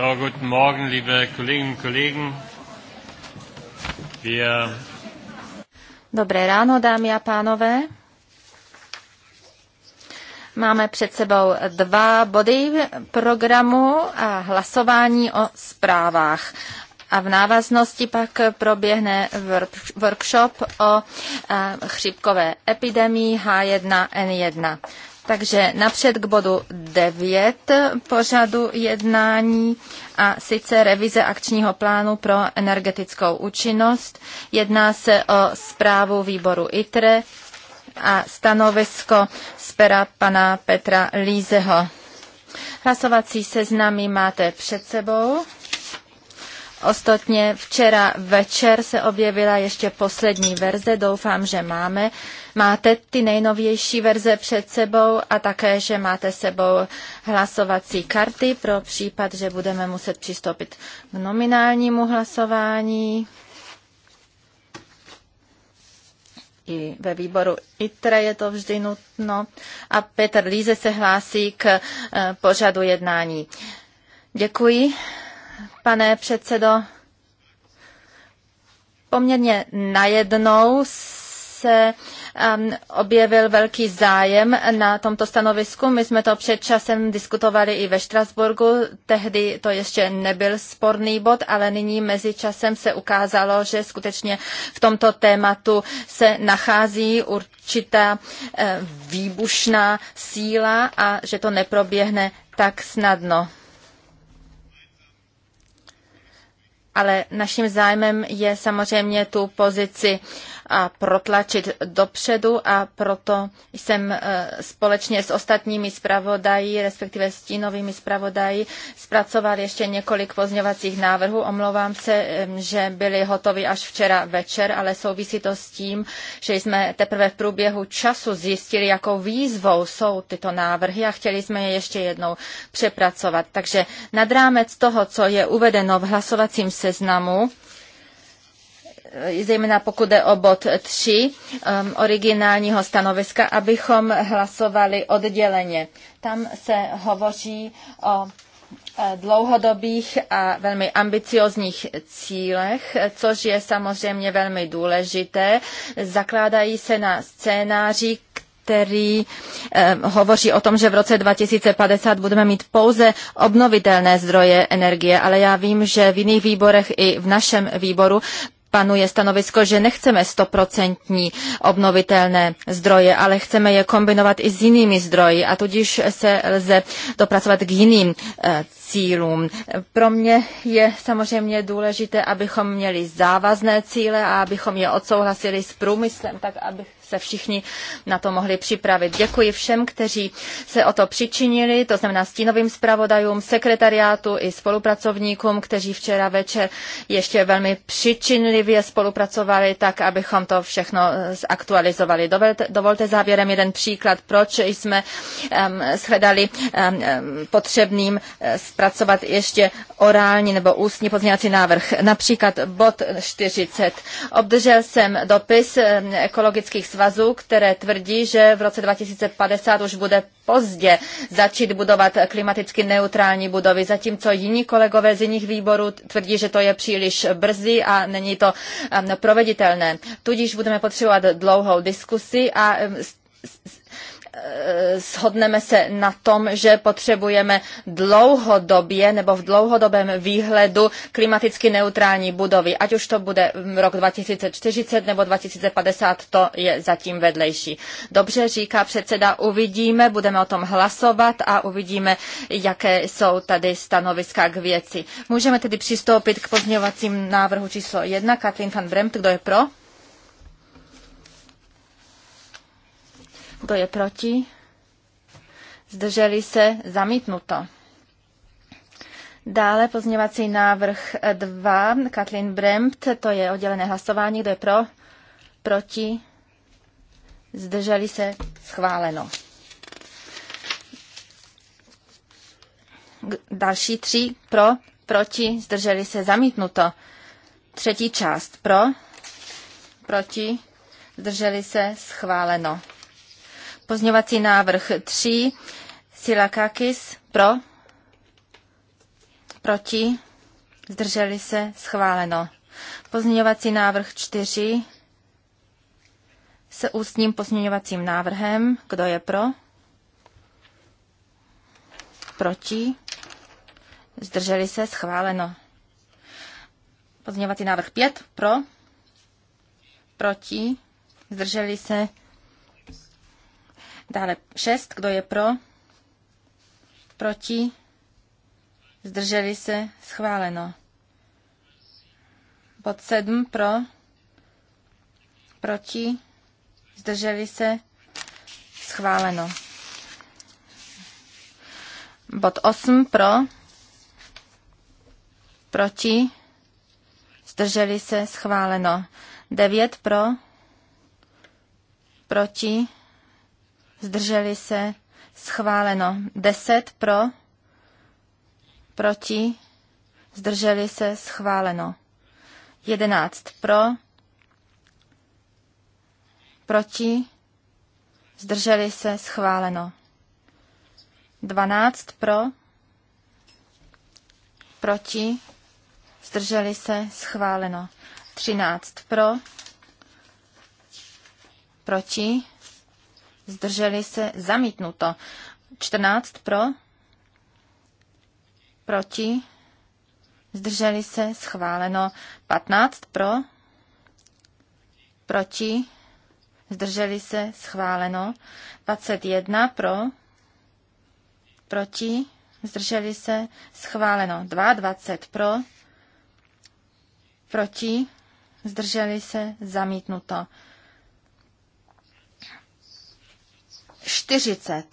So, guten Morgen, liebe Kolleginnen und Kollegen. Wir Dobré ráno, dámy a pánové. Máme před sebou dva body programu a hlasování o zprávách. A v návaznosti pak proběhne workshop o eh, chřipkové epidemii H1N1. Takže napřed k bodu 9 pořadu jednání a sice revize akčního plánu pro energetickou účinnost. Jedná se o zprávu výboru ITRE a stanovisko z pera pana Petra Lízeho. Hlasovací seznamy máte před sebou. Ostatně včera večer se objevila ještě poslední verze, doufám, že máme. Máte ty nejnovější verze před sebou a také, že máte sebou hlasovací karty pro případ, že budeme muset přistoupit k nominálnímu hlasování. i ve výboru ITRE je to vždy nutno. A Petr Líze se hlásí k eh, pořadu jednání. Děkuji pane předsedo. Poměrně najednou se um, objevil velký zájem na tomto stanovisku. My jsme to před časem diskutovali i ve Štrasburgu. Tehdy to ještě nebyl sporný bod, ale nyní mezi časem se ukázalo, že skutečně v tomto tématu se nachází určitá eh, výbušná síla a že to neproběhne tak snadno. ale naším zájmem je samozřejmě tu pozici a protlačit dopředu a proto jsem e, společně s ostatními zpravodají, respektive stínovými zpravodají, zpracoval ještě několik pozňovacích návrhů. Omlouvám se, že byly hotovy až včera večer, ale souvisí to s tím, že jsme teprve v průběhu času zjistili, jakou výzvou jsou tyto návrhy a chtěli jsme je ještě jednou přepracovat. Takže nad rámec toho, co je uvedeno v hlasovacím seznamu, Eh, zejména pokud jde o bod 3 um, originálního stanoviska, abychom hlasovali odděleně. Tam se hovoří o eh, dlouhodobých a velmi ambiciozních cílech, což je samozřejmě velmi důležité. Zakládají se na scénáři, který eh, hovoří o tom, že v roce 2050 budeme mít pouze obnovitelné zdroje energie, ale já vím, že v jiných výborech i v našem výboru panuje stanovisko, že nechceme stoprocentní obnovitelné zdroje, ale chceme je kombinovat i s jinými zdroji a tudíž se lze dopracovat k jiným eh, cílům. Pro mě je samozřejmě důležité, abychom měli závazné cíle a abychom je odsouhlasili s průmyslem, tak aby se všichni na to mohli připravit. Děkuji všem, kteří se o to přičinili, to znamená stínovým zpravodajům, sekretariátu i spolupracovníkům, kteří včera večer ještě velmi přičinlivě spolupracovali, tak abychom to všechno eh, zaktualizovali. Dovolte, dovolte závěrem jeden příklad, proč jsme um, shledali um, potřebným eh, zpracovat ještě orální nebo ústní pozměňovací návrh. Například bod 40. Obdržel jsem dopis ekologických svazů svazů, které tvrdí, že v roce 2050 už bude pozdě začít budovat klimaticky neutrální budovy, zatímco jiní kolegové z jiných výborů tvrdí, že to je příliš brzy a není to um, proveditelné. Tudíž budeme potřebovat dlouhou diskusi a um, shodneme se na tom, že potřebujeme dlouhodobě nebo v dlouhodobém výhledu klimaticky neutrální budovy. Ať už to bude rok 2040 nebo 2050, to je zatím vedlejší. Dobře, říká předseda, uvidíme, budeme o tom hlasovat a uvidíme, jaké jsou tady stanoviska k věci. Můžeme tedy přistoupit k pozměňovacím návrhu číslo 1. Katrin van Bremt, kdo je pro? Kdo je proti? Zdrželi se? Zamítnuto. Dále pozměvací návrh 2, Katlin Brempt, to je oddělené hlasování, kdo je pro, proti, zdrželi se, schváleno. Další tři, pro, proti, zdrželi se, zamítnuto. Třetí část, pro, proti, zdrželi se, schváleno. Pozměňovací návrh 3, Silakakis, pro, proti, zdrželi se, schváleno. Pozměňovací návrh 4 se ústním pozměňovacím návrhem. Kdo je pro? Proti? Zdrželi se? Schváleno. Pozměňovací návrh 5. Pro? Proti? Zdrželi se? Dále 6. Kdo je pro? Proti? Zdrželi se? Schváleno. Bod 7. Pro? Proti? Zdrželi se? Schváleno. Bod 8. Pro? Proti? Zdrželi se? Schváleno. 9. Pro? Proti? zdrželi se, schváleno. 10 pro, proti, zdrželi se, schváleno. 11 pro, proti, zdrželi se, schváleno. 12 pro, proti, zdrželi se, schváleno. 13 pro, proti, zdrželi se, zamítnuto. 14 pro, proti, zdrželi se, schváleno. 15 pro, proti, zdrželi se, schváleno. 21 pro, proti, zdrželi se, schváleno. 22 pro, proti, zdrželi se, zamítnuto. 40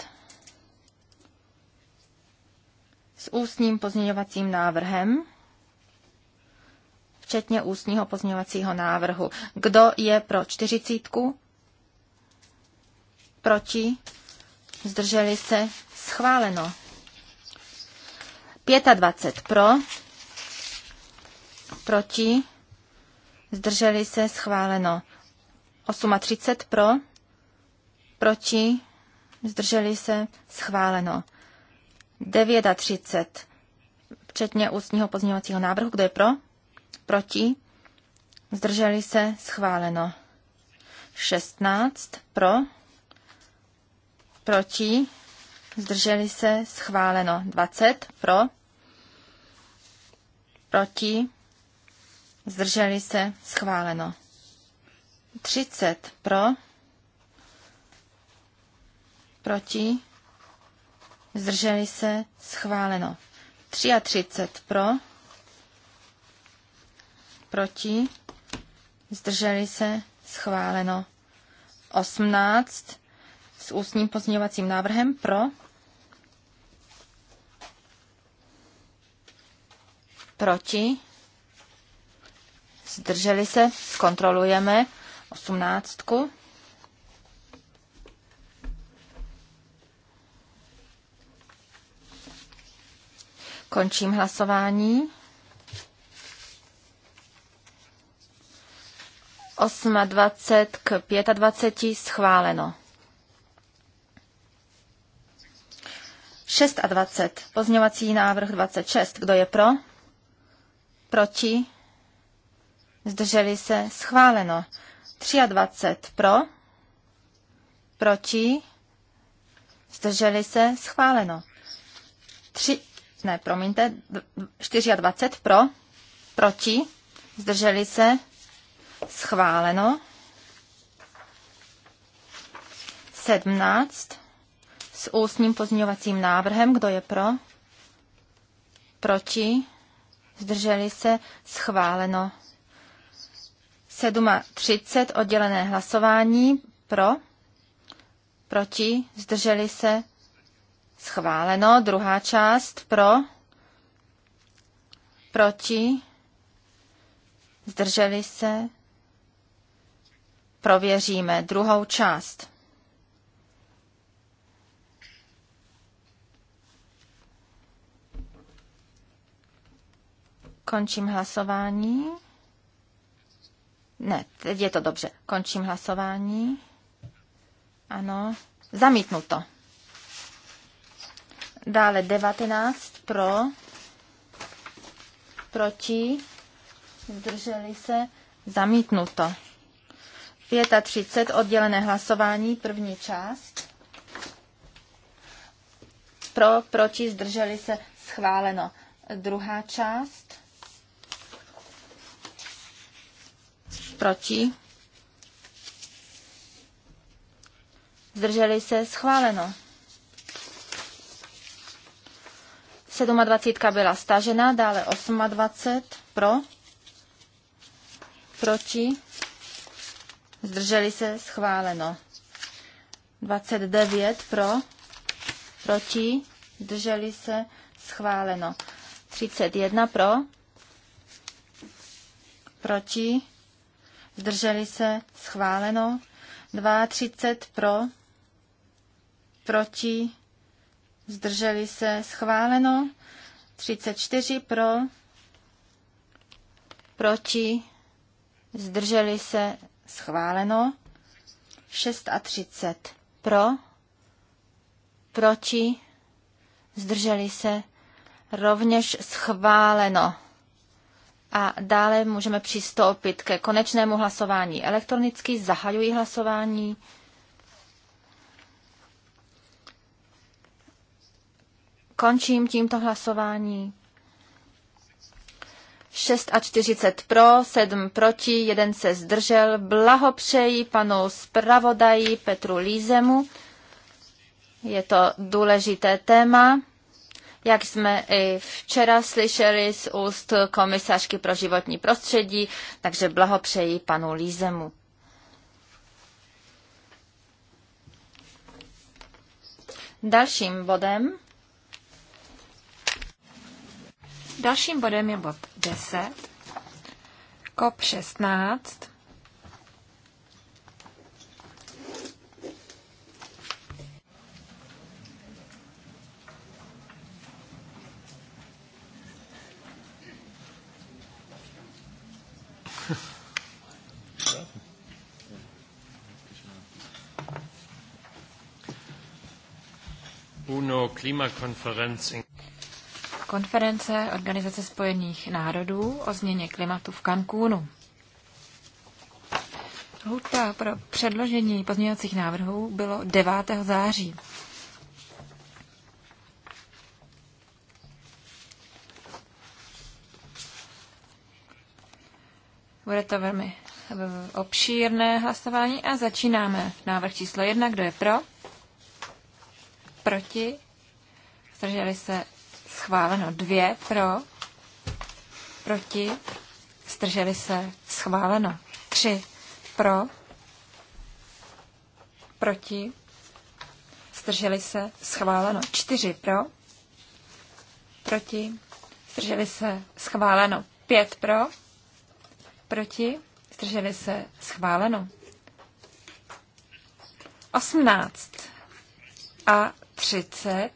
s ústním pozměňovacím návrhem, včetně ústního pozměňovacího návrhu. Kdo je pro čtyřicítku? Proti? Zdrželi se? Schváleno. 25 pro, proti, zdrželi se, schváleno. 38 pro, proti, zdrželi se, schváleno. 39, včetně ústního pozměňovacího návrhu, kdo je pro, proti, zdrželi se, schváleno. 16, pro, proti, zdrželi se, schváleno. 20, pro, proti, zdrželi se, schváleno. 30 pro, proti, zdrželi se, schváleno. 33 pro, proti, zdrželi se, schváleno. 18 s ústním pozměňovacím návrhem pro, proti, zdrželi se, zkontrolujeme 18. Končím hlasování. 28 k 25 schváleno. 26. Pozměňovací návrh 26. Kdo je pro? Proti? Zdrželi se? Schváleno. 23. Pro? Proti? Zdrželi se? Schváleno. 3, ne, promiňte, 24 pro, proti, zdrželi se, schváleno. 17 s ústním pozměňovacím návrhem, kdo je pro, proti, zdrželi se, schváleno. 7.30 oddělené hlasování pro, proti, zdrželi se, Schváleno. Druhá část pro. Proti. Zdrželi se. Prověříme druhou část. Končím hlasování. Ne, teď je to dobře. Končím hlasování. Ano, zamítnuto. Dále 19 pro, proti, zdrželi se, zamítnuto. 35 oddělené hlasování, první část. Pro, proti, zdrželi se, schváleno. Druhá část. Proti. Zdrželi se, schváleno. 27 byla stažena, dále 28 pro, proti, zdrželi se, schváleno. 29 pro, proti, zdrželi se, schváleno. 31 pro, proti, zdrželi se, schváleno. 32 pro, proti, zdrželi se, schváleno. 34 pro, proti, zdrželi se, schváleno. 36 pro, proti, zdrželi se, rovněž schváleno. A dále můžeme přistoupit ke konečnému hlasování. Elektronicky zahajuji hlasování. Končím tímto hlasování. 46 pro, 7 proti, 1 se zdržel. Blahopřeji panu zpravodaji Petru Lízemu. Je to důležité téma. Jak jsme i včera slyšeli z úst komisařky pro životní prostředí, takže blahopřeji panu Lízemu. Dalším bodem Dalším bodem je bod 10, kop 16. UNO-Klimakonferenz in konference Organizace spojených národů o změně klimatu v Cancúnu. Lhůta pro předložení pozměňovacích návrhů bylo 9. září. Bude to velmi obšírné hlasování a začínáme. Návrh číslo jedna, kdo je pro? Proti? Zdrželi se schváleno. Dvě pro, proti, zdrželi se, schváleno. Tři pro, proti, zdrželi se, schváleno. Čtyři pro, proti, zdrželi se, schváleno. Pět pro, proti, zdrželi se, schváleno. Osmnáct a třicet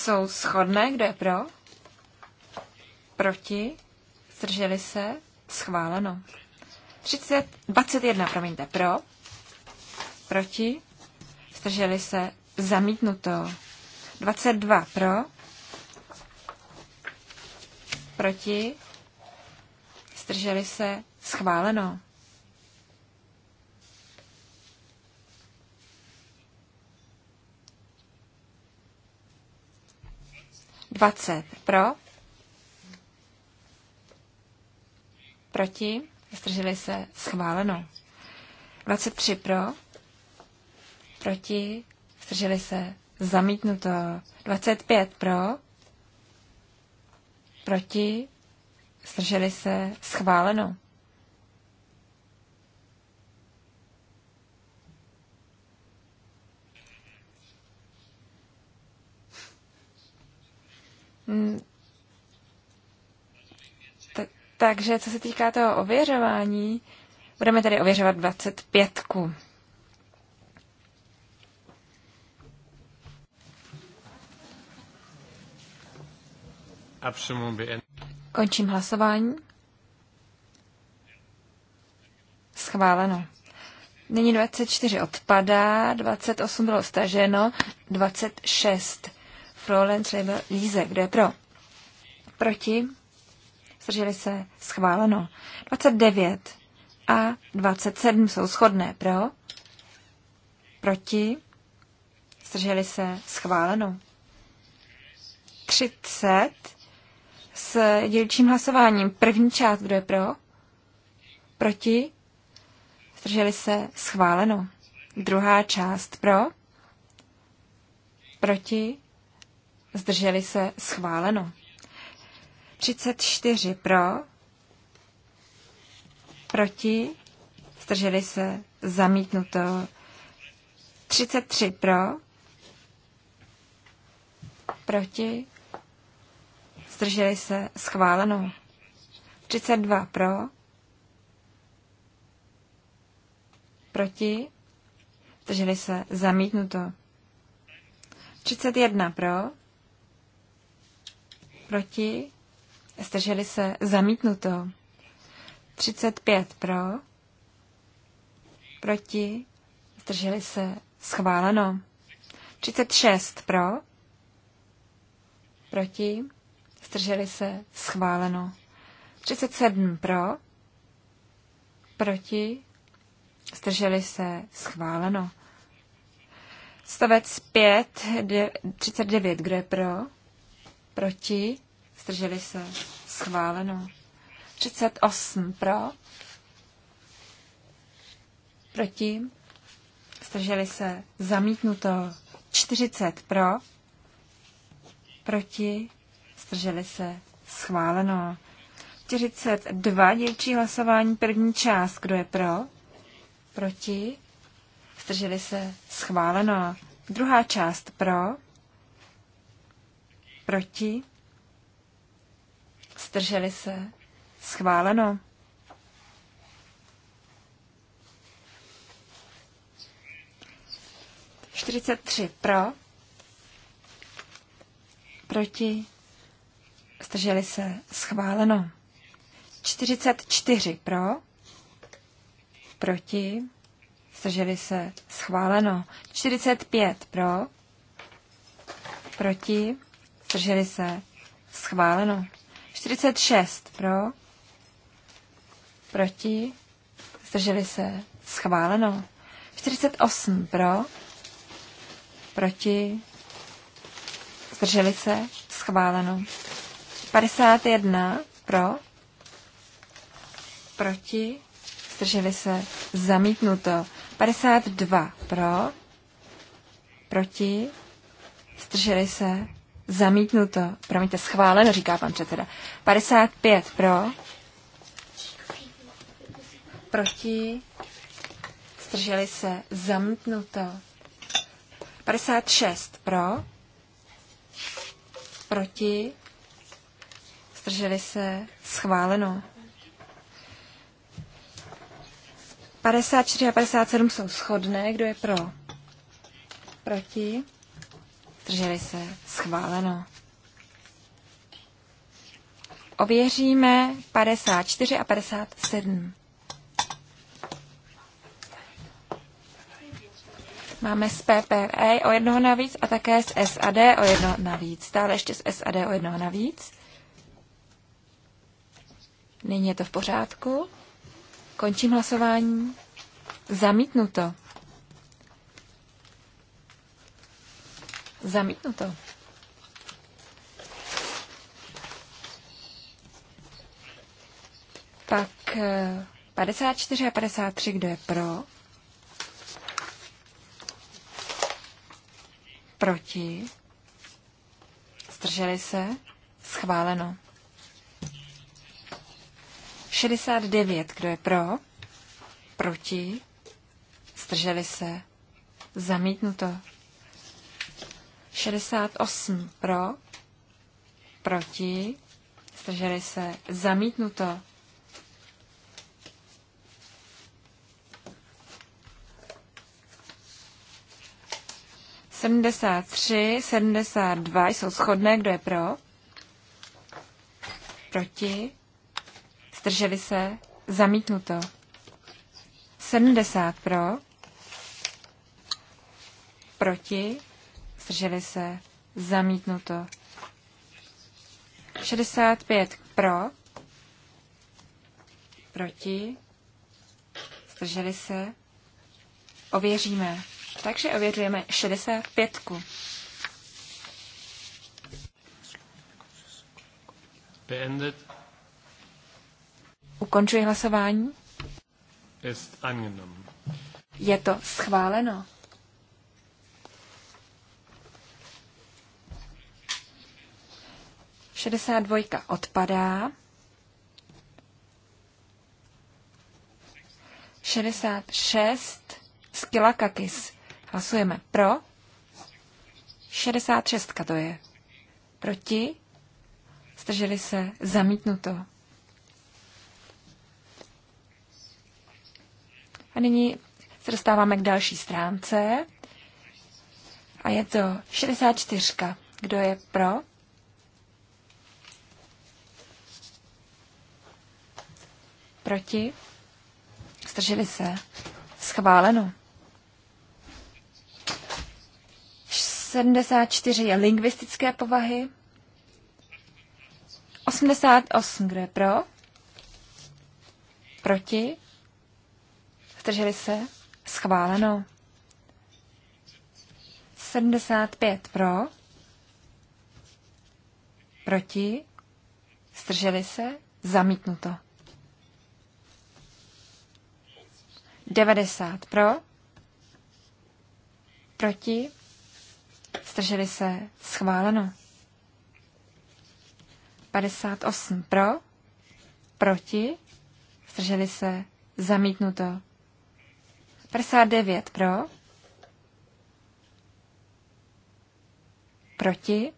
jsou shodné, kdo je pro, proti, zdrželi se, schváleno. 30, 21, promiňte, pro, proti, zdrželi se, zamítnuto. 22 pro, proti, zdrželi se, schváleno. 20 pro, proti, zdrželi se, schváleno. 23 pro, proti, zdrželi se, zamítnuto. 25 pro, proti, zdrželi se, schváleno. Mm. Takže co se týká toho ověřování, budeme tady ověřovat 25. Končím hlasování. Schváleno. Nyní 24 odpadá, 28 bylo staženo, 26 Florence třeba Líze. Kdo je pro? Proti? Zdrželi se? Schváleno. 29 a 27 jsou shodné. Pro? Proti? Zdrželi se? Schváleno. 30 s dělčím hlasováním. První část, kdo je pro? Proti? Zdrželi se? Schváleno. Druhá část pro? Proti? zdrželi se, schváleno. 34 pro, proti, zdrželi se, zamítnuto. 33 pro, proti, zdrželi se, schváleno. 32 pro, proti, zdrželi se, zamítnuto. 31 pro, Proti? Zdrželi se zamítnuto. 35 pro. Proti? Zdrželi se schváleno. 36 pro. Proti? Zdrželi se schváleno. 37 pro. Proti? Zdrželi se schváleno. Stavec 5, 39, kdo je pro? Proti? Zdrželi se. Schváleno. 38 pro. Proti? Zdrželi se. Zamítnuto. 40 pro. Proti? Zdrželi se. Schváleno. 42 dílčí hlasování, první část. Kdo je pro? Proti? Zdrželi se. Schváleno. Druhá část pro Proti? Zdrželi se? Schváleno. Čtyřicet tři pro. Proti? Zdrželi se? Schváleno. Čtyřicet čtyři pro. Proti? Zdrželi se? Schváleno. 45 pro. Proti? Zdrželi se. Schváleno. 46 pro. Proti. Zdrželi se. Schváleno. 48 pro. Proti. Zdrželi se. Schváleno. 51 pro. Proti. Zdrželi se. Zamítnuto. 52 pro. Proti. Zdrželi se. Zamítnuto. Promiňte, schváleno, říká pan předseda. 55 pro. Proti. strželi se. Zamítnuto. 56 pro. Proti. strželi se. Schváleno. 54 a 57 jsou shodné. Kdo je pro? Proti zdrželi se, schváleno. Ověříme 54 a 57. Máme z PPE o jednoho navíc a také z SAD o jedno navíc. Stále ještě z SAD o jednoho navíc. Nyní je to v pořádku. Končím hlasování. Zamítnuto. Zamítnuto. Pak 54 eh, a 53, kdo je pro? Proti? Zdrželi se? Schváleno. 69, kdo je pro? Proti? Zdrželi se? Zamítnuto. 68 pro, proti, zdrželi se, zamítnuto. Sedmdesát tři, sedmdesát dva jsou shodné, kdo je pro? Proti? Zdrželi se? Zamítnuto. Sedmdesát pro? Proti? zdrželi se, zamítnuto. 65 pro, proti, zdrželi se, ověříme. Takže ověřujeme 65. ku Beendet. Ukončuji hlasování. Ist angenommen. Je to schváleno. 62 odpadá. 66 Skilakakis. Hlasujeme pro. 66 to je. Proti. Zdrželi se. Zamítnuto. A nyní se dostáváme k další stránce. A je to 64. Kdo je pro? Proti? Zdrželi se. Schváleno. 74 je lingvistické povahy. 88, kdo je pro? Proti? Zdrželi se? Schváleno. 75 pro? Proti? Zdrželi se? Zamítnuto. 90 pro, proti, strželi se, schváleno. 58 pro, proti, strželi se, zamítnuto. 59 pro, proti,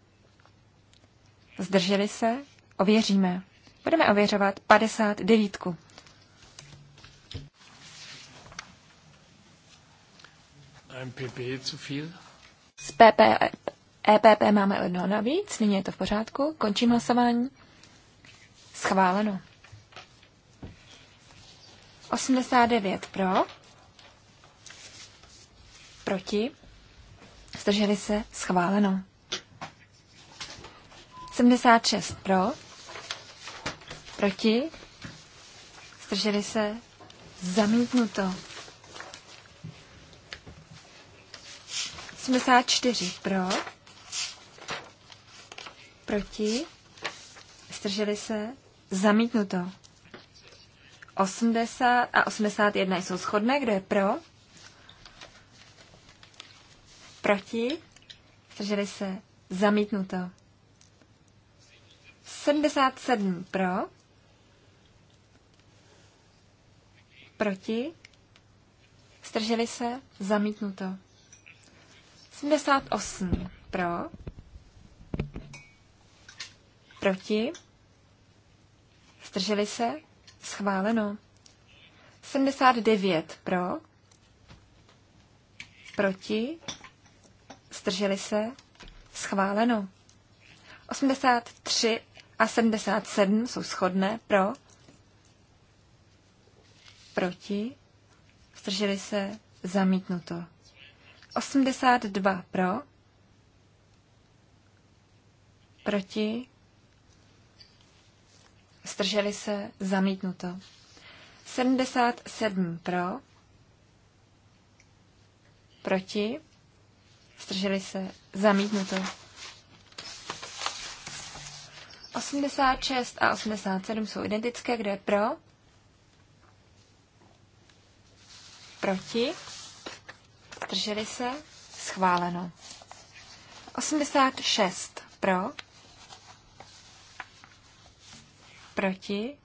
zdrželi se, ověříme. Budeme ověřovat 59. MPP zu viel. Z PP, EPP máme jednoho navíc, nyní je to v pořádku. Končím hlasování. Schváleno. 89 pro. Proti. Zdrželi se. Schváleno. 76 pro. Proti. Zdrželi se. Zamítnuto. 74 pro, proti, Strželi se, zamítnuto. 80 a 81 jsou shodné, kdo je pro, proti, Strželi se, zamítnuto. 77 pro, proti, Strželi se, zamítnuto. 88 pro, proti, zdrželi se, schváleno. 79 pro, proti, zdrželi se, schváleno. 83 a 77 jsou shodné pro, proti, zdrželi se, zamítnuto. 82 pro, proti, zdrželi se, zamítnuto. 77 pro, proti, zdrželi se, zamítnuto. 86 a 87 jsou identické, kde je pro, proti, zdrželi se, schváleno. 86 pro, proti,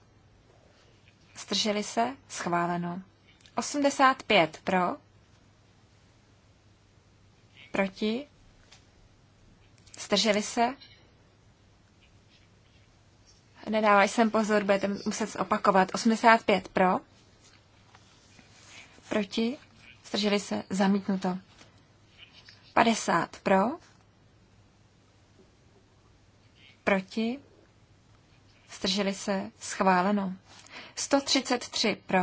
zdrželi se, schváleno. 85 pro, proti, zdrželi se, nedávaj jsem pozor, budete muset opakovat 85 pro, proti, Zdrželi se? Zamítnuto. 50 pro. Proti. Zdrželi se? Schváleno. 133 pro.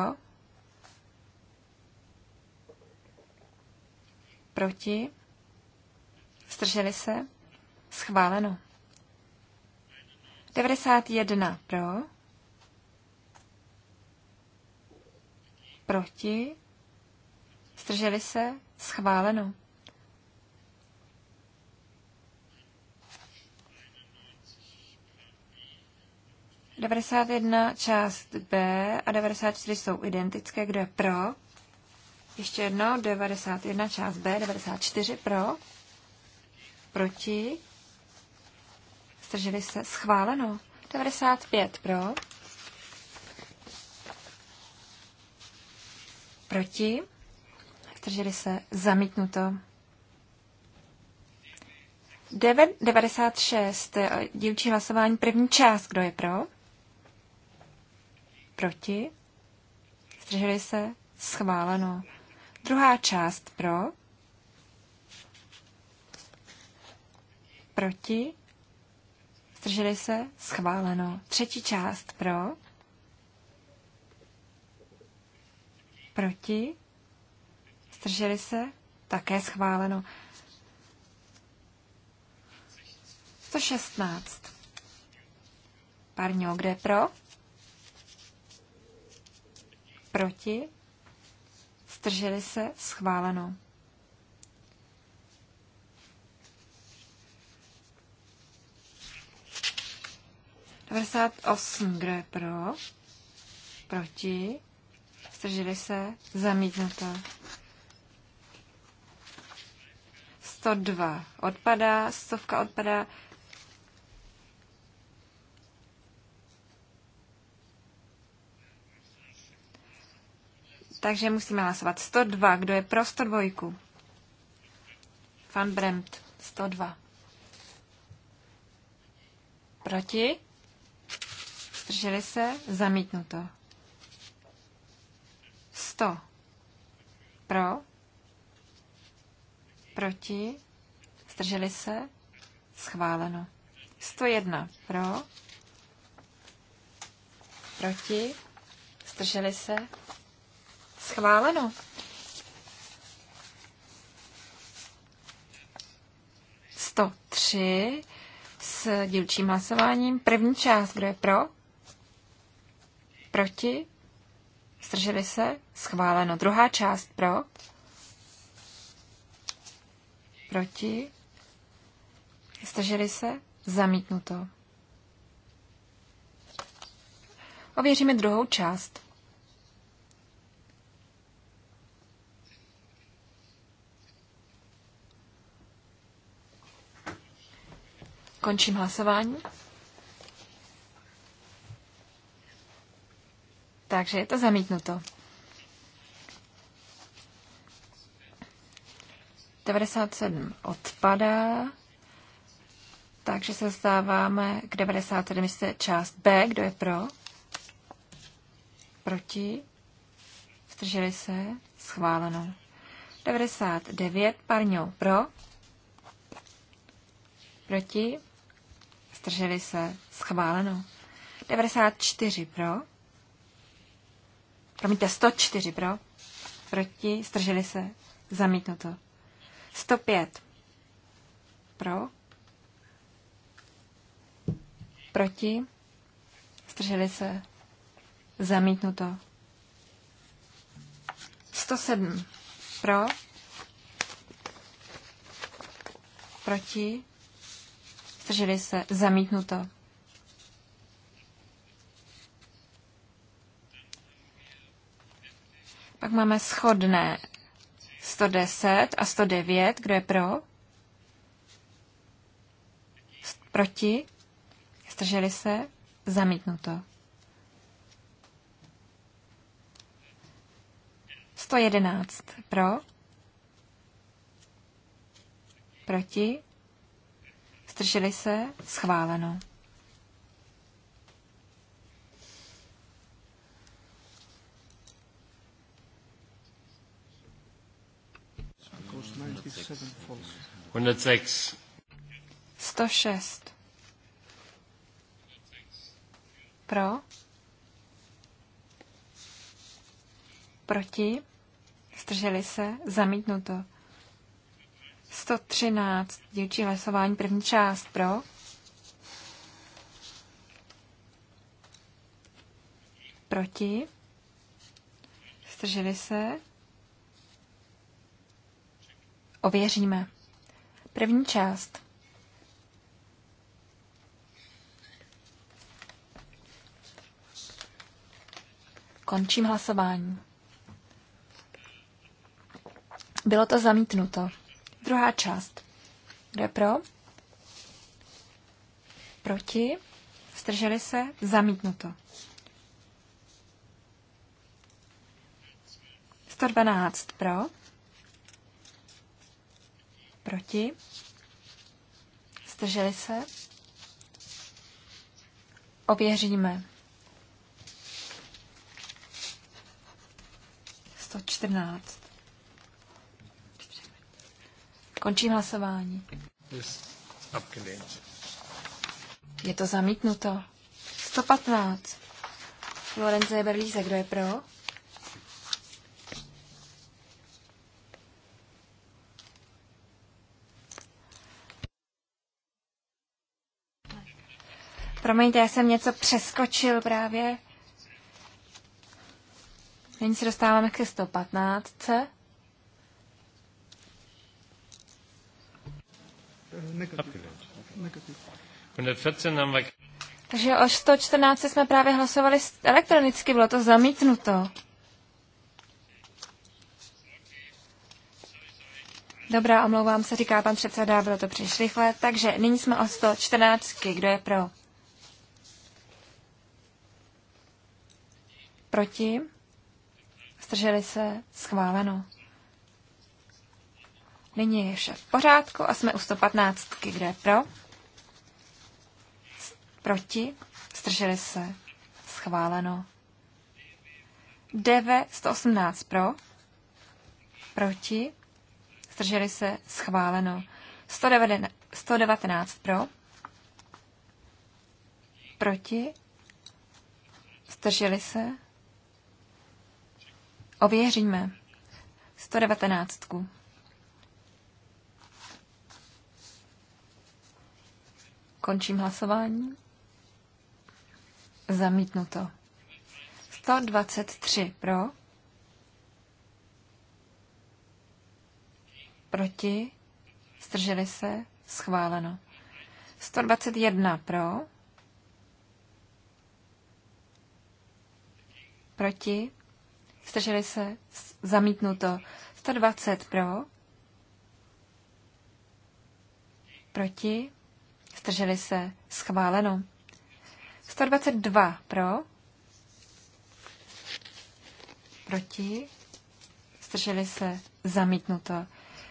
Proti. Zdrželi se? Schváleno. 91 pro. Proti. Zdrželi se? Schváleno. Devadesát jedna část B a 94 jsou identické. Kdo je pro? Ještě jedno. 91 část B, 94 pro. Proti. Zdrželi se. Schváleno. 95 pro. Proti zdrželi se, zamítnuto. 96, eh, dílčí hlasování, první část, kdo je pro? Proti? Zdrželi se? Schváleno. Druhá část pro? Proti? Zdrželi se? Schváleno. Třetí část pro? Proti? Zdrželi se? Také schváleno. 116. Parňo, kde pro? Proti? Zdrželi se? Schváleno. Devadesát osm, kdo je pro? Proti? Zdrželi se? Zamítnuto. 102 odpadá, stovka odpadá. Takže musíme hlasovat 102. Kdo je pro 102? Fan Bremt 102. Proti? Zdrželi se? Zamítnuto. 100. Pro? proti, zdrželi se, schváleno. 101 pro, proti, zdrželi se, schváleno. Sto tři s dílčím hlasováním. První část, kdo je pro? Proti? Zdrželi se? Schváleno. Druhá část pro? Proti? Zdrželi se? Zamítnuto. Ověříme druhou část. Končím hlasování. Takže je to zamítnuto. 97 odpadá, takže se vzdáváme k 97 jste část B. Kdo je pro? Proti? vstrželi se? Schváleno. 99 parňou pro? Proti? vstrželi se? Schváleno. 94 pro? Promiňte, 104 pro? Proti? Zdrželi se? Zamítnuto. 105. Pro. Proti. Zdrželi se. Zamítnuto. 107. Pro. Proti. Zdrželi se. Zamítnuto. Pak máme schodné 110 a 109, kdo je pro? Proti? Strželi se? Zamítnuto. 111 pro? Proti? Strželi se? Schváleno. 106. Pro. Proti. Zdrželi se. Zamítnuto. 113. Dělčí hlasování. První část. Pro. Proti. Zdrželi se. Ověříme. První část. Končím hlasování. Bylo to zamítnuto. Druhá část. Kde pro? Proti? Strželi se? Zamítnuto. 112 pro. Proti? Zdrželi se? Ověříme. 114. Končím hlasování. Je to zamítnuto. 115. Lorenzo Berlíze, kdo je pro? Promiňte, já jsem něco přeskočil právě. Nyní se dostáváme ke 115. Takže o 114 jsme právě hlasovali elektronicky, bylo to zamítnuto. Dobrá, omlouvám se, říká pan předseda, bylo to příliš rychle. Takže nyní jsme o 114. Kdo je pro? Proti? Zdrželi se? Schváleno. Nyní je vše v pořádku a jsme u 115. Kde je pro? Proti? Zdrželi se? Schváleno. DV 118 pro? Proti? Zdrželi se? Schváleno. 119 pro? Proti? Zdrželi se? Ověříme. 119. Končím hlasování. Zamítnuto. 123 pro. Proti. Zdrželi se. Schváleno. 121 pro. Proti. Zdrželi se? Zamítnuto. 120 pro. Proti? Zdrželi se? Schváleno. 122 pro. Proti? Zdrželi se? Zamítnuto.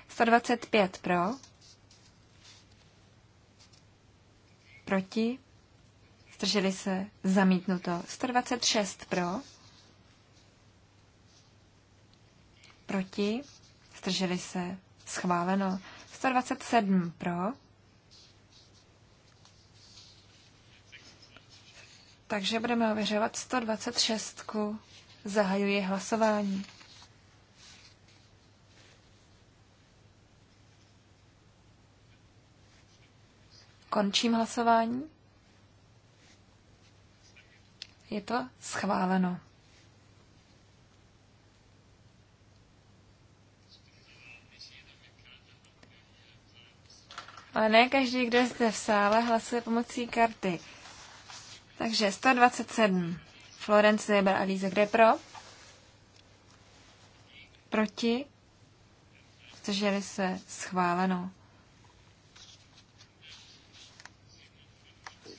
125 pro. Proti? Zdrželi se? Zamítnuto. 126 pro. Proti? Zdrželi se. Schváleno. 127 pro. Takže budeme ověřovat 126. Zahajuji hlasování. Končím hlasování. Je to schváleno. ale ne každý, kdo je zde v sále, hlasuje pomocí karty. Takže 127. Florence Weber a Líze, kde pro? Proti? Zdrželi se schváleno.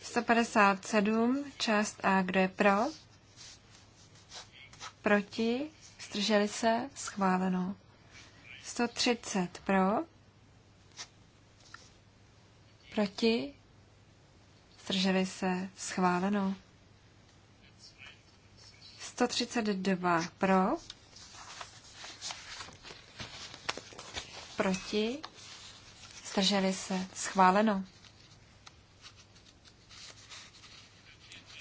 157, část A, kdo je pro? Proti? Zdrželi se schváleno. 130 pro? Proti? Zdrželi se schváleno. 132 pro. Proti? Zdrželi se schváleno.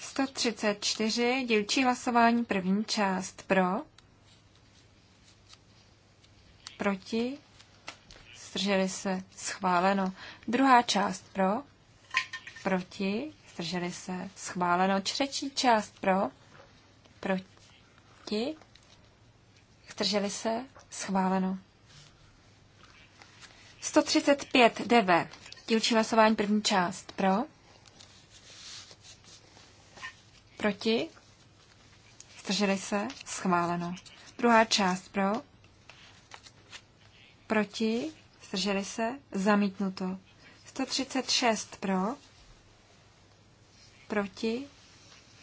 134 dílčí hlasování první část pro. Proti? zdrželi se, schváleno. Druhá část pro, proti, zdrželi se, schváleno. Třetí část pro, proti, zdrželi se, schváleno. 135 DV, dílčí hlasování první část pro, proti, zdrželi se, schváleno. Druhá část pro, proti, zdrželi se, zamítnuto. 136 pro, proti,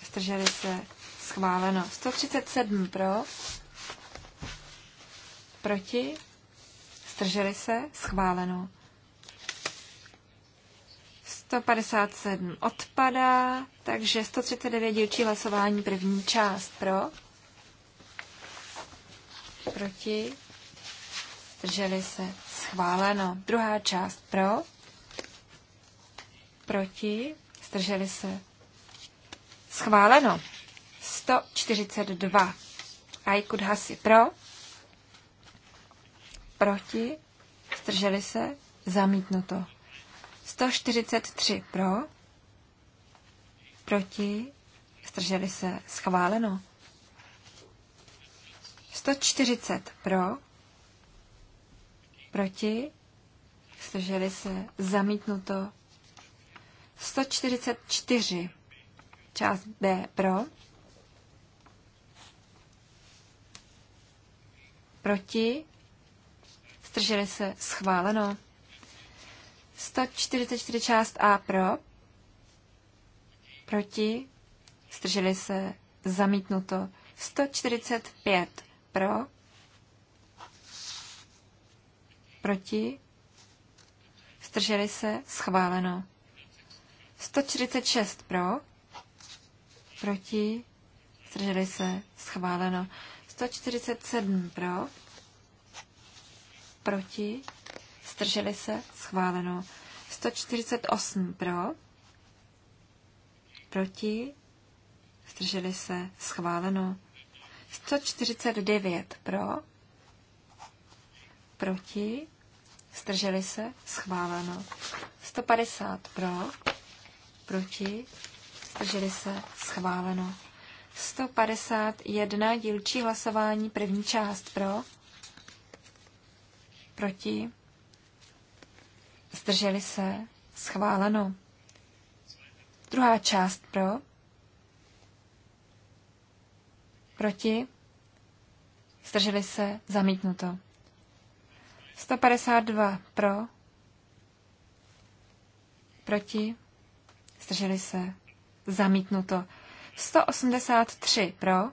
zdrželi se, schváleno. 137 pro, proti, zdrželi se, schváleno. 157 odpadá, takže 139 dílčí hlasování první část pro, proti, zdrželi se, Schváleno. Druhá část pro. Proti. Zdrželi se. Schváleno. 142. Aikut Hasi pro. Proti. Zdrželi se. Zamítnuto. 143 pro. Proti. Zdrželi se. Schváleno. 140 pro Proti? Zdrželi se. Zamítnuto. 144. Část B pro. Proti? Zdrželi se. Schváleno. 144 část A pro. Proti? Zdrželi se. Zamítnuto. 145 pro Proti? Zdrželi se? Schváleno. 146 pro? Proti? Zdrželi se? Schváleno. 147 pro? Proti? Zdrželi se? Schváleno. 148 pro? Proti? Zdrželi se? Schváleno. 149 pro? proti, strželi se, schváleno. 150 pro, proti, strželi se, schváleno. 151 dílčí hlasování, první část pro, proti, strželi se, schváleno. Druhá část pro, proti, strželi se, zamítnuto. 152 pro, proti, zdrželi se, zamítnuto. 183 pro,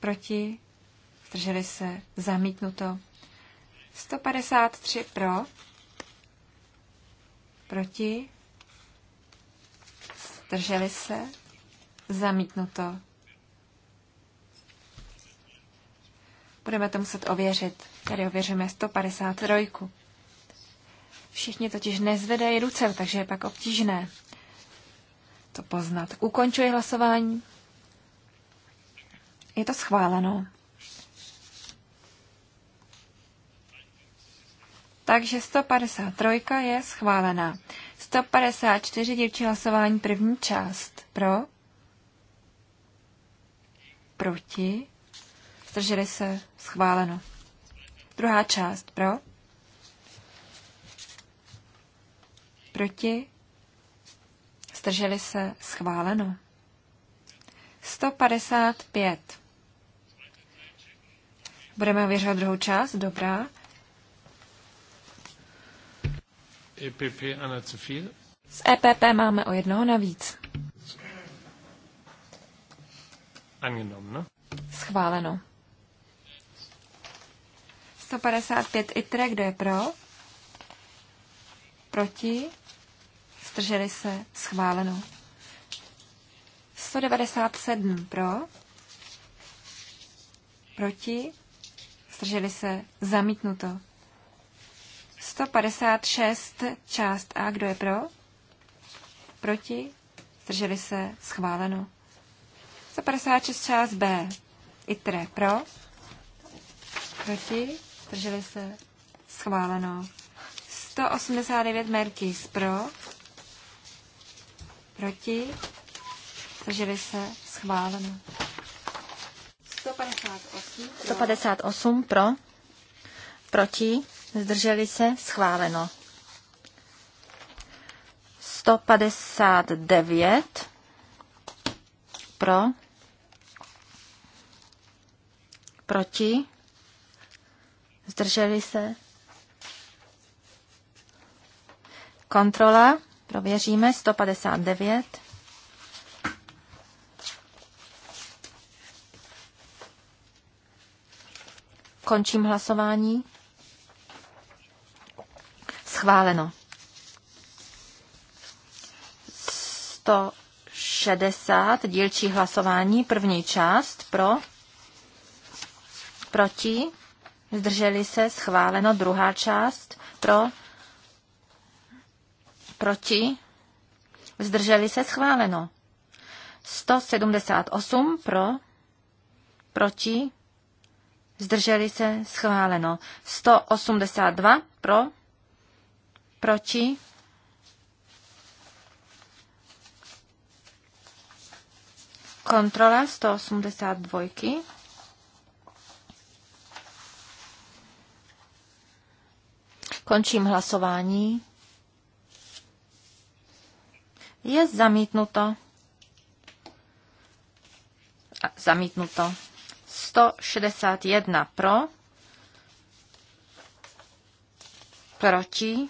proti, zdrželi se, zamítnuto. 153 pro, proti, zdrželi se, zamítnuto. Budeme to muset ověřit. Tady ověříme 153. Všichni totiž nezvedají ruce, takže je pak obtížné to poznat. Ukončuji hlasování. Je to schváleno. Takže 153 je schválená. 154 dílčí hlasování první část. Pro? Proti? Zdrželi se? Schváleno. Druhá část pro? Proti? Zdrželi se? Schváleno. 155. Budeme ověřovat druhou část, dobrá. EPP Anna Cefil. Z EPP máme o jednoho navíc. Angenommen, ne? No? Schváleno. 155 itre, kdo je pro? Proti? Zdrželi se? Schváleno. 197 pro? Proti? Zdrželi se? Zamítnuto. 156 část A, kdo je pro? Proti? Zdrželi se? Schváleno. 156 část B. ITRE pro? Proti? Zdrželi se? Schváleno. 189 Merkis pro. Proti. Zdrželi se? Schváleno. 158 pro. 158 pro. Proti. Zdrželi se? Schváleno. 159 pro, proti, zdrželi se. Kontrola, prověříme, 159. Končím hlasování. Schváleno. 160 dílčí hlasování, první část pro, proti, zdrželi se, schváleno. Druhá část pro, proti, zdrželi se, schváleno. 178 pro, proti, zdrželi se, schváleno. 182 pro, proti, kontrola 182. Končím hlasování. Je zamítnuto. Zamítnuto. 161 pro. Proti.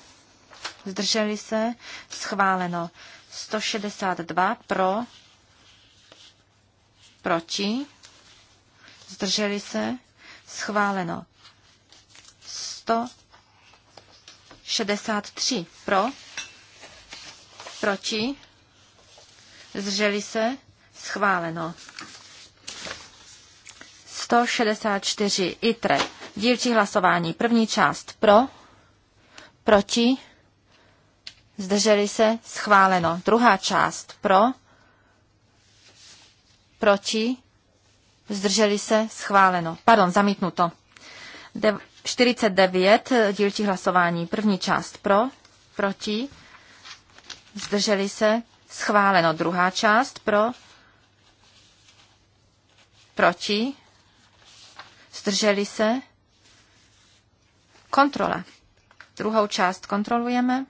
Zdrželi se. Schváleno. 162 pro. Proti. Zdrželi se. Schváleno. 100 63 pro, proti, zdrželi se, schváleno. 164 ITRE, dílčí hlasování, první část pro, proti, zdrželi se, schváleno. Druhá část pro, proti, zdrželi se, schváleno. Pardon, zamítnuto. De- 49 eh, dílčí hlasování. První část pro, proti, zdrželi se, schváleno. Druhá část pro, proti, zdrželi se, kontrola. Druhou část kontrolujeme.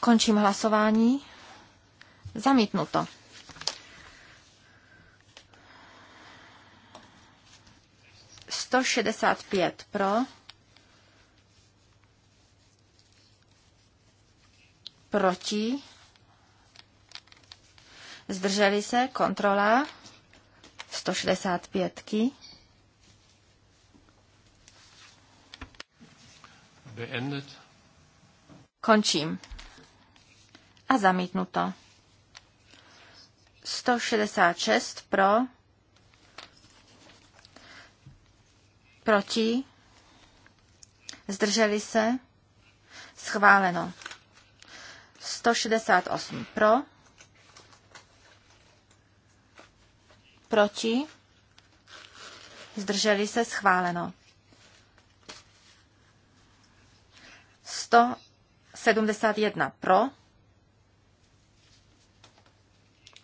Končím hlasování. Zamítnuto. Sto šedesát pět pro. Proti. Zdrželi se. Kontrola. 165. -ky. Beendet. Končím. A zamítnuto. 166 pro, proti, zdrželi se, schváleno. 168 pro, proti, zdrželi se, schváleno. 171 pro,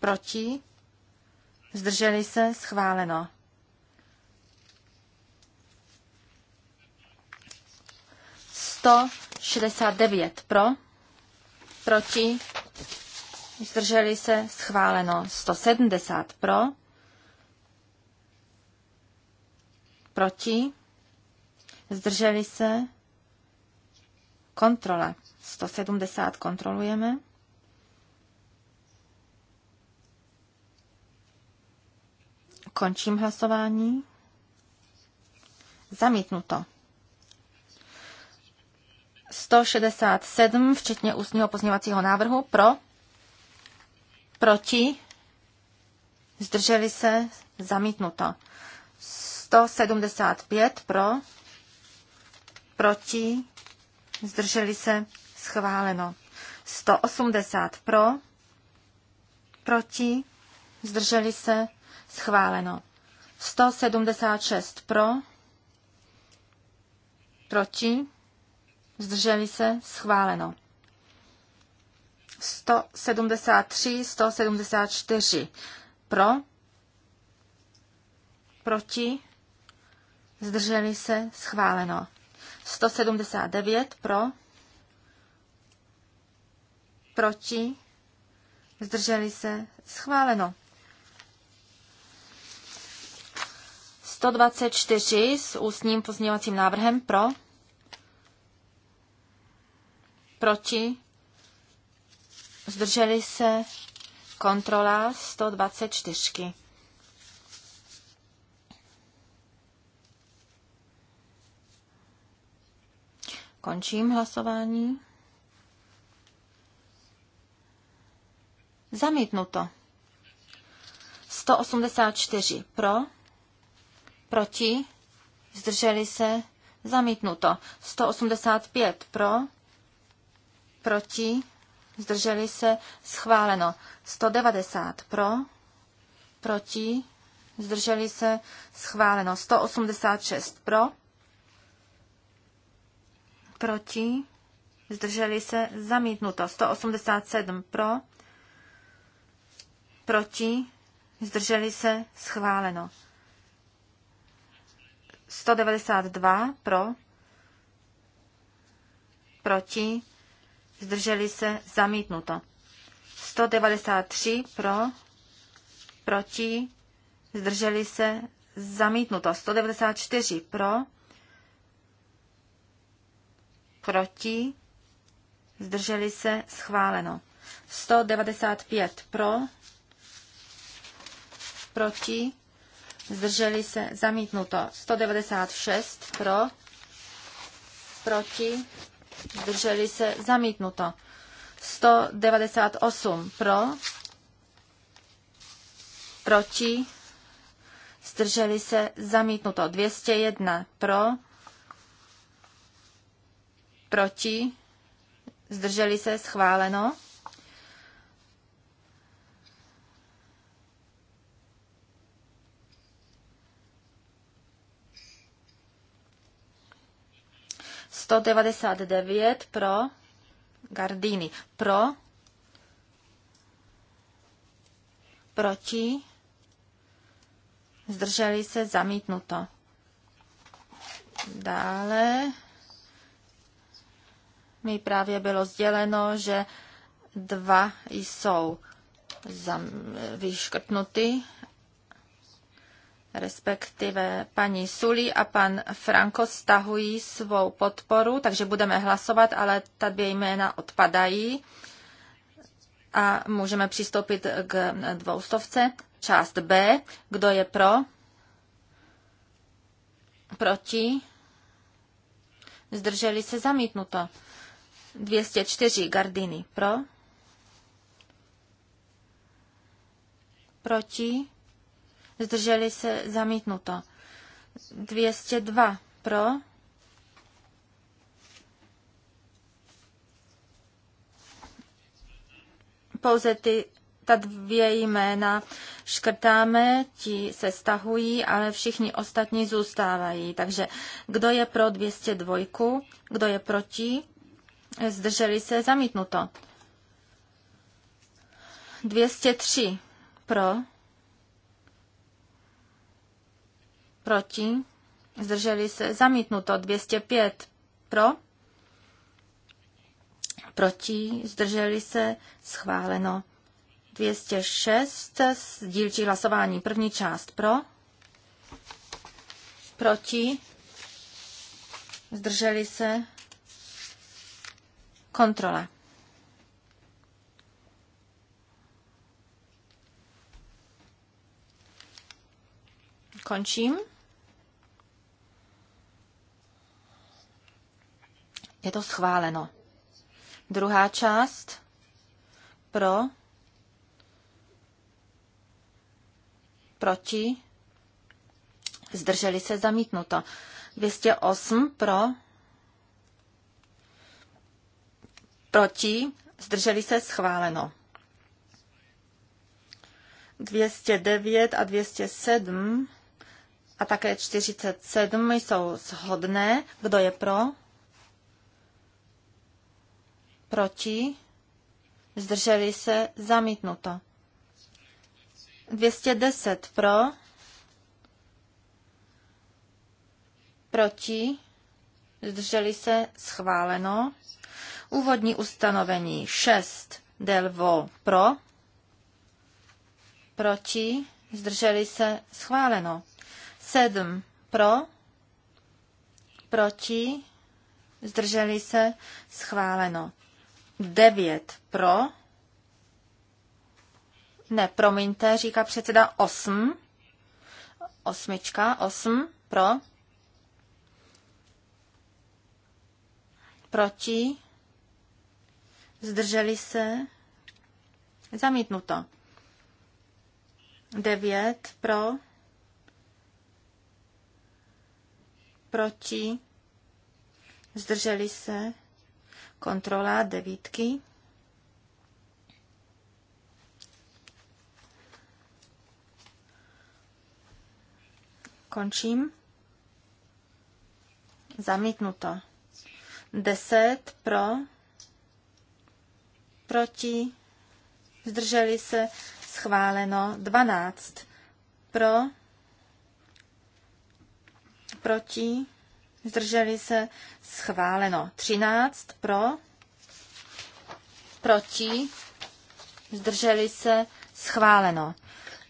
Proti? Zdrželi se? Schváleno. Sto šedesát devět pro, proti, zdrželi se, schváleno. Sto sedmdesát pro, proti, zdrželi se, kontrola. 170 kontrolujeme. Končím hlasování. Zamítnuto. 167, včetně ústního pozměňovacího návrhu, pro, proti, zdrželi se, zamítnuto. 175 pro, proti, zdrželi se, schváleno. 180 pro, proti, zdrželi se, Schváleno. 176 pro, proti, zdrželi se, schváleno. 173, 174 pro, proti, zdrželi se, schváleno. 179 pro, proti, zdrželi se, schváleno. 124 s ústním pozměňovacím návrhem pro, proti, zdrželi se, kontrola 124. Končím hlasování. Zamítnuto. 184 pro proti, zdrželi se, zamítnuto. 185 pro, proti, zdrželi se, schváleno. 190 pro, proti, zdrželi se, schváleno. 186 pro, proti, zdrželi se, zamítnuto. 187 pro, proti, zdrželi se, schváleno. 192 pro, proti, zdrželi se, zamítnuto. 193 pro, proti, zdrželi se, zamítnuto. 194 pro, proti, zdrželi se, schváleno. 195 pro, proti, zdrželi se, zamítnuto. 196 pro, proti, zdrželi se, zamítnuto. 198 pro, proti, zdrželi se, zamítnuto. 201 pro, proti, zdrželi se, schváleno. 199 pro Gardini. Pro. Proti. Zdrželi se zamítnuto. Dále mi právě bylo sděleno, že dva jsou zam, vyškrtnuty respektive paní Sulí a pan Franco stahují svou podporu, takže budeme hlasovat, ale ta dvě jména odpadají a můžeme přistoupit k dvoustovce. Část B. Kdo je pro? Proti? Zdrželi se zamítnuto. 204 Gardiny. Pro? Proti? zdrželi se zamítnuto. 202 pro, pouze ty, ta dvě jména škrtáme, ti se stahují, ale všichni ostatní zůstávají. Takže kdo je pro 202, kdo je proti, zdrželi se zamítnuto. 203 pro, proti, zdrželi se, zamítnuto 205 pro, proti, zdrželi se, schváleno 206, dílčí hlasování, první část pro, proti, zdrželi se, kontrola. Končím. Je to schváleno. Druhá část pro, proti, zdrželi se zamítnuto. 208 pro, proti, zdrželi se schváleno. 209 a 207 a také 47 jsou shodné. Kdo je pro? proti, zdrželi se, zamítnuto. 210 pro, proti, zdrželi se, schváleno. Úvodní ustanovení 6 delvo pro, proti, zdrželi se, schváleno. 7 pro, proti, zdrželi se, schváleno. 9 pro. Ne, promiňte, říká předseda 8. Osmička, 8 pro. Proti. Zdrželi se. Zamítnuto. 9 pro. Proti. Zdrželi se. Kontrola devítky. Končím. Zamítnuto. 10 pro, proti, zdrželi se, schváleno. 12 pro, proti, zdrželi se, schváleno. 13 pro, proti, zdrželi se, schváleno.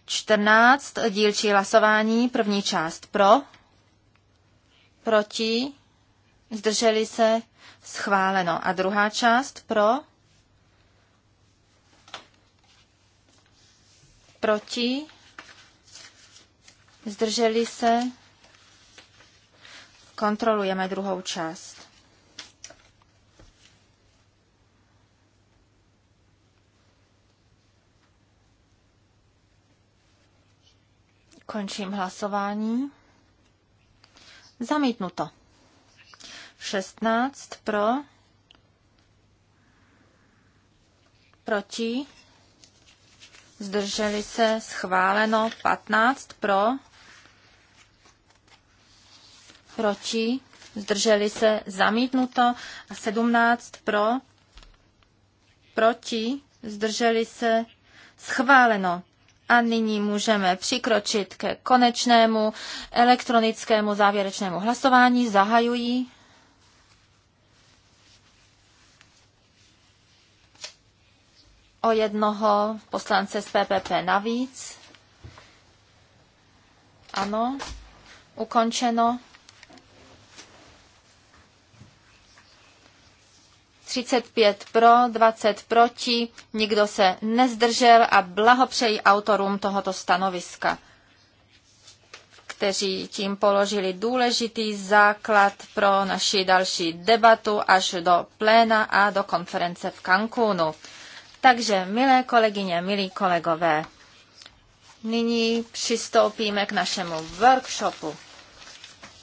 14 dílčí hlasování, první část pro, proti, zdrželi se, schváleno. A druhá část pro, proti, zdrželi se, Kontrolujeme druhou část. Končím hlasování. Zamítnuto. 16 pro, proti, zdrželi se, schváleno, 15 pro, proti, zdrželi se zamítnuto, 17 pro, proti, zdrželi se schváleno. A nyní můžeme přikročit ke konečnému elektronickému závěrečnému hlasování. Zahajují. O jednoho poslance z PPP navíc. Ano, ukončeno. 35 pro, 20 proti, nikdo se nezdržel a blahopřeji autorům tohoto stanoviska, kteří tím položili důležitý základ pro naši další debatu až do pléna a do konference v Cancúnu. Takže, milé kolegyně, milí kolegové, nyní přistoupíme k našemu workshopu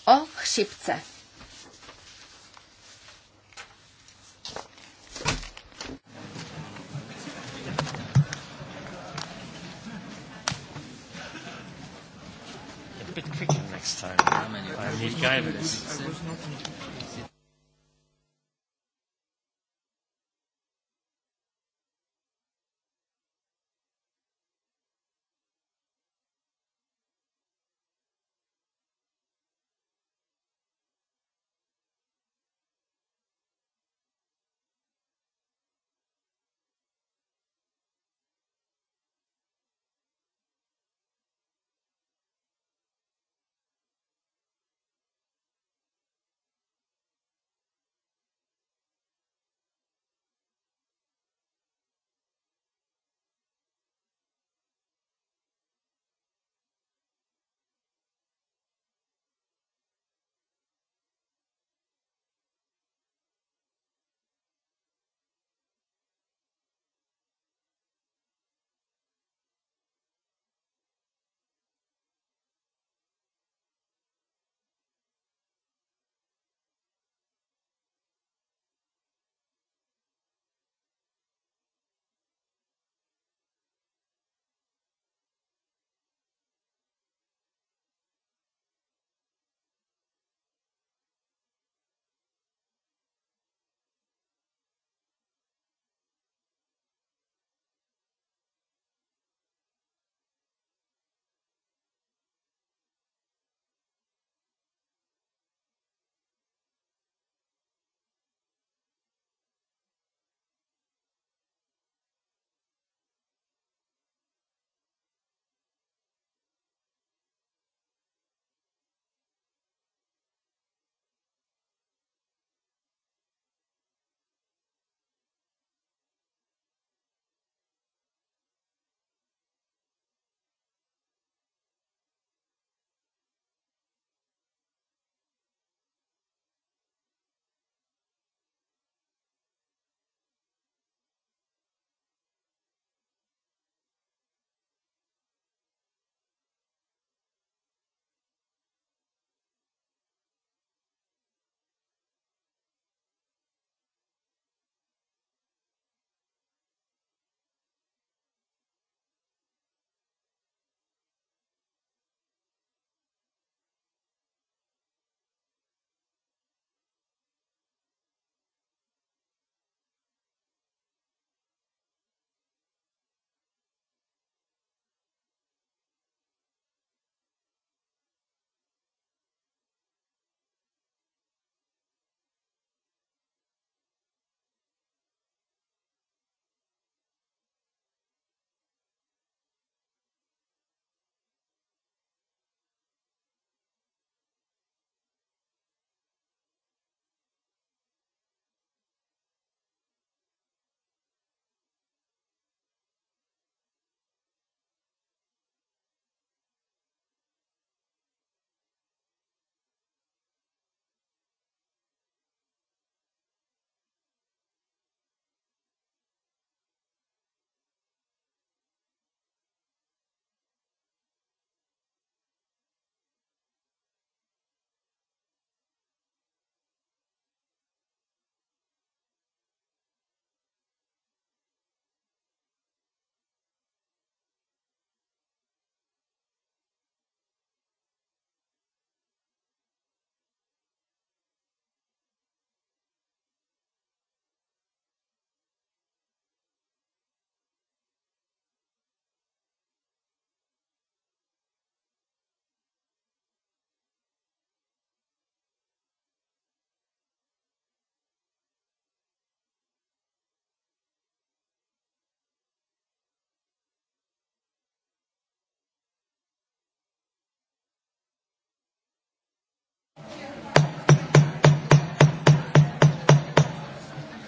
o chřipce. bit quicker next time. I need guidance. I was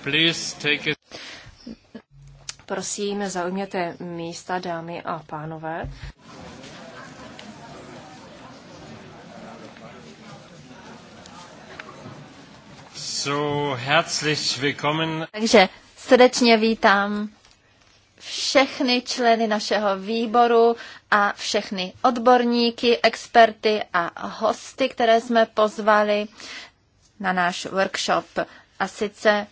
Please take Prosím, zaujměte místa, dámy a pánové. So, herzlich willkommen. Takže srdečně vítám všechny členy našeho výboru a všechny odborníky, experty a hosty, které jsme pozvali na náš workshop. A sice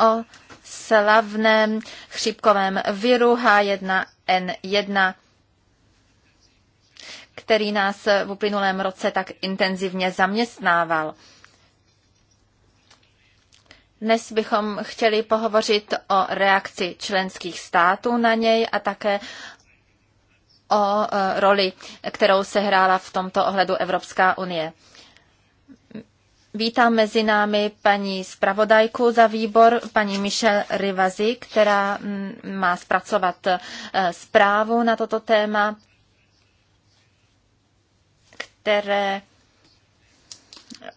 o slavném chřipkovém viru H1N1, který nás v uplynulém roce tak intenzivně zaměstnával. Dnes bychom chtěli pohovořit o reakci členských států na něj a také o e, roli, kterou se hrála v tomto ohledu Evropská unie. Vítám mezi námi paní zpravodajku za výbor, paní Michelle Rivazi, která mm, má zpracovat eh, zprávu na toto téma, které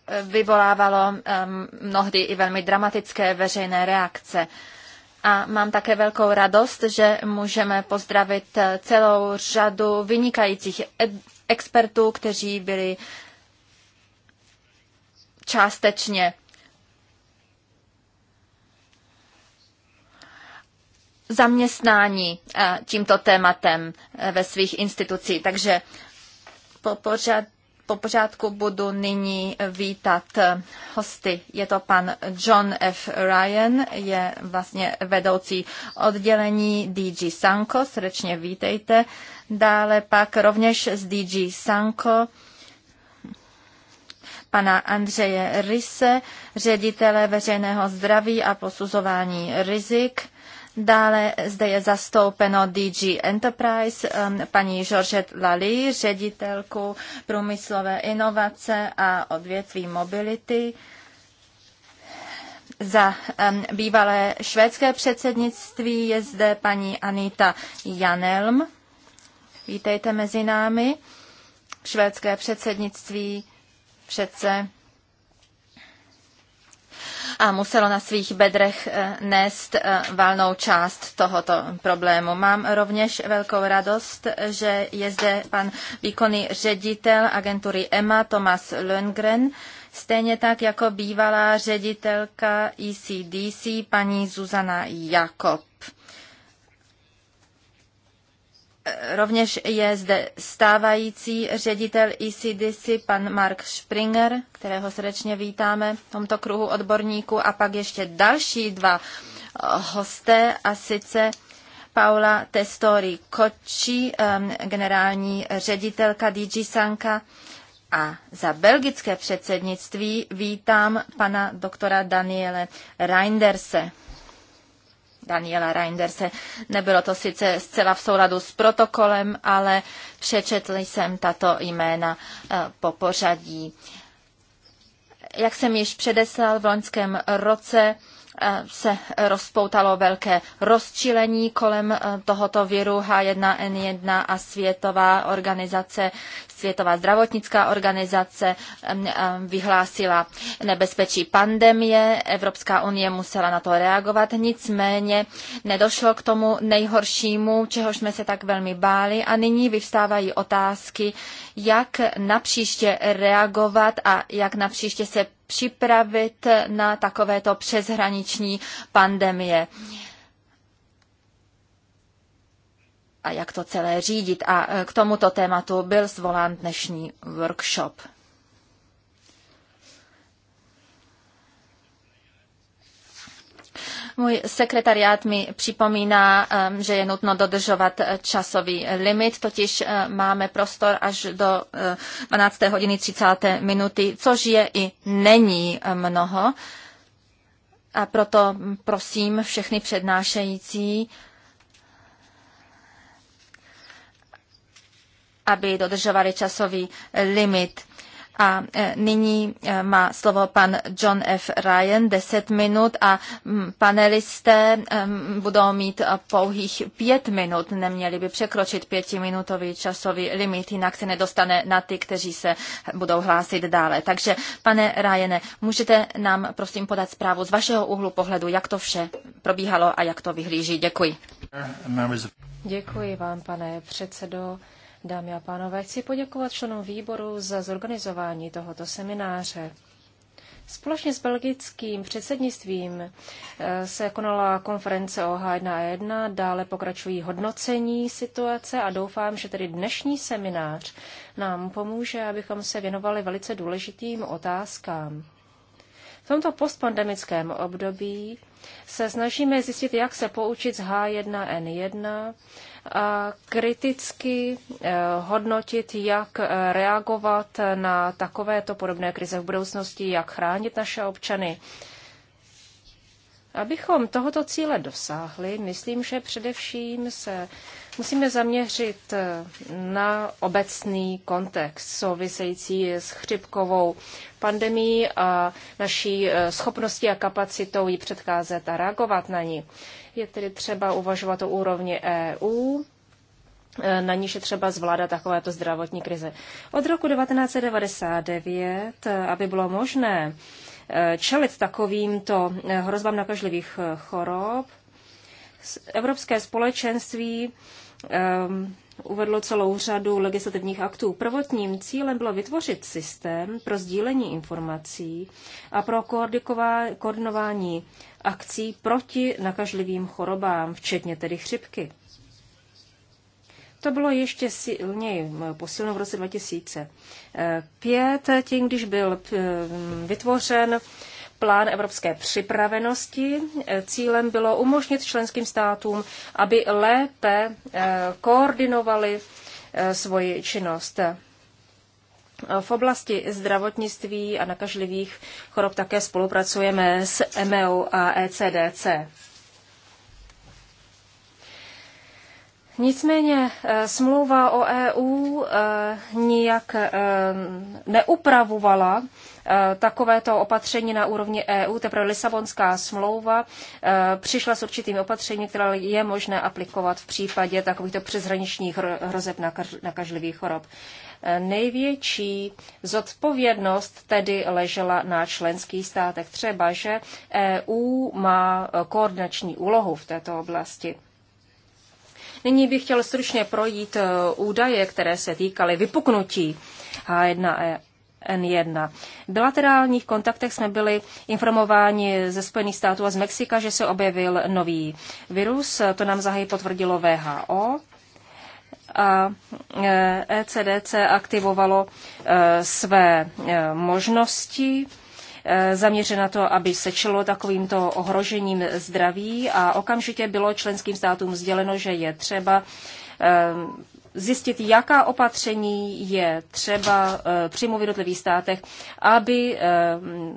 eh, vyvolávalo ehm, mnohdy i velmi dramatické veřejné reakce. A mám také velkou radost, že můžeme pozdravit eh, celou řadu vynikajících e- expertů, kteří byli částečně. zaměstnání eh, tímto tématem eh, ve svých institucích. Takže po, pořad, po pořádku budu nyní vítat eh, hosty. Je to pan John F. Ryan, je vlastně vedoucí oddělení DG Sanko, srdečně vítejte. Dále pak rovněž z DG Sanko pana Andřeje Ryse, ředitele veřejného zdraví a posuzování rizik. Dále zde je zastoupeno DG Enterprise, um, paní Georgette Lally, ředitelku průmyslové inovace a odvětví mobility za um, bývalé švédské předsednictví je zde paní Anita Janelm. Vítejte mezi námi. Švédské předsednictví přece a muselo na svých bedrech eh, nést eh, valnou část tohoto problému. Mám rovněž velkou radost, že je zde pan výkonný ředitel agentury EMA Thomas Löngren, stejně tak jako bývalá ředitelka ECDC paní Zuzana Jakob. Eh, rovněž je zde stávající ředitel ECDC, pan Mark Springer, kterého srdečně vítáme v tomto kruhu odborníků, a pak ještě další dva eh, hosté, a sice Paula Testori Kočí, ehm, generální ředitelka DG Sanka, a za belgické předsednictví vítám pana doktora Daniele Reinderse. Daniela Reinderse. Nebylo to sice zcela v souladu s protokolem, ale přečetl jsem tato jména eh, po pořadí. Jak jsem již předeslal, v loňském roce Eh, se rozpoutalo velké rozčilení kolem eh, tohoto viru H1N1 a Světová organizace, Světová zdravotnická organizace vyhlásila nebezpečí pandemie. Evropská unie musela na to reagovat, nicméně nedošlo k tomu nejhoršímu, čehož jsme se tak velmi báli a nyní vyvstávají otázky, jak napříště reagovat a jak napříště se připravit na takovéto přeshraniční pandemie. A jak to celé řídit. A k tomuto tématu byl zvolán dnešní workshop. Můj sekretariát mi připomíná, um, že je nutno dodržovat eh, časový limit, totiž eh, máme prostor až do 12. Eh, hodiny 30. minuty, což je i není mnoho. A proto prosím všechny přednášející, aby dodržovali časový limit. A e, nyní e, má slovo pan John F. Ryan, 10 minut a panelisté e, budou mít pouhých 5 minut. Neměli by překročit pětiminutový časový limit, jinak se nedostane na ty, kteří se budou hlásit dále. Takže, pane Ryane, můžete nám prosím podat zprávu z vašeho úhlu pohledu, jak to vše probíhalo a jak to vyhlíží. Děkuji. Děkuji vám, pane předsedo. Dámy a pánové, chci poděkovat členům výboru za zorganizování tohoto semináře. Společně s belgickým předsednictvím eh, se konala konference o H1A1, dále pokračují hodnocení situace a doufám, že tedy dnešní seminář nám pomůže, abychom se věnovali velice důležitým otázkám. V tomto postpandemickém období se snažíme zjistit, jak se poučit z H1N1 kriticky eh, hodnotit, jak eh, reagovat na takovéto podobné krize v budoucnosti, jak chránit naše občany. Abychom tohoto cíle dosáhli, myslím, že především se musíme zaměřit eh, na obecný kontext související s chřipkovou pandemí a naší schopností a kapacitou ji předcházet a reagovat na ní. Je tedy třeba uvažovat o úrovni EU, e, na níž je třeba zvládat takovéto zdravotní krize. Od roku 1999, aby bylo možné e, čelit takovýmto e, hrozbám nakažlivých chorob, Evropské společenství um, uvedlo celou řadu legislativních aktů. Prvotním cílem bylo vytvořit systém pro sdílení informací a pro koordinování akcí proti nakažlivým chorobám, včetně tedy chřipky. To bylo ještě silněji eh, posilno v roce 2005, eh, tím, když byl eh, vytvořen plán evropské připravenosti. Cílem bylo umožnit členským státům, aby lépe eh, koordinovali eh, svoji činnost. V oblasti zdravotnictví a nakažlivých chorob také spolupracujeme s MEU a ECDC. Nicméně eh, smlouva o EU nijak neupravovala Eh, takovéto opatření na úrovni EU, teprve Lisabonská smlouva, eh, přišla s určitými opatřeními, které je možné aplikovat v případě takovýchto přeshraničních hrozeb nakažlivých chorob. Eh, největší zodpovědnost tedy ležela na členských státech, třeba že EU má koordinační úlohu v této oblasti. Nyní bych chtěl stručně projít údaje, které se týkaly vypuknutí H1 e N1. V bilaterálních kontaktech jsme byli informováni ze Spojených států a z Mexika, že se objevil nový virus. To nám zahy potvrdilo VHO. A ECDC e aktivovalo e, své e, možnosti zaměřen na to, aby se čelo takovýmto ohrožením zdraví a okamžitě bylo členským státům sděleno, že je třeba zjistit, jaká opatření je třeba eh, přijmout v jednotlivých státech, aby eh,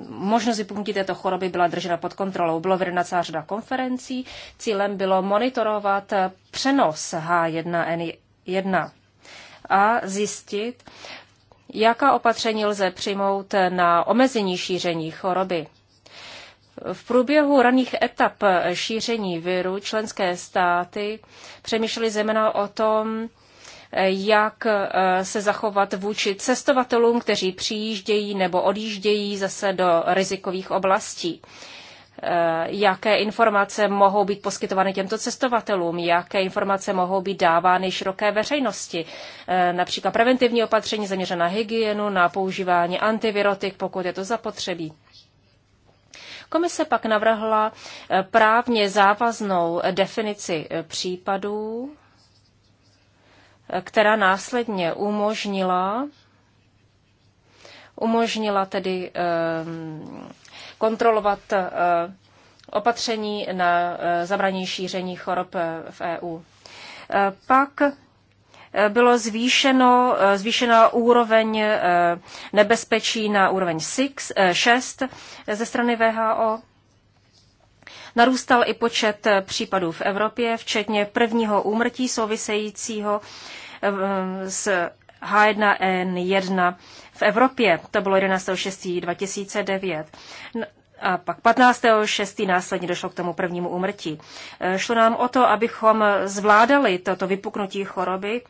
možnost vypuknutí této choroby byla držena pod kontrolou. Bylo vedena celá řada konferencí, cílem bylo monitorovat eh, přenos H1N1 a zjistit, jaká opatření lze přijmout na omezení šíření choroby. V průběhu raných etap šíření viru členské státy přemýšleli zejména o tom, jak eh, se zachovat vůči cestovatelům, kteří přijíždějí nebo odjíždějí zase do rizikových oblastí eh, jaké informace mohou být poskytovány těmto cestovatelům, jaké informace mohou být dávány široké veřejnosti, eh, například preventivní opatření zaměřené na hygienu, na používání antivirotik, pokud je to zapotřebí. Komise pak navrhla právně závaznou definici případů, která následně umožnila, umožnila tedy ehm, kontrolovat eh, opatření na eh, zabraní šíření chorob eh, v EU. Pak bylo zvýšeno, zvýšena úroveň nebezpečí na úroveň 6 ze strany VHO Narůstal i počet případů v Evropě, včetně prvního úmrtí souvisejícího eh, s H1N1 v Evropě. To bylo 11.6.2009. A pak 15.6. následně došlo k tomu prvnímu úmrtí. Eh, šlo nám o to, abychom zvládali toto vypuknutí choroby.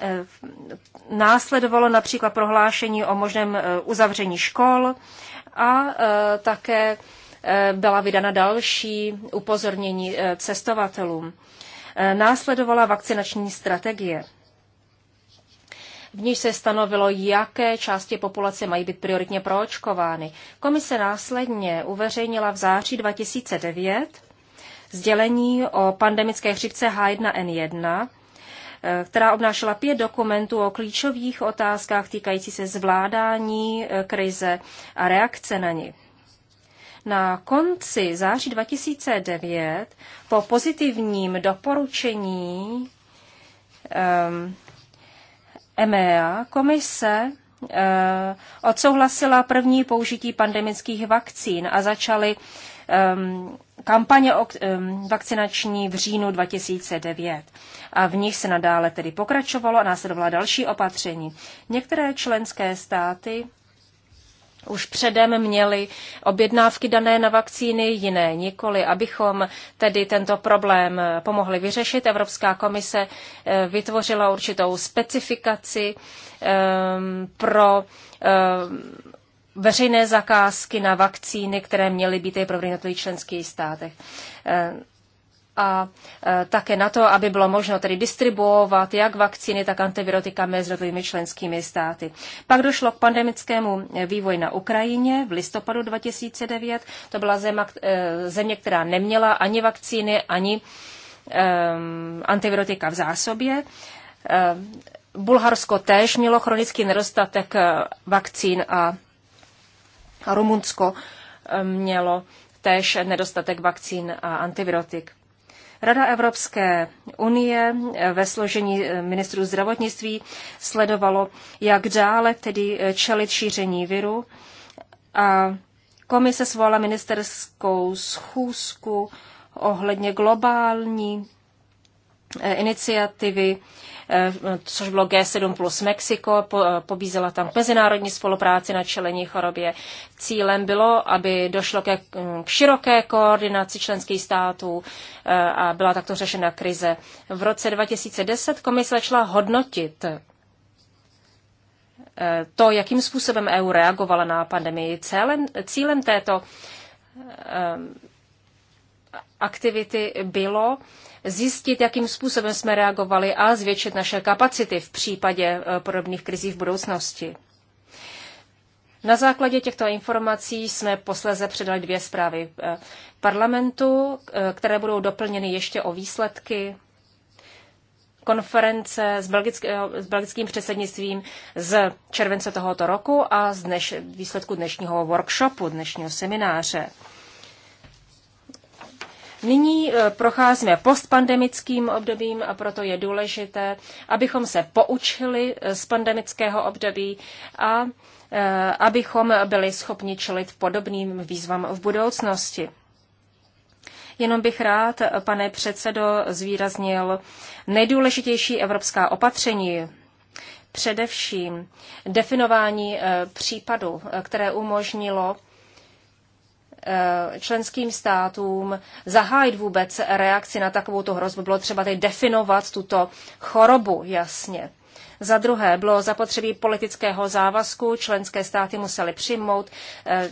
Eh, následovalo například prohlášení o možném uzavření škol a také Eh, byla vydána další upozornění eh, cestovatelům. Eh, následovala vakcinační strategie. V níž se stanovilo, jaké části populace mají být prioritně proočkovány. Komise následně uveřejnila v září 2009 sdělení o pandemické chřipce H1N1, která obnášela pět dokumentů o klíčových otázkách týkající se zvládání krize a reakce na ni. Na konci září 2009 po pozitivním doporučení um, ehm, EMEA komise uh, odsouhlasila první použití pandemických vakcín a začaly um, kampaně um, vakcinační v říjnu 2009. A v nich se nadále tedy pokračovalo a následovala další opatření. Některé členské státy už předem měli objednávky dané na vakcíny, jiné nikoli. Abychom tedy tento problém eh, pomohli vyřešit, Evropská komise eh, vytvořila určitou specifikaci eh, pro veřejné zakázky na vakcíny, které měly být i pro jednotlivých členských státech a e, také na to, aby bylo možno tedy distribuovat jak vakcíny, tak antivirotika mezi jednotlivými členskými státy. Pak došlo k pandemickému vývoji na Ukrajině v listopadu 2009. To byla zema, e, země, která neměla ani vakcíny, ani um, antivirotika v zásobě. Bulharsko též mělo chronický nedostatek vakcín a Rumunsko mělo též nedostatek vakcín a antivirotik. Rada Evropské unie eh, ve složení eh, ministrů zdravotnictví sledovalo, jak dále tedy eh, čelit šíření viru a komise svolala ministerskou schůzku ohledně globální iniciativy Eh, což bylo G7 plus Mexiko, eh, pobízela tam k mezinárodní spolupráci na čelení chorobě. Cílem bylo, aby došlo ke, mm, k široké koordinaci členských států eh, a byla takto řešena krize. V roce 2010 komise začala hodnotit to, jakým způsobem EU reagovala na pandemii. Cílem, cílem této aktivity bylo zjistit, jakým způsobem jsme reagovali a zvětšit naše kapacity v případě eh, podobných krizí v budoucnosti. Na základě těchto informací jsme posleze předali dvě zprávy eh, parlamentu, eh, které budou doplněny ještě o výsledky konference s, belgický, s belgickým předsednictvím z července tohoto roku a z dneš, výsledku dnešního workshopu, dnešního semináře. Nyní eh, procházíme postpandemickým obdobím a proto je důležité, abychom se poučili eh, z pandemického období a eh, abychom byli schopni čelit podobným výzvám v budoucnosti. Jenom bych rád, pane předsedo, zvýraznil nejdůležitější evropská opatření, především definování případů, které umožnilo Eh, členským státům zahájit vůbec reakci na takovou tu hrozbu. Bylo třeba tady definovat tuto chorobu jasně. Za druhé, bylo zapotřebí politického závazku, členské státy musely přijmout eh,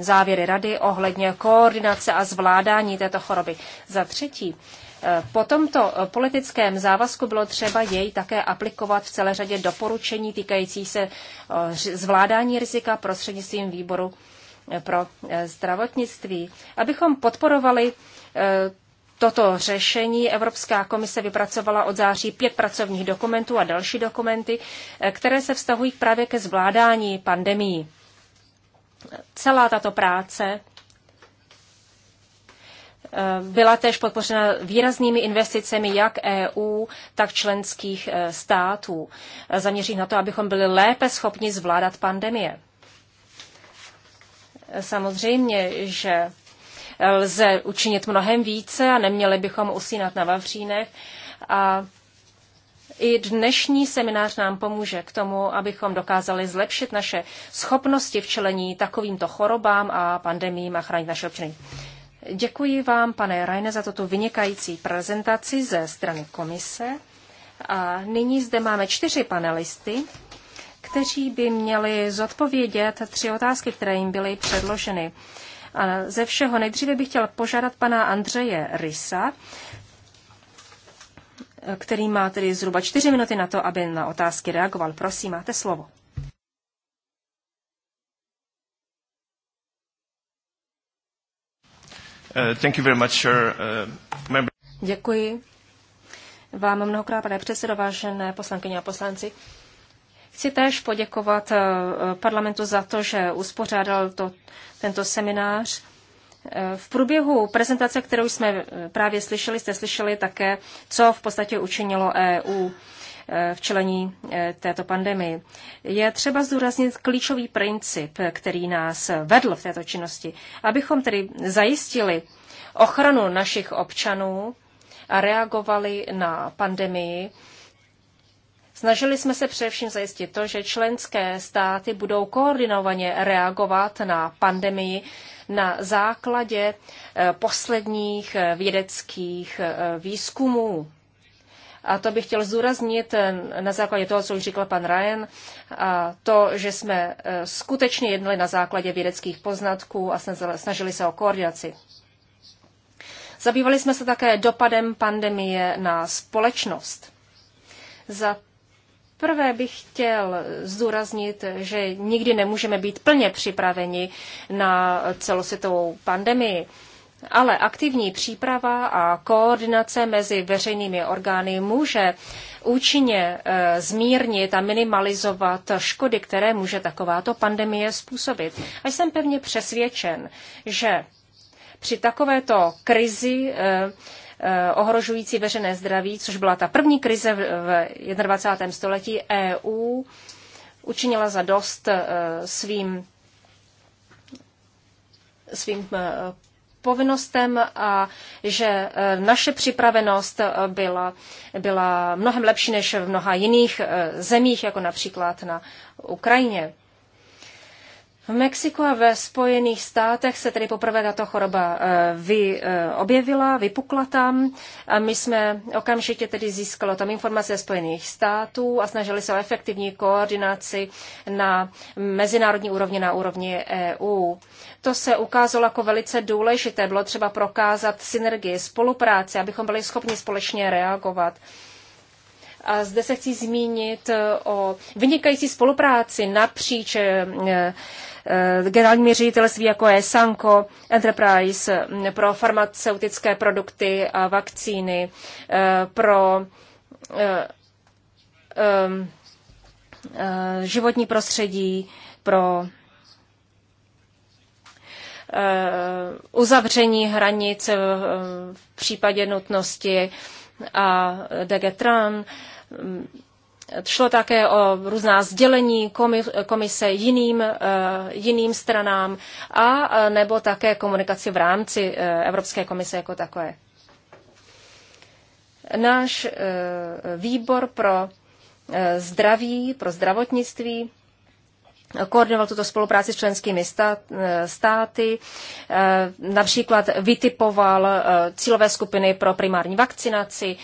závěry rady ohledně koordinace a zvládání této choroby. Za třetí, eh, po tomto politickém závazku bylo třeba jej také aplikovat v celé řadě doporučení týkající se zvládání rizika prostřednictvím výboru pro eh, zdravotnictví. Abychom podporovali eh, toto řešení Evropská komise vypracovala od září pět pracovních dokumentů a další dokumenty, eh, které se vztahují právě ke zvládání pandemii. Celá tato práce byla též podpořena výraznými investicemi jak EU, tak členských států. Zaměří na to, abychom byli lépe schopni zvládat pandemie. Samozřejmě, že lze učinit mnohem více a neměli bychom usínat na vavřínech. A i dnešní seminář nám pomůže k tomu, abychom dokázali zlepšit naše schopnosti v čelení takovýmto chorobám a pandemím a chránit naše občany. Děkuji vám, pane Rajne, za tuto vynikající prezentaci ze strany komise. A nyní zde máme čtyři panelisty kteří by měli zodpovědět tři otázky, které jim byly předloženy. A ze všeho nejdříve bych chtěl požádat pana Andřeje Rysa, který má tedy zhruba čtyři minuty na to, aby na otázky reagoval. Prosím, máte slovo. Uh, thank you very much, sir. Uh, member... Děkuji vám mnohokrát, pane předsedo, vážené poslankyně a poslanci. Chci též poděkovat eh, parlamentu za to, že uspořádal to, tento seminář. Eh, v průběhu prezentace, kterou jsme eh, právě slyšeli, jste slyšeli také, co v podstatě učinilo EU v čelení této pandemii. Je třeba zdůraznit klíčový princip, který nás vedl v této činnosti, abychom tedy zajistili ochranu našich občanů a reagovali na pandemii Snažili jsme se především zajistit to, že členské státy budou koordinovaně reagovat na pandemii na základě eh, posledních eh, vědeckých eh, výzkumů. A to bych chtěl zdůraznit na základě toho, co už říkal pan Ryan, a to, že jsme skutečně jednali na základě vědeckých poznatků a snažili se o koordinaci. Zabývali jsme se také dopadem pandemie na společnost. Za prvé bych chtěl zdůraznit, že nikdy nemůžeme být plně připraveni na celosvětovou pandemii. Ale aktivní příprava a koordinace mezi veřejnými orgány může účinně eh, zmírnit a minimalizovat škody, které může takováto pandemie způsobit. A jsem pevně přesvědčen, že při takovéto krizi eh, Eh, ohrožující veřejné zdraví, což byla ta první krize v 21. století, EU učinila za dost eh, svým, svým eh, povinnostem a že naše připravenost byla, byla mnohem lepší než v mnoha jiných zemích, jako například na Ukrajině. V Mexiku a ve Spojených státech se tedy poprvé tato choroba eh, vy, eh, objevila, vypukla tam a my jsme okamžitě tedy získalo tam informace ze Spojených států a snažili se o efektivní koordinaci na mezinárodní úrovni, na úrovni EU. To se ukázalo jako velice důležité. Bylo třeba prokázat synergii, spolupráci, abychom byli schopni společně reagovat. A zde se chci zmínit eh, o vynikající spolupráci napříč Eh, generálními ředitelství, jako je Sanko Enterprise eh, pro farmaceutické produkty a vakcíny, eh, pro životní prostředí, pro uzavření hranic v případě nutnosti a Degetran Šlo také o různá sdělení komise jiným, eh, jiným stranám a eh, nebo také komunikaci v rámci eh, Evropské komise jako takové. Náš výbor pro zdraví, pro zdravotnictví koordinoval tuto spolupráci s členskými eh, státy, eh, například vytipoval eh, cílové skupiny pro primární vakcinaci,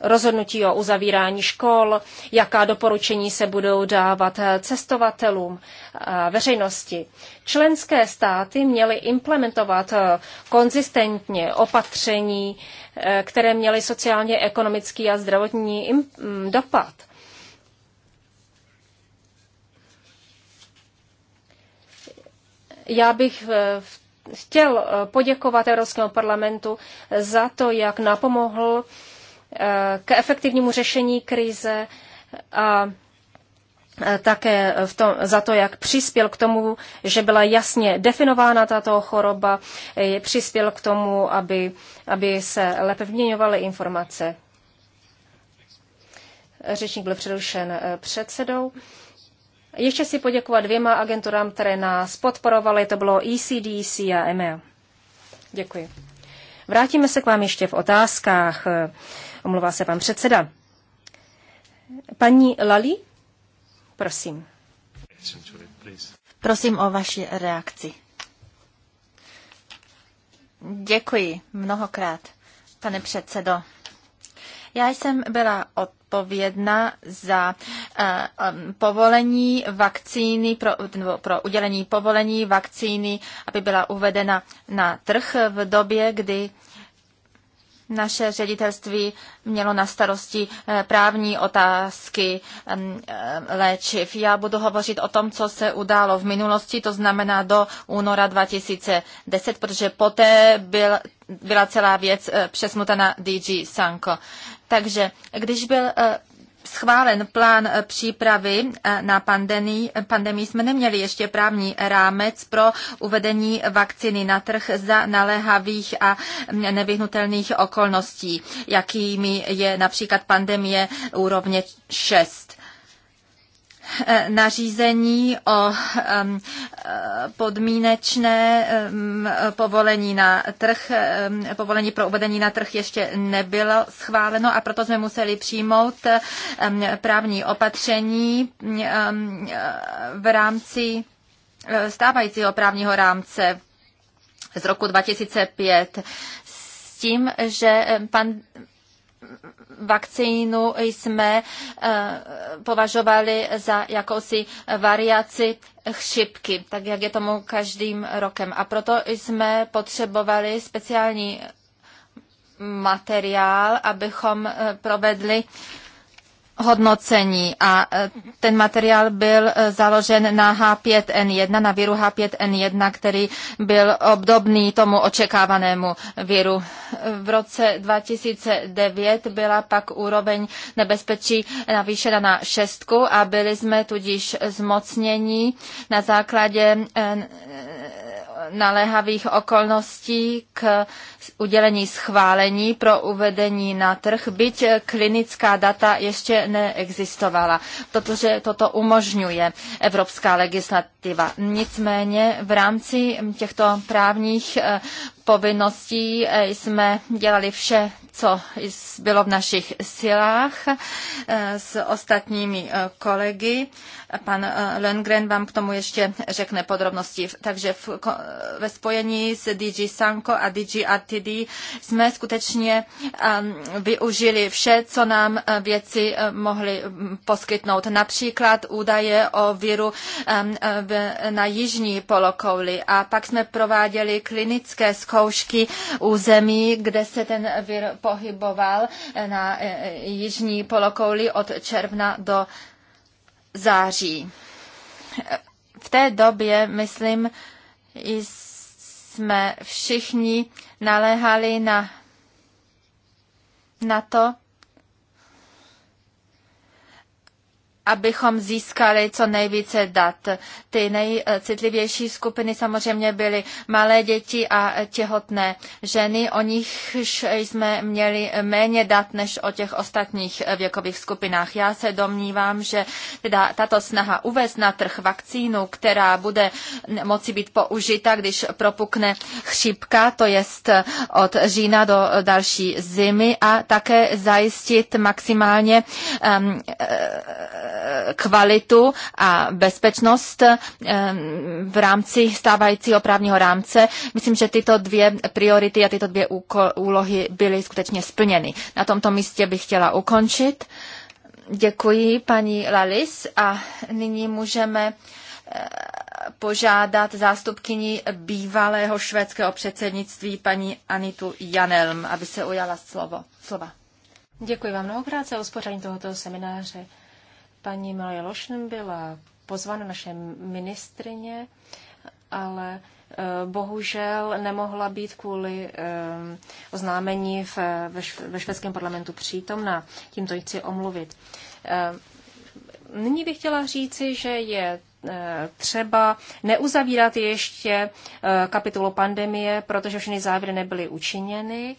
rozhodnutí o uzavírání škol, jaká doporučení se budou dávat cestovatelům a veřejnosti. Členské státy měly implementovat konzistentně opatření, které měly sociálně, ekonomický a zdravotní mm, dopad. Já bych eh, chtěl eh, poděkovat Evropskému parlamentu za to, jak napomohl eh, k efektivnímu řešení krize a také v tom, za to, jak přispěl k tomu, že byla jasně definována tato choroba, přispěl k tomu, aby, aby se lépe vměňovaly informace. Řečník byl přerušen předsedou. Ještě si poděkovat dvěma agenturám, které nás podporovaly, to bylo ECDC a EMEA. Děkuji. Vrátíme se k vám ještě v otázkách. Omluvá se pan předseda. Paní Lali, prosím. Prosím o vaši reakci. Děkuji mnohokrát, pane předsedo. Já jsem byla odpovědná za eh, um, povolení vakcíny, pro, pro udělení povolení vakcíny, aby byla uvedena na trh v době, kdy naše ředitelství mělo na starosti eh, právní otázky eh, léčiv. Já budu hovořit o tom, co se událo v minulosti, to znamená do února 2010, protože poté byl, byla celá věc přesmuta na DG Sanko. Takže když byl eh, schválen plán eh, přípravy eh, na pandemii, pandemii jsme neměli ještě právní rámec pro uvedení vakcíny na trh za naléhavých a mm, nevyhnutelných okolností, jakými je například pandemie úrovně 6. Eh, nařízení o eh, podmínečné povolení na trh, povolení pro uvedení na trh ještě nebylo schváleno a proto jsme museli přijmout právní opatření eh, v rámci stávajícího právního rámce z roku 2005 s tím, že pan, vakcínu jsme eh, považovali za jakousi variaci chřipky, tak jak je tomu každým rokem. A proto jsme potřebovali speciální materiál, abychom eh, provedli uh, hodnocení a e, ten materiál byl e, založen na H5N1, na viru H5N1, který byl obdobný tomu očekávanému viru. V roce 2009 byla pak úroveň nebezpečí navýšena na šestku a byli jsme tudíž zmocnění na základě e, naléhavých okolností k udělení schválení pro uvedení na trh, byť klinická data ještě neexistovala, protože toto umožňuje evropská legislativa. Nicméně v rámci těchto právních eh, povinností eh, jsme dělali vše co bylo v našich silách eh, s ostatními eh, kolegy. Pan eh, Lengren vám k tomu ještě řekne podrobnosti. Takže v, ve spojení s DG Sanko a DG RTD jsme skutečně ehm, využili vše, co nám věci mohli mm, poskytnout. Například údaje o viru ehm, na jižní polokouli a pak jsme prováděli klinické zkoušky u zemí, kde se ten vir pohyboval na e, e, jižní polokouli od června do září. V té době, myslím, jsme všichni naléhali na, na to, abychom získali co nejvíce dat. Ty nejcitlivější skupiny samozřejmě byly malé děti a těhotné ženy. O nich jsme měli méně dat než o těch ostatních věkových skupinách. Já se domnívám, že teda tato snaha uvést na trh vakcínu, která bude moci být použita, když propukne chřipka, to jest od října do další zimy a také zajistit maximálně um, kvalitu a bezpečnost eh, v rámci stávajícího právního rámce. Myslím, že tyto dvě priority a tyto dvě úlohy byly skutečně splněny. Na tomto místě bych chtěla ukončit. Děkuji paní Lalis a nyní můžeme eh, požádat zástupkyni bývalého švédského předsednictví paní Anitu Janelm, aby se ujala slovo. slova. Děkuji vám mnohokrát za uspořádání tohoto semináře. Paní Malie Lošnem byla pozvána naše ministrině, ale eh, bohužel nemohla být kvůli eh, oznámení ve švédském parlamentu přítomna. Tímto ji chci omluvit. Eh, nyní bych chtěla říci, že je třeba neuzavírat ještě kapitolu pandemie, protože všechny závěry nebyly učiněny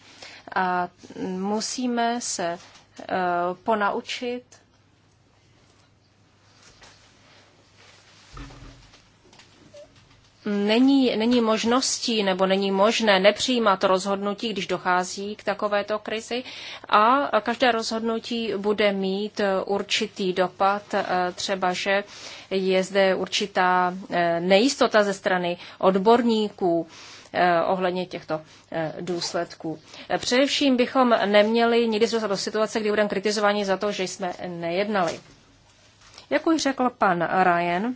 a mm, musíme se ponaučit není, není možností nebo není možné nepřijímat rozhodnutí, když dochází k takovéto krizi a každé rozhodnutí bude mít eh, určitý dopad, eh, třeba že je zde určitá eh, nejistota ze strany odborníků ohledně těchto důsledků. Především bychom neměli nikdy dostat do situace, kdy budeme kritizováni za to, že jsme nejednali. Jak už řekl pan Ryan,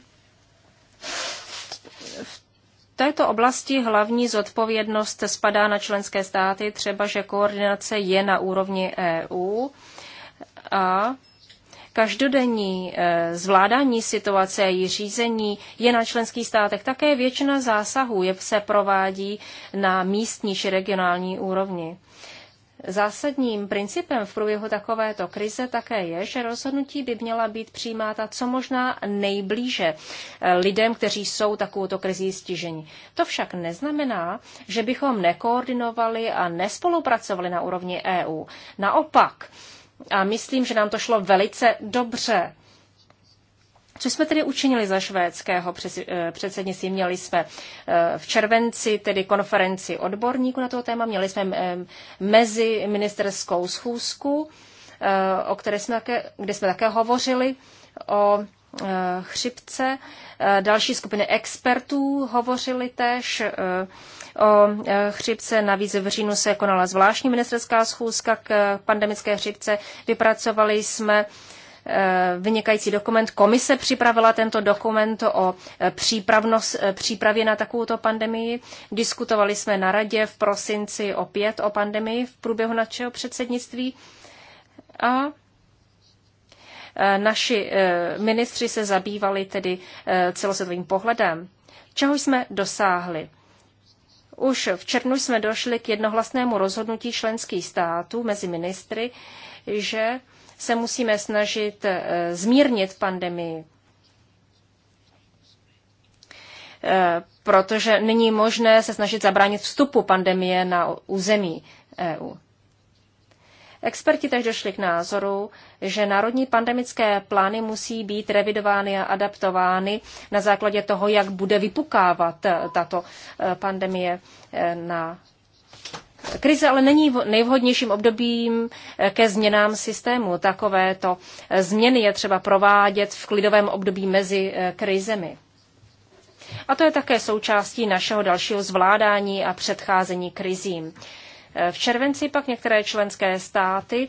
této oblasti hlavní zodpovědnost spadá na členské státy, třeba že koordinace je na úrovni EU a každodenní e, zvládání situace a její řízení je na členských státech. Také většina zásahů je, se provádí na místní či regionální úrovni. Zásadním principem v průběhu takovéto krize také je, že rozhodnutí by měla být přijímáta co možná nejblíže eh, lidem, kteří jsou takovouto krizí stižení. To však neznamená, že bychom nekoordinovali a nespolupracovali na úrovni EU. Naopak, a myslím, že nám to šlo velice dobře co jsme tedy učinili za švédského eh, předsednictví? Měli jsme eh, v červenci tedy konferenci odborníků na toto téma, měli jsme eh, mezi ministerskou schůzku, o které jsme také, kde jsme také hovořili o chřipce. Další skupiny expertů hovořili tež o chřipce. Navíc v říjnu se konala zvláštní ministerská schůzka k pandemické chřipce. Vypracovali jsme Eh, vynikající dokument. Komise připravila tento dokument o eh, eh, přípravě na takovouto pandemii. Diskutovali jsme na radě v prosinci opět o pandemii v průběhu našeho předsednictví. A naši ministři se zabývali tedy celosvětovým pohledem. Čeho jsme dosáhli? Už v červnu jsme došli k jednohlasnému rozhodnutí členských států mezi ministry, že se musíme snažit eh, zmírnit pandemii. Eh, protože není možné se snažit zabránit vstupu pandemie na území EU. Experti tež došli k názoru, že národní pandemické plány musí být revidovány a adaptovány na základě toho, jak bude vypukávat eh, tato pandemie na Krize ale není nejvhodnějším obdobím eh, ke změnám systému. Takovéto eh, změny je třeba provádět v klidovém období mezi eh, krizemi. A to je také součástí našeho dalšího zvládání a předcházení krizím. V červenci pak některé členské státy,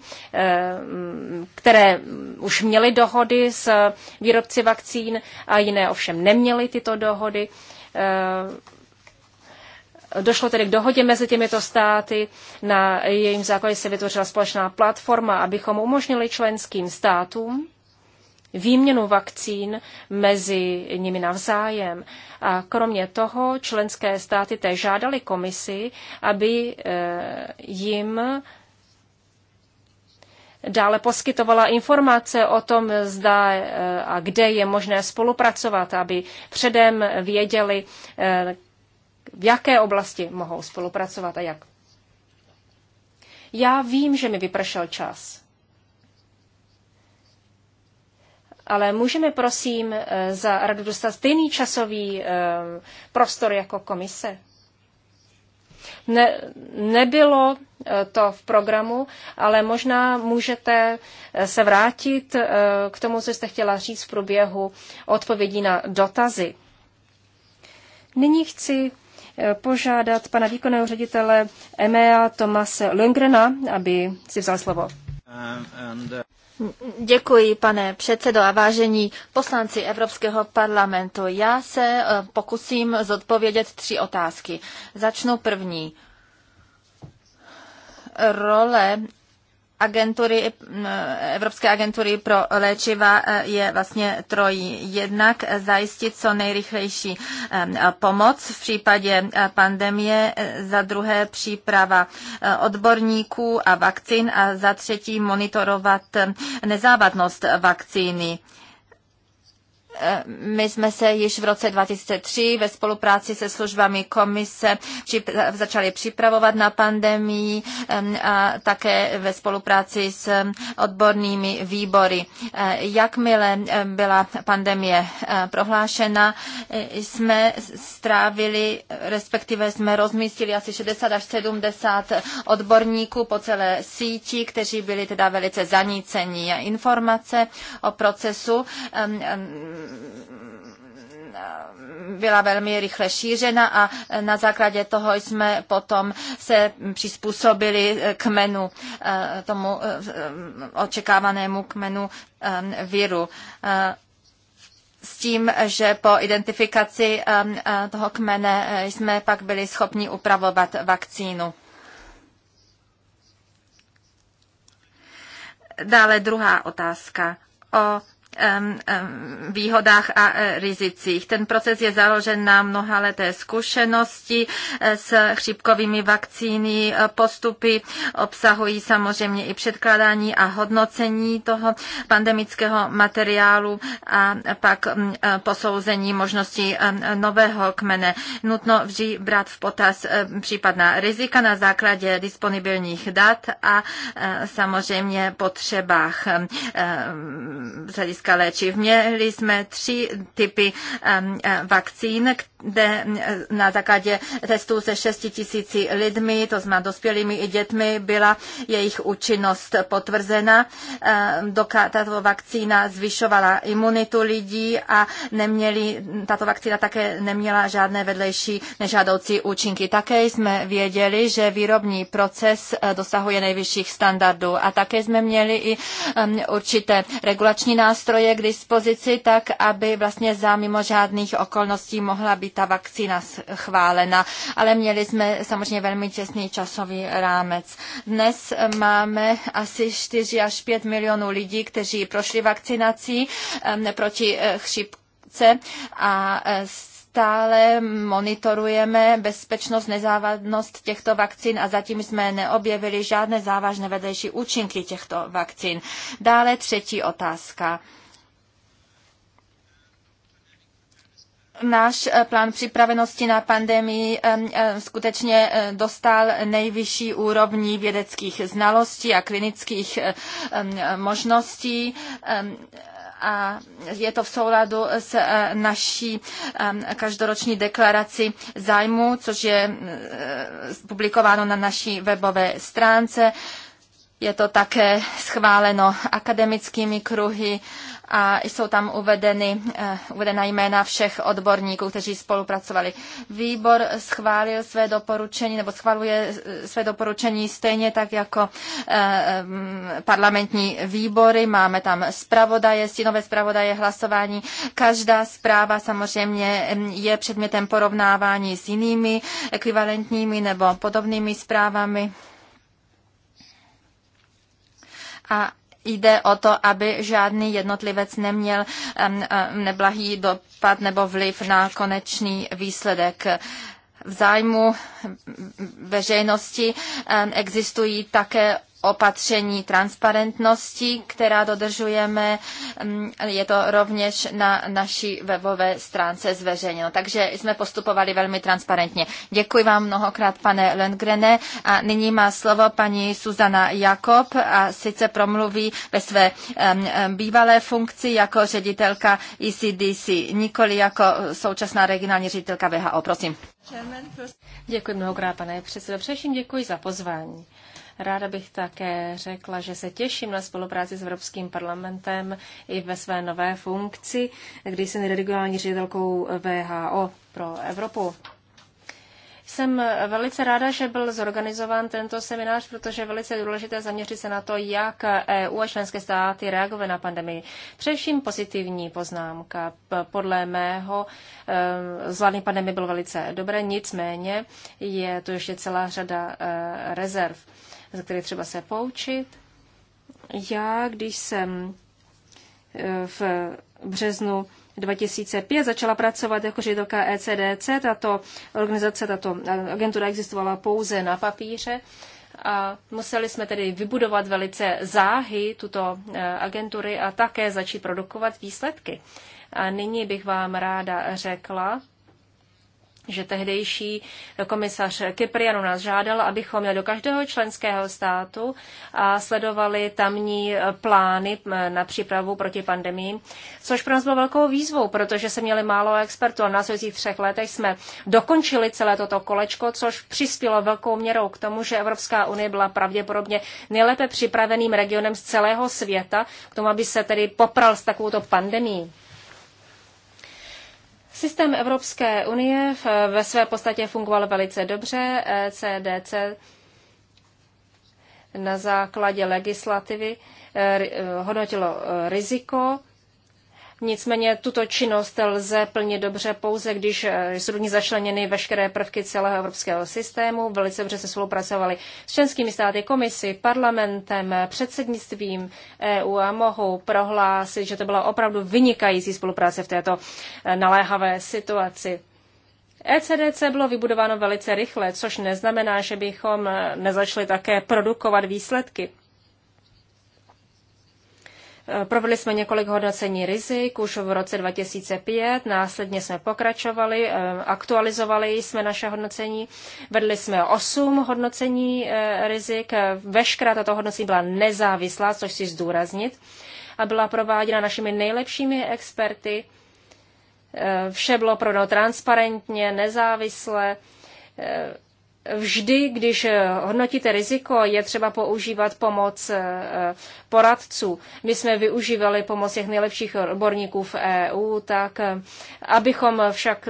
které už měly dohody s výrobci vakcín a jiné ovšem neměly tyto dohody, Došlo tedy k dohodě mezi těmito státy, na jejím základě se vytvořila společná platforma, abychom umožnili členským státům výměnu vakcín mezi nimi navzájem. A kromě toho členské státy té žádali komisi, aby eh, jim eh, dále poskytovala informace o tom, zda eh, a kde je možné spolupracovat, aby předem věděli, v jaké oblasti mohou spolupracovat a jak. Já vím, že mi vypršel čas. Ale můžeme prosím eh, za radu dostat stejný časový eh, prostor jako komise? Ne, nebylo eh, to v programu, ale možná můžete se vrátit k tomu, co jste chtěla říct v průběhu odpovědí na dotazy. Nyní chci požádat pana výkonného ředitele EMEA Tomase Lundgrena, aby si vzal slovo. Děkuji, pane předsedo a vážení poslanci Evropského parlamentu. Já se eh, pokusím zodpovědět tři otázky. Začnu první. Role agentury, eh, Evropské agentury pro léčiva eh, je vlastně trojí. Jednak eh, zajistit co nejrychlejší pomoc v případě pandemie, za druhé příprava odborníků a vakcín a za třetí monitorovat nezávadnost vakcíny. Eh, my jsme se již v roce 2003 ve spolupráci se službami komise začali připravovat na pandemii a také ve spolupráci s odbornými výbory. Eh, jakmile eh, byla pandemie prohlášena, jsme strávili, respektive jsme rozmístili asi 60 až 70 odborníků po celé síti, kteří byli teda velice zanícení. Informace o procesu byla velmi rychle šířena a na základě toho jsme potom se přizpůsobili kmenu, eh, tomu eh, očekávanému kmenu eh, viru s tím, že po identifikaci toho kmene jsme pak byli schopni upravovat vakcínu. Dále druhá otázka o výhodách a e, rizicích. Ten proces je založen na mnohaleté zkušenosti e, s chřipkovými vakcíny. E, postupy obsahují samozřejmě i předkládání a hodnocení toho pandemického materiálu a pak posouzení možnosti nového kmene. Nutno vždy brát v potaz případná rizika na základě disponibilních dat a samozřejmě potřebách z hlediska hlediska léčiv. Měli jsme tři typy vakcín, kde na základě testů se 6 tisíci lidmi, to znamená dospělými i dětmi, byla jejich účinnost potvrzena. Tato vakcína zvyšovala imunitu lidí a neměli, tato vakcína také neměla žádné vedlejší nežádoucí účinky. Také jsme věděli, že výrobní proces eh, dosahuje nejvyšších standardů a také jsme měli i určité regulační nástroje, nástroje k dispozici, tak aby vlastně za mimo žádných okolností mohla být ta vakcína schválena. Ale měli jsme samozřejmě velmi těsný časový rámec. Dnes máme asi 4 až 5 milionů lidí, kteří prošli vakcinací proti eh, chřipce a eh, stále monitorujeme bezpečnost, nezávadnost těchto vakcín a zatím jsme neobjevili žádné závažné vedlejší účinky těchto vakcín. Dále třetí otázka. náš eh, plán připravenosti na pandemii eh, eh, skutečně dostal nejvyšší úrovní vědeckých znalostí a klinických možností a je to v souladu s naší každoroční deklarací zájmu, což je publikováno na naší webové stránce. Je to také schváleno akademickými kruhy a jsou tam uvedeny, eh, uvedena jména všech odborníků, kteří spolupracovali. Výbor schválil své doporučení, nebo schvaluje eh, své doporučení stejně tak jako eh, parlamentní výbory. Máme tam zpravodaje, stínové zpravodaje, hlasování. Každá zpráva samozřejmě je předmětem porovnávání s jinými ekvivalentními nebo podobnými zprávami a jde o to, aby žádný jednotlivec neměl neblahý dopad nebo vliv na konečný výsledek v zájmu veřejnosti existují také opatření transparentnosti, která dodržujeme. Mm, je to rovněž na naší webové stránce zveřejněno. Takže jsme postupovali velmi transparentně. Děkuji vám mnohokrát, pane Lengrene. A nyní má slovo paní Suzana Jakob a sice promluví ve své bývalé funkci jako ředitelka ECDC, nikoli jako současná regionální ředitelka VHO. Prosím. Děkuji mnohokrát, pane předsedo. Především děkuji za pozvání. Ráda bych také řekla, že se těším na spolupráci s Evropským parlamentem i ve své nové funkci, kdy jsem redigování ředitelkou VHO pro Evropu. Jsem velice ráda, že byl zorganizován tento seminář, protože je velice důležité zaměřit se na to, jak EU a členské státy reagovaly na pandemii. Především pozitivní poznámka. Podle mého eh, zvládný pandemie byl velice dobré, nicméně je tu ještě celá řada eh, rezerv ze které třeba se poučit. Já, když jsem e, v březnu 2005 začala pracovat jako ředitelka ECDC, tato organizace, tato agentura existovala pouze na papíře a museli jsme tedy vybudovat velice záhy tuto e, agentury a také začít produkovat výsledky. A nyní bych vám ráda řekla, že tehdejší komisař Kyprianu nás žádal, abychom měli do každého členského státu a sledovali tamní plány na přípravu proti pandemii, což pro nás bylo velkou výzvou, protože se měli málo expertů a v následujících třech letech jsme dokončili celé toto kolečko, což přispělo velkou měrou k tomu, že Evropská unie byla pravděpodobně nejlépe připraveným regionem z celého světa k tomu, aby se tedy popral s takovouto pandemí. Systém Evropské unie ve své podstatě fungoval velice dobře. CDC e na základě legislativy e, e, hodnotilo riziko Nicméně tuto činnost lze plně dobře pouze, když eh, jsou do ní začleněny veškeré prvky celého evropského systému. Velice dobře se spolupracovali s členskými státy, komisi, parlamentem, předsednictvím EU a mohou prohlásit, že to byla opravdu vynikající spolupráce v této eh, naléhavé situaci. ECDC bylo vybudováno velice rychle, což neznamená, že bychom eh, nezačali také produkovat výsledky. Eh, provedli jsme několik hodnocení rizik už v roce 2005, následně jsme pokračovali, eh, aktualizovali jsme naše hodnocení, vedli jsme osm hodnocení eh, rizik, veškerá tato hodnocení byla nezávislá, což si zdůraznit, a byla prováděna našimi nejlepšími experty. Vše bylo pro transparentně, nezávisle, vždy, když eh, hodnotíte riziko, je třeba používat pomoc eh, poradců. My jsme využívali pomoc těch nejlepších odborníků v EU, tak eh, abychom však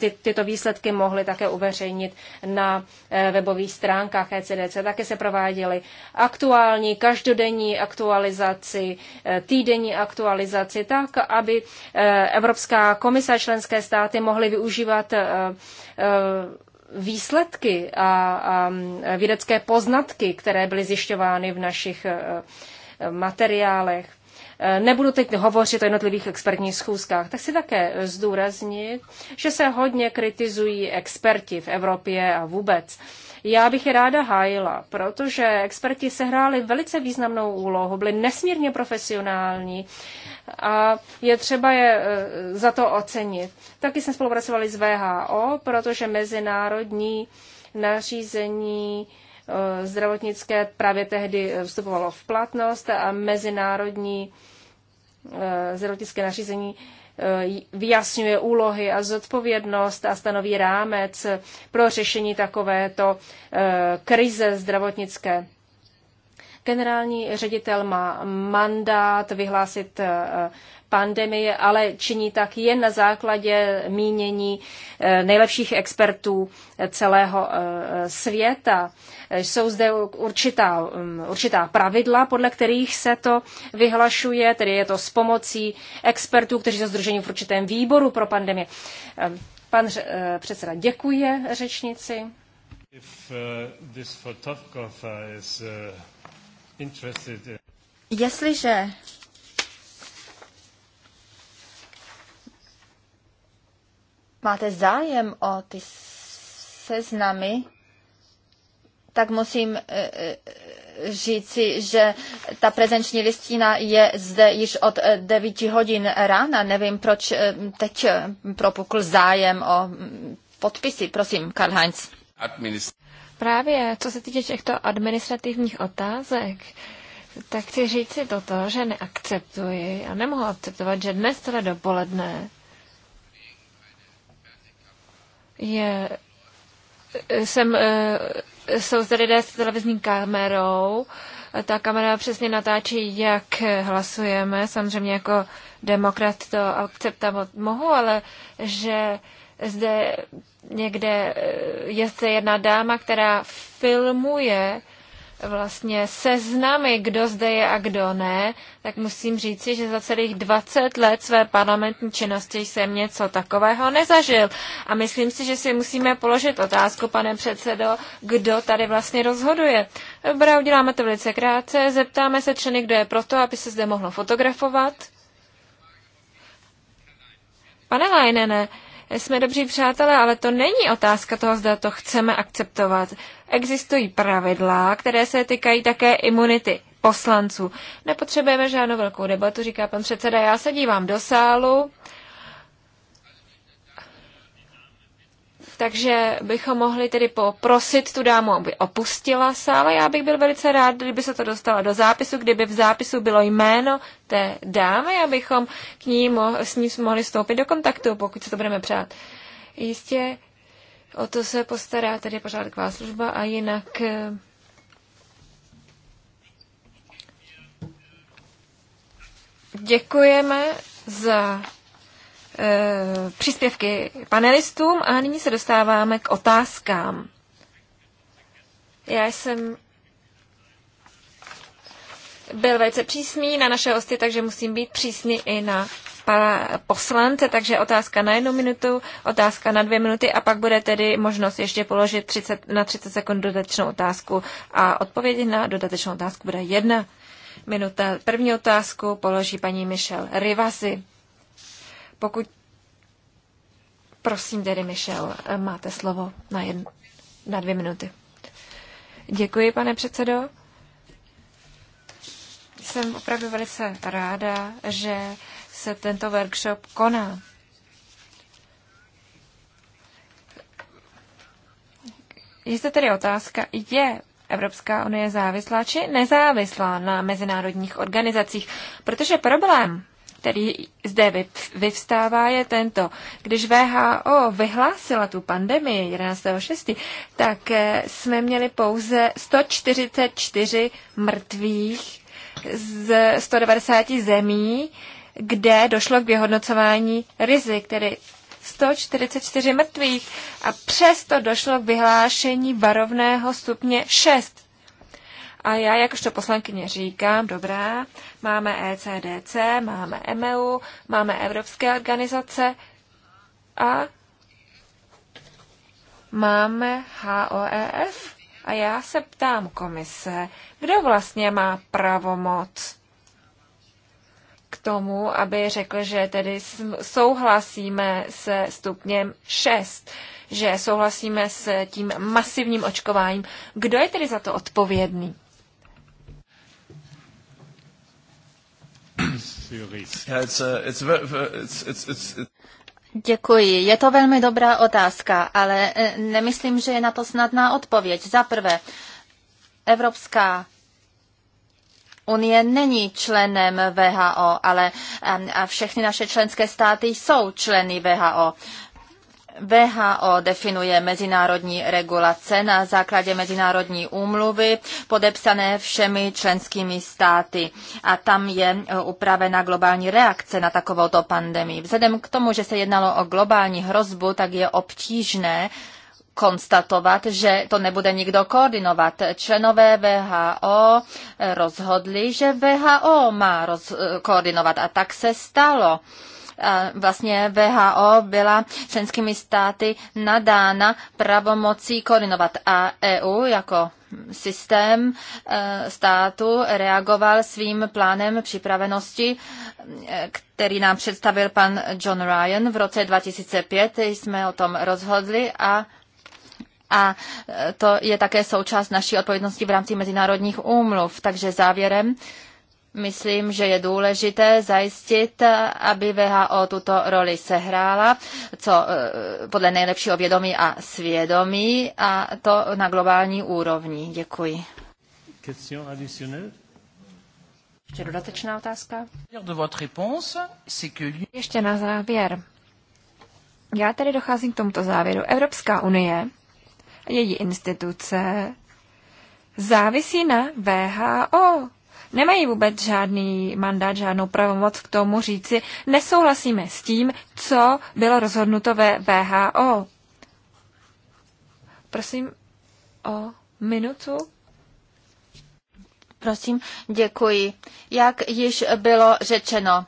ty, tyto výsledky mohli také uveřejnit na webových stránkách ECDC. Také se prováděly aktuální, každodenní aktualizaci, týdenní aktualizaci, tak, aby Evropská komise a členské státy mohly využívat výsledky a, a mm, vědecké poznatky, které byly zjišťovány v našich e, e, materiálech. E, nebudu teď hovořit o jednotlivých expertních schůzkách, tak si také zdůraznit, že se hodně kritizují experti v Evropě a vůbec já bych je ráda hájila, protože experti sehráli velice významnou úlohu, byli nesmírně profesionální a je třeba je e, za to ocenit. Taky jsme spolupracovali s VHO, protože mezinárodní nařízení e, zdravotnické právě tehdy e, vstupovalo v platnost a mezinárodní zdravotnické nařízení Eh, vyjasňuje úlohy a zodpovědnost a stanoví rámec pro řešení takovéto eh, krize zdravotnické. Generální ředitel má mandát vyhlásit eh, pandemie, ale činí tak jen na základě mínění nejlepších expertů celého světa. Jsou zde určitá, um, určitá pravidla, podle kterých se to vyhlašuje, tedy je to s pomocí expertů, kteří jsou združeni v určitém výboru pro pandemie. Um, pan uh, předseda děkuje řečnici. If, uh, uh Jestliže máte zájem o ty seznamy tak musím eh, eh, říci, že ta prezenční listina je zde již od 9 eh, hodin rána. Nevím, proč teď propukl zájem o mm, podpisy. Prosím, Karl Heinz. Právě co se týče těchto administrativních otázek, tak chci říci toto, že neakceptuji a nemohu akceptovat, že dnes teda dopoledne je, jsem jsou zde lidé s televizní kamerou. Ta kamera přesně natáčí, jak hlasujeme. Samozřejmě jako demokrat to akceptovat mohu, ale že zde někde eh, je se jedna dáma, která filmuje vlastně seznamy, kdo zde je a kdo ne, tak musím říci, že za celých 20 let své parlamentní činnosti jsem něco takového nezažil. A myslím si, že si musíme položit otázku, pane předsedo, kdo tady vlastně rozhoduje. Dobrá, uděláme to velice krátce, zeptáme se členy, kdo je proto, aby se zde mohlo fotografovat. Pane Leinene, jsme dobří přátelé, ale to není otázka toho, zda to chceme akceptovat. Existují pravidla, které se týkají také imunity poslanců. Nepotřebujeme žádnou velkou debatu, říká pan předseda. Já se dívám do sálu takže bychom mohli tedy poprosit tu dámu, aby opustila sále. Já bych byl velice rád, kdyby se to dostalo do zápisu, kdyby v zápisu bylo jméno té dámy, abychom k ní mo- s ní mohli vstoupit do kontaktu, pokud se to budeme přát. Jistě o to se postará tedy pořádková služba a jinak eh, děkujeme za Eh, příspěvky panelistům a nyní se dostáváme k otázkám. Já jsem byl velice přísný na naše hosty, takže musím být přísný i na pana poslance, takže otázka na jednu minutu, otázka na dvě minuty a pak bude tedy možnost ještě položit 30, na 30 sekund dodatečnou otázku a odpovědi na dodatečnou otázku bude jedna minuta. První otázku položí paní Michelle Rivasi. Pokud Prosím tedy, Michel, máte slovo na, jedn, na dvě minuty. Děkuji, pane předsedo. Jsem opravdu velice ráda, že se tento workshop koná. Je zde tedy otázka, je Evropská unie závislá či nezávislá na mezinárodních organizacích? Protože problém který zde vyvstává, je tento. Když VHO vyhlásila tu pandemii 11.6., tak eh, jsme měli pouze 144 mrtvých z 190 zemí, kde došlo k vyhodnocování rizik, tedy 144 mrtvých a přesto došlo k vyhlášení varovného stupně 6 a já jakožto poslankyně říkám, dobrá, máme ECDC, máme EMEU, máme evropské organizace a máme HOEF. A já se ptám komise, kdo vlastně má pravomoc k tomu, aby řekl, že tedy souhlasíme se stupněm 6, že souhlasíme s tím masivním očkováním. Kdo je tedy za to odpovědný? Děkuji. Je to velmi dobrá otázka, ale eh, nemyslím, že je na to snadná odpověď. Za prvé, Evropská Unie není členem VHO, ale eh, všechny naše členské státy jsou členy VHO. VHO definuje mezinárodní regulace na základě mezinárodní úmluvy podepsané všemi členskými státy a tam je e, upravena globální reakce na takovouto pandemii. Vzhledem k tomu, že se jednalo o globální hrozbu, tak je obtížné konstatovat, že to nebude nikdo koordinovat. Členové VHO e, rozhodli, že VHO má roz- e, koordinovat a tak se stalo. Vlastně VHO byla členskými státy nadána pravomocí koordinovat a EU jako systém e, státu reagoval svým plánem připravenosti, e, který nám představil pan John Ryan v roce 2005. Jsme o tom rozhodli a a e, to je také součást naší odpovědnosti v rámci mezinárodních úmluv. Takže závěrem Myslím, že je důležité zajistit, aby VHO tuto roli sehrála, co e, podle nejlepšího vědomí a svědomí, a to na globální úrovni. Děkuji. Ještě dodatečná otázka? Ještě na závěr. Já tedy docházím k tomuto závěru. Evropská unie a její instituce závisí na VHO nemají vůbec žádný mandát, žádnou pravomoc k tomu říci, nesouhlasíme s tím, co bylo rozhodnuto ve VHO. Prosím o minutu. Prosím, děkuji. Jak již bylo řečeno,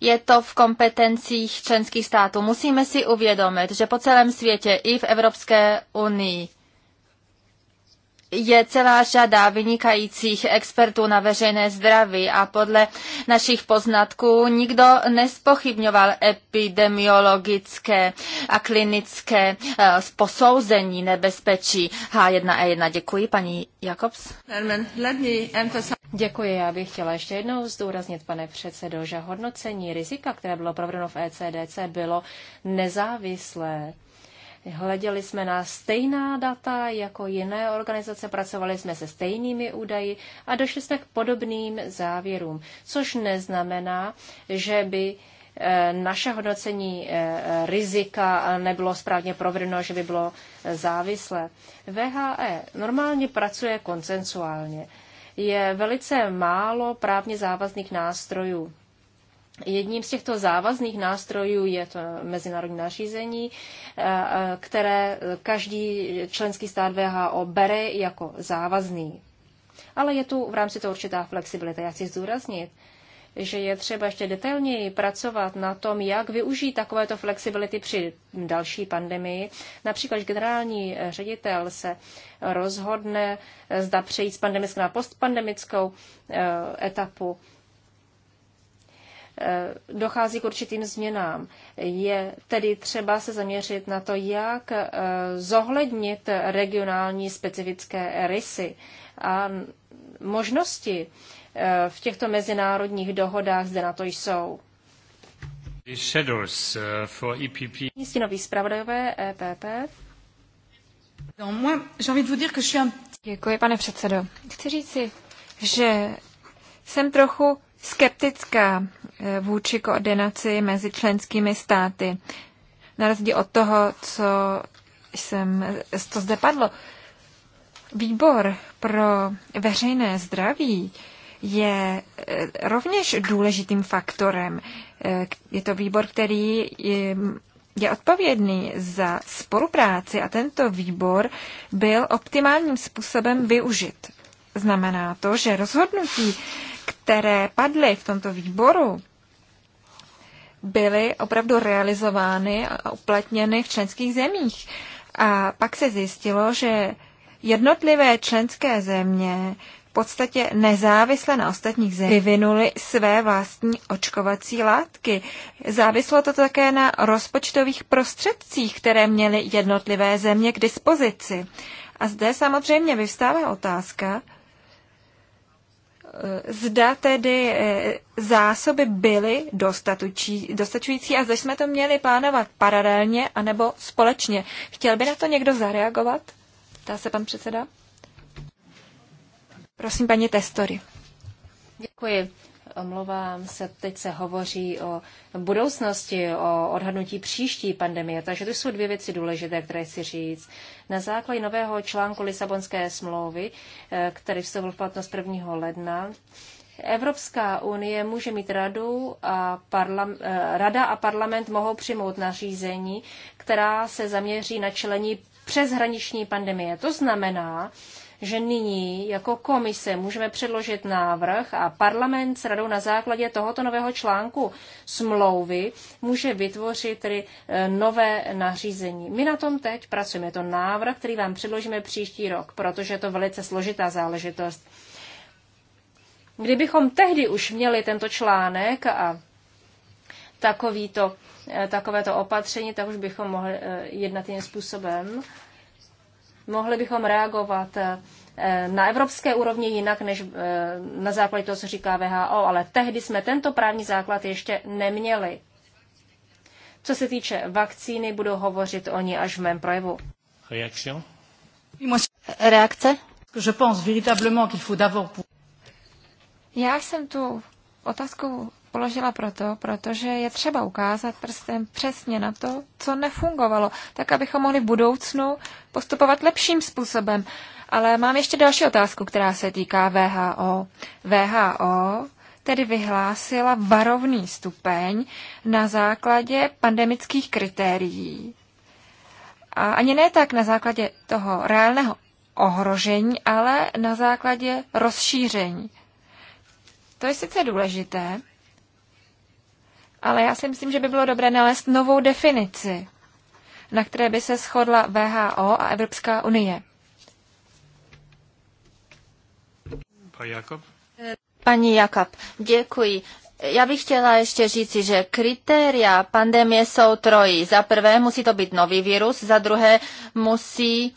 je to v kompetencích členských států. Musíme si uvědomit, že po celém světě i v Evropské unii je celá řada vynikajících expertů na veřejné zdraví a podle našich poznatků nikdo nespochybňoval epidemiologické a klinické eh, posouzení nebezpečí H1E1. Děkuji, paní Jakobs. Děkuji, já bych chtěla ještě jednou zdůraznit, pane předsedo, že hodnocení rizika, které bylo provedeno v ECDC, bylo nezávislé Hleděli jsme na stejná data jako jiné organizace, pracovali jsme se stejnými údaji a došli jsme k podobným závěrům, což neznamená, že by eh, naše hodnocení eh, rizika nebylo správně provedeno, že by bylo eh, závislé. VHE normálně pracuje koncensuálně. Je velice málo právně závazných nástrojů Jedním z těchto závazných nástrojů je to mezinárodní nařízení, eh, eh, které každý členský stát VHO bere jako závazný. Ale je tu v rámci toho určitá flexibilita. Já chci zdůraznit, že je třeba ještě detailněji pracovat na tom, jak využít takovéto flexibility při další pandemii. Například, když generální ředitel se rozhodne, eh, zda přejít z pandemické na postpandemickou etapu, Eh, dochází k určitým změnám. Je tedy třeba se zaměřit na to, jak eh, zohlednit regionální specifické rysy a možnosti eh, v těchto mezinárodních dohodách, zde na to jsou. Shadows for EPP. Stínový zpravodajové EPP. Děkuji, pane předsedo. Chci říci, že jsem trochu skeptická eh, vůči koordinaci mezi členskými státy. Na rozdíl od toho, co jsem, to zde padlo. Výbor pro veřejné zdraví je eh, rovněž důležitým faktorem. Eh, je to výbor, který je odpovědný za spolupráci a tento výbor byl optimálním způsobem využit. Znamená to, že rozhodnutí které padly v tomto výboru, byly opravdu realizovány a uplatněny v členských zemích. A pak se zjistilo, že jednotlivé členské země v podstatě nezávisle na ostatních zemích vyvinuli své vlastní očkovací látky. Závislo to také na rozpočtových prostředcích, které měly jednotlivé země k dispozici. A zde samozřejmě vyvstává otázka, Eh, zda tedy eh, zásoby byly dostačující a zda jsme to měli plánovat paralelně anebo společně. Chtěl by na to někdo zareagovat? Ptá se pan předseda. Prosím, paní Testory. Děkuji omlouvám se, teď se hovoří o budoucnosti, o odhadnutí příští pandemie, takže to jsou dvě věci důležité, které chci říct. Na základě nového článku Lisabonské smlouvy, eh, který vstoupil v platnost 1. ledna, Evropská unie může mít radu a parlam, eh, rada a parlament mohou přijmout nařízení, která se zaměří na čelení přeshraniční pandemie. To znamená, že nyní jako komise můžeme předložit návrh a parlament s radou na základě tohoto nového článku smlouvy může vytvořit tedy e, nové nařízení. My na tom teď pracujeme. Je to návrh, který vám předložíme příští rok, protože je to velice složitá záležitost. Kdybychom tehdy už měli tento článek a takovýto, e, takovéto opatření, tak už bychom mohli e, jednat jiným způsobem mohli bychom reagovat eh, na evropské úrovni jinak, než eh, na základě toho, co říká VHO, ale tehdy jsme tento právní základ ještě neměli. Co se týče vakcíny, budu hovořit o ní až v mém projevu. Reakce? Reakce? Já jsem tu otázku položila proto, protože je třeba ukázat prstem přesně na to, co nefungovalo, tak abychom mohli v budoucnu postupovat lepším způsobem. Ale mám ještě další otázku, která se týká VHO. VHO tedy vyhlásila varovný stupeň na základě pandemických kritérií. A ani ne tak na základě toho reálného ohrožení, ale na základě rozšíření. To je sice důležité, ale já si myslím, že by bylo dobré nalézt novou definici, na které by se shodla VHO a Evropská unie. Paní Jakab, děkuji. Já bych chtěla ještě říci, že kritéria pandemie jsou trojí. Za prvé musí to být nový virus, za druhé musí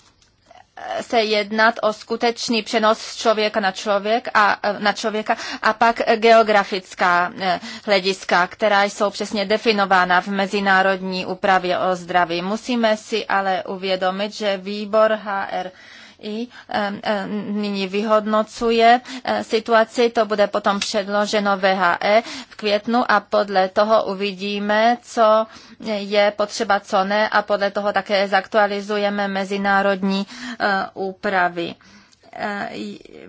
se jednat o skutečný přenos z člověka na, člověk a, na člověka a pak geografická eh, hlediska, která jsou přesně definována v mezinárodní úpravě o zdraví. Musíme si ale uvědomit, že výbor HR i nyní vyhodnocuje eh, situaci, to bude potom předloženo VHE v květnu a podle toho uvidíme, co je potřeba, co ne a podle toho také zaktualizujeme mezinárodní eh, úpravy. Eh,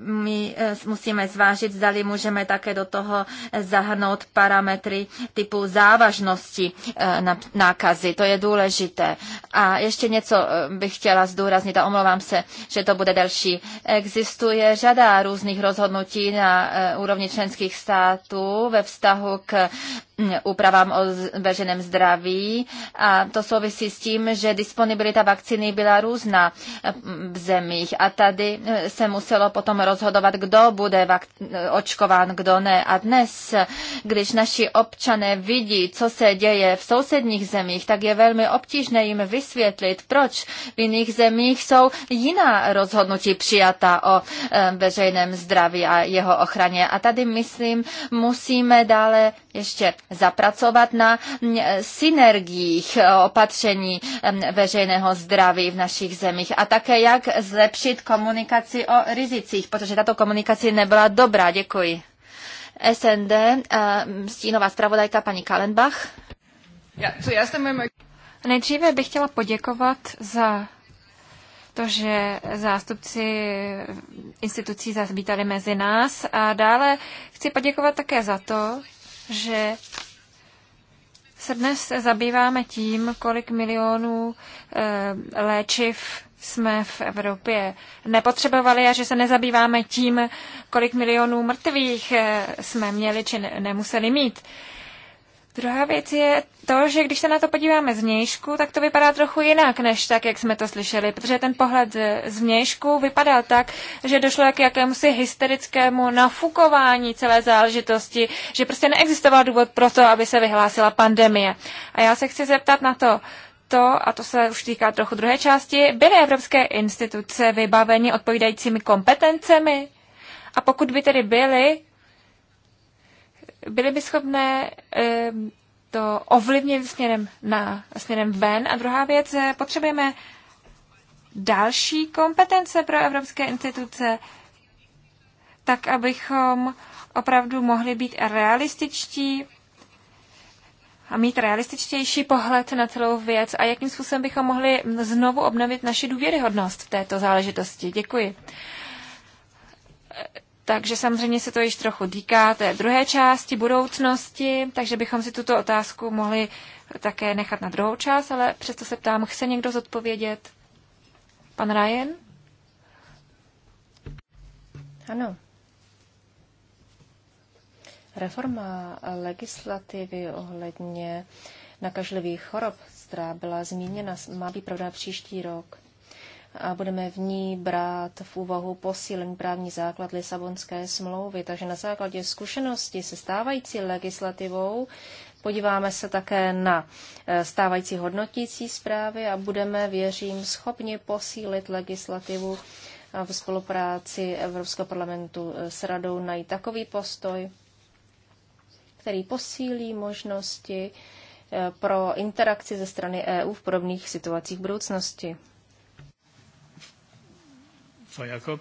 my eh, musíme zvážit, zdali můžeme také do toho zahrnout parametry typu závažnosti eh, nákazy. To je důležité. A ještě něco bych chtěla zdůraznit a omlouvám se, že to bude delší. Existuje řada různých rozhodnutí na úrovni členských států ve vztahu k úpravám o veřejném zdraví a to souvisí s tím, že disponibilita vakcíny byla různá eh, v zemích a tady eh, se muselo potom rozhodovat, kdo bude eh, očkován, kdo ne. A dnes, když naši občané vidí, co se děje v sousedních zemích, tak je velmi obtížné jim vysvětlit, proč v jiných zemích jsou jiná rozhodnutí přijata o veřejném zdraví a jeho ochraně. A tady, myslím, musíme dále ještě zapracovat na mm, synergiích e, opatření e, veřejného zdraví v našich zemích a také jak zlepšit komunikaci o rizicích, protože tato komunikace nebyla dobrá. Děkuji. SND, e, stínová zpravodajka paní Kalenbach. Nejdříve bych chtěla poděkovat za to, že zástupci institucí zavítali mezi nás. A dále chci poděkovat také za to, že se dnes zabýváme tím, kolik milionů e, léčiv jsme v Evropě nepotřebovali a že se nezabýváme tím, kolik milionů mrtvých eh, jsme měli či ne nemuseli mít. Druhá věc je to, že když se na to podíváme z vnějšku, tak to vypadá trochu jinak, než tak, jak jsme to slyšeli, protože ten pohled z vnějšku vypadal tak, že došlo k jakémusi hysterickému nafukování celé záležitosti, že prostě neexistoval důvod pro to, aby se vyhlásila pandemie. A já se chci zeptat na to, to, a to se už týká trochu druhé části, byly evropské instituce vybaveny odpovídajícími kompetencemi? A pokud by tedy byly, byly by schopné to ovlivnit směrem, na, směrem ven. A druhá věc, eh, potřebujeme další kompetence pro evropské instituce, tak abychom opravdu mohli být realističtí a mít realističtější pohled na celou věc a jakým způsobem bychom mohli znovu obnovit naši důvěryhodnost v této záležitosti. Děkuji. Takže samozřejmě se to již trochu týká té druhé části budoucnosti, takže bychom si tuto otázku mohli také nechat na druhou část, ale přesto se ptám, chce někdo zodpovědět? Pan Ryan? Ano. Reforma legislativy ohledně nakažlivých chorob, která byla zmíněna, má být pravda příští rok a budeme v ní brát v úvahu posílen právní základ Lisabonské smlouvy. Takže na základě zkušenosti se stávající legislativou podíváme se také na eh, stávající hodnotící zprávy a budeme, věřím, schopni posílit legislativu a v spolupráci Evropského parlamentu eh, s radou najít takový postoj, který posílí možnosti eh, pro interakci ze strany EU v podobných situacích v budoucnosti. Pan Jakob.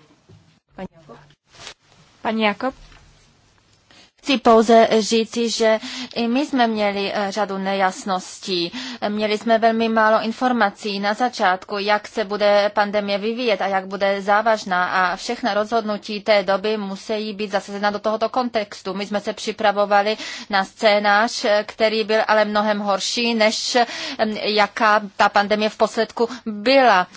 Pan Jakob. Pan Jakob. Chci pouze říci, že i my jsme měli eh, řadu nejasností. Měli jsme velmi málo informací na začátku, jak se bude pandemie vyvíjet a jak bude závažná a všechna rozhodnutí té doby musí být zasazena do tohoto kontextu. My jsme se připravovali na scénář, eh, který byl ale mnohem horší, než eh, jaká ta pandemie v posledku byla.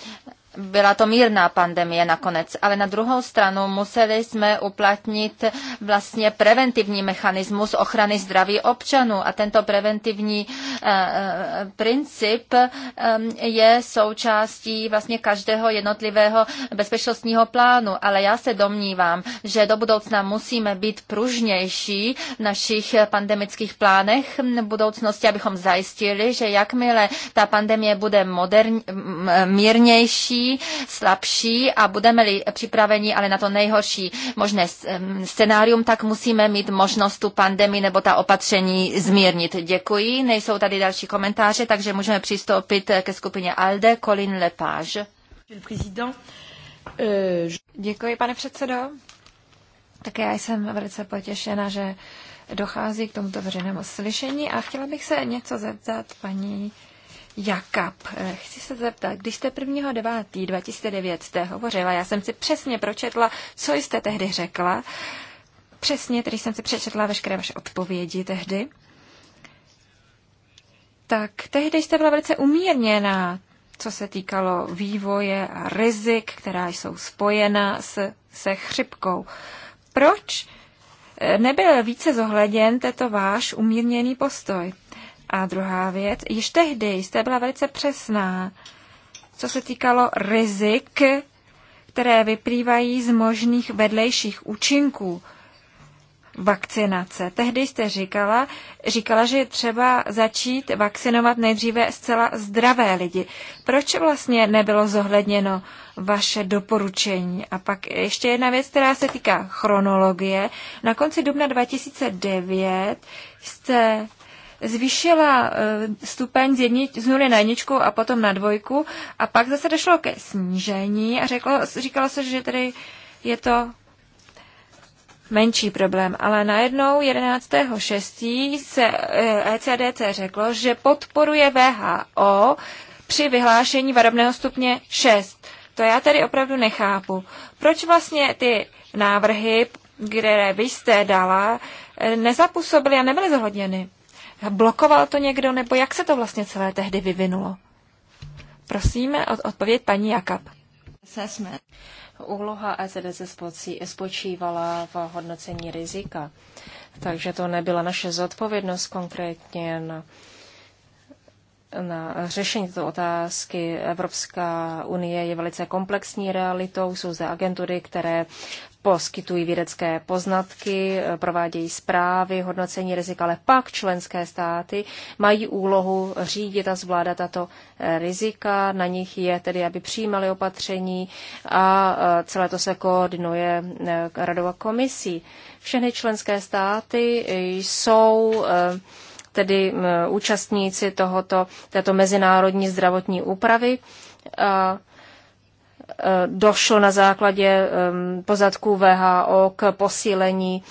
Byla to mírná pandemie nakonec, ale na druhou stranu museli jsme uplatnit vlastně preventivní mechanismus ochrany zdraví občanů a tento preventivní eh, eh, princip eh, je součástí vlastně každého jednotlivého bezpečnostního plánu, ale já se domnívám, že do budoucna musíme být pružnější v našich pandemických plánech v budoucnosti, abychom zajistili, že jakmile ta pandemie bude modern, mírnější, slabší, a budeme-li připraveni ale na to nejhorší možné scenárium tak musíme mít možnost tu pandemii nebo ta opatření zmírnit. Děkuji. Nejsou tady další komentáře, takže můžeme přistoupit ke skupině ALDE. Colin Lepage. Děkuji, pane předsedo. Tak já jsem velice potěšena, že dochází k tomuto veřejnému slyšení a chtěla bych se něco zeptat paní Jakab, eh, chci se zeptat, když jste 1.9.2009 jste hovořila, já jsem si přesně pročetla, co jste tehdy řekla, přesně, tedy jsem si přečetla veškeré vaše odpovědi tehdy, tak tehdy jste byla velice umírněná, co se týkalo vývoje a rizik, která jsou spojena s, se chřipkou. Proč eh, nebyl více zohleděn tento váš umírněný postoj? A druhá věc, již tehdy jste byla velice přesná, co se týkalo rizik, které vyplývají z možných vedlejších účinků vakcinace. Tehdy jste říkala, říkala, že je třeba začít vakcinovat nejdříve zcela zdravé lidi. Proč vlastně nebylo zohledněno vaše doporučení? A pak ještě jedna věc, která se týká chronologie. Na konci dubna 2009 jste zvýšila eh, stupeň z, jedni, z nuly na jedničku a potom na dvojku a pak zase došlo ke snížení a řeklo, říkalo se, že tedy je to menší problém, ale najednou 11.6. se ECDC eh, e řeklo, že podporuje VHO při vyhlášení varovného stupně 6. To já tedy opravdu nechápu. Proč vlastně ty návrhy, které vy jste dala, eh, nezapůsobily a nebyly zohledněny? Blokoval to někdo, nebo jak se to vlastně celé tehdy vyvinulo? Prosíme o odpověď paní Jakab. Úloha ECDC spočívala v hodnocení rizika, takže to nebyla naše zodpovědnost konkrétně. Na na řešení této otázky. Evropská unie je velice komplexní realitou, jsou zde agentury, které poskytují vědecké poznatky, provádějí zprávy, hodnocení rizika. ale pak členské státy mají úlohu řídit a zvládat tato rizika. Na nich je tedy, aby přijímali opatření a e, celé to se koordinuje e, Radova komisí. Všechny členské státy jsou e, tedy účastníci tohoto, této mezinárodní zdravotní úpravy. A e, došlo na základě poznatků VHO k posílení e,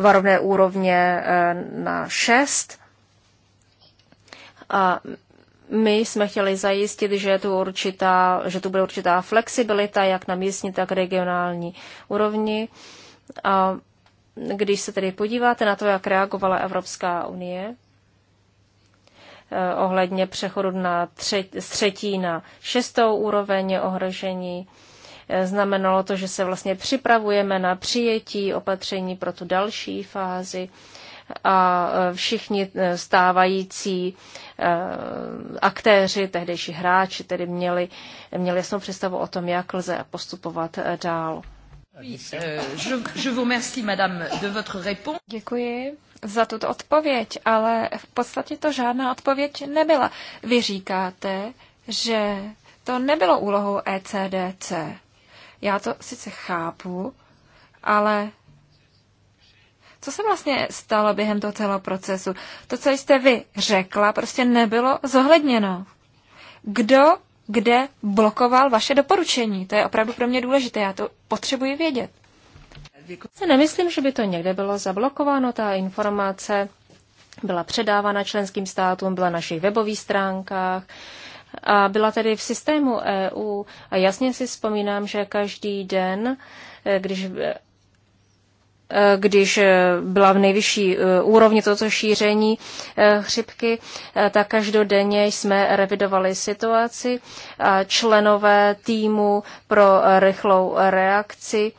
varovné úrovně e, na 6. A my jsme chtěli zajistit, že, je tu určitá, že tu bude určitá flexibilita, jak na místní, tak regionální úrovni. A když se tedy podíváte na to, jak reagovala Evropská unie eh, ohledně přechodu na třetí, z třetí na šestou úroveň ohrožení, eh, znamenalo to, že se vlastně připravujeme na přijetí opatření pro tu další fázi a eh, všichni stávající aktéři, tehdejší hráči, tedy měli, měli jasnou představu o tom, jak lze postupovat dál. Euh, Děkuji za tuto odpověď, ale v podstatě to žádná odpověď nebyla. Vy říkáte, že to nebylo úlohou ECDC. Já to sice chápu, ale co se vlastně stalo během toho celého procesu? To, co jste vy řekla, prostě nebylo zohledněno. Kdo kde blokoval vaše doporučení. To je opravdu pro mě důležité, já to potřebuji vědět. Se nemyslím, že by to někde bylo zablokováno, ta informace byla předávána členským státům, byla na našich webových stránkách a byla tedy v systému EU. A jasně si vzpomínám, že každý den, eh, když eh, Eh, když eh, byla v nejvyšší eh, úrovni toto šíření chřipky, tak každodenně jsme revidovali situaci. Členové týmu pro rychlou reakci,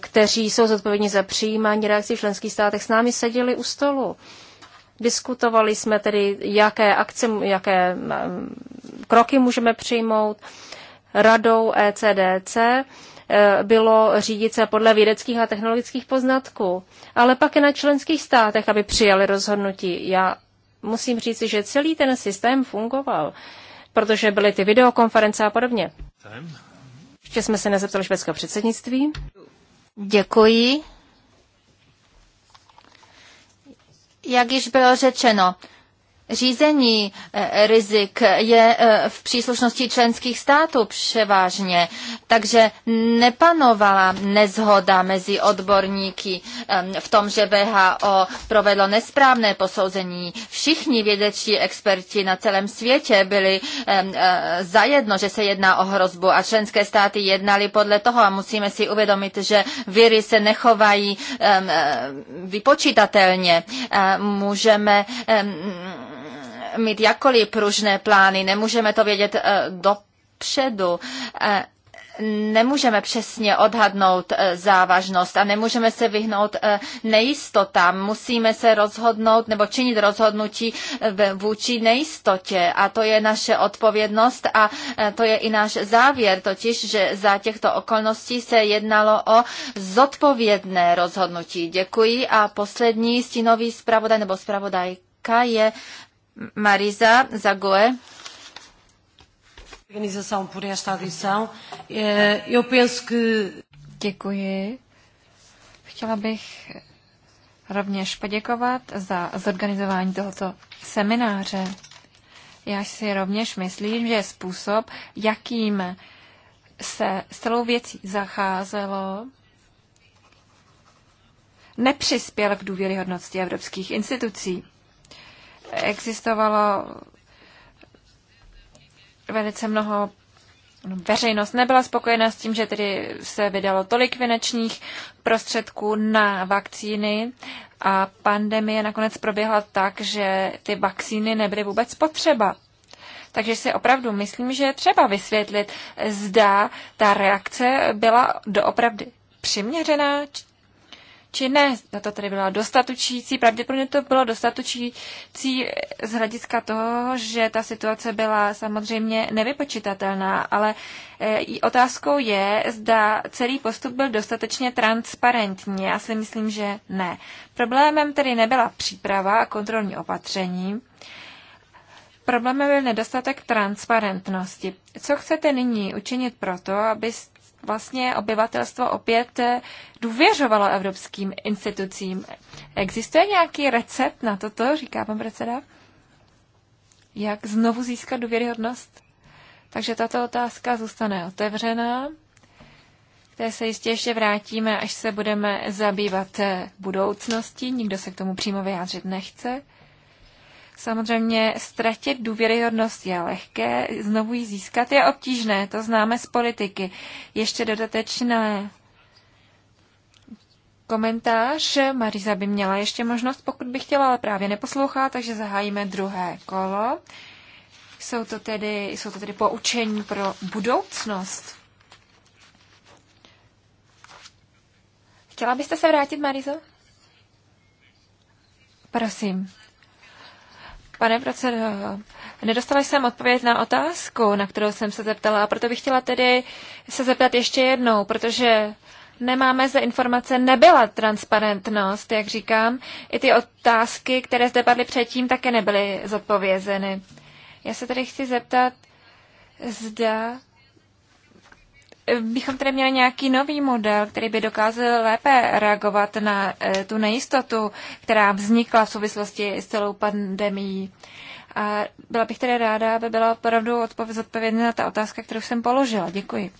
kteří jsou zodpovědní za přijímání reakcí v členských státech, s námi seděli u stolu. Diskutovali jsme tedy, jaké akce, jaké kroky můžeme přijmout radou ECDC Eh, bylo řídit se podle vědeckých a technologických poznatků. Ale pak je na členských státech, aby přijali rozhodnutí. Já musím říct, že celý ten systém fungoval, protože byly ty videokonference a podobně. Ještě jsme se nezeptali švédského předsednictví. Děkuji. Jak již bylo řečeno, Řízení eh, rizik je eh, v příslušnosti členských států převážně, takže nepanovala nezhoda mezi odborníky ehm, v tom, že BHO provedlo nesprávné posouzení. Všichni vědečtí experti na celém světě byli ehm, eh, zajedno, že se jedná o hrozbu a členské státy jednali podle toho a musíme si uvědomit, že viry se nechovají ehm, vypočítatelně. Můžeme mít jakkoliv pružné plány, nemůžeme to vědět eh, dopředu eh, nemůžeme přesně odhadnout eh, závažnost a nemůžeme se vyhnout nejistotám. Musíme se rozhodnout nebo činit rozhodnutí vůči nejistotě a to je naše odpovědnost a to je i náš závěr, totiž, že za těchto okolností se jednalo o zodpovědné rozhodnutí. Děkuji a poslední stínový zpravodaj nebo zpravodajka je Marisa Zagoe. Organização por esta audição. Eh, eu penso que... Děkuji. Chtěla bych rovněž poděkovat za zorganizování tohoto semináře. Já si rovněž myslím, že způsob, jakým se s celou věcí zacházelo, nepřispěl k důvěryhodnosti evropských institucí existovalo velice mnoho Veřejnost nebyla spokojená s tím, že tedy se vydalo tolik finančních prostředků na vakcíny a pandemie nakonec proběhla tak, že ty vakcíny nebyly vůbec potřeba. Takže si opravdu myslím, že je třeba vysvětlit, zda ta reakce byla doopravdy přiměřená či ne. Za to tedy byla dostatučící, pravděpodobně to bylo dostatučící z hlediska toho, že ta situace byla samozřejmě nevypočitatelná, ale e, i otázkou je, zda celý postup byl dostatečně transparentní. Já si myslím, že ne. Problémem tedy nebyla příprava a kontrolní opatření, Problémem byl nedostatek transparentnosti. Co chcete nyní učinit proto, abyste vlastně obyvatelstvo opět eh, důvěřovalo evropským institucím. Existuje nějaký recept na toto, říká pan predseda? Jak znovu získat důvěryhodnost? Takže tato otázka zůstane otevřená. K té se jistě ještě vrátíme, až se budeme zabývat eh, budoucností. Nikdo se k tomu přímo vyjádřit nechce. Samozřejmě ztratit důvěryhodnost je lehké, znovu ji získat je obtížné, to známe z politiky. Ještě dodatečné komentář. Mariza by měla ještě možnost, pokud by chtěla, ale právě neposlouchá, takže zahájíme druhé kolo. Jsou to tedy, jsou to tedy poučení pro budoucnost. Chtěla byste se vrátit, Marizo? Prosím. Pane předsedo, nedostala jsem odpověď na otázku, na kterou jsem se zeptala, a proto bych chtěla tedy se zeptat ještě jednou, protože nemáme ze informace, nebyla transparentnost, jak říkám. I ty otázky, které zde padly předtím, také nebyly zodpovězeny. Já se tedy chci zeptat, zda bychom tedy měli nějaký nový model, který by dokázal lépe reagovat na eh, tu nejistotu, která vznikla v souvislosti s celou pandemií. A byla bych tedy ráda, aby byla opravdu odpovědná na ta otázka, kterou jsem položila. Děkuji.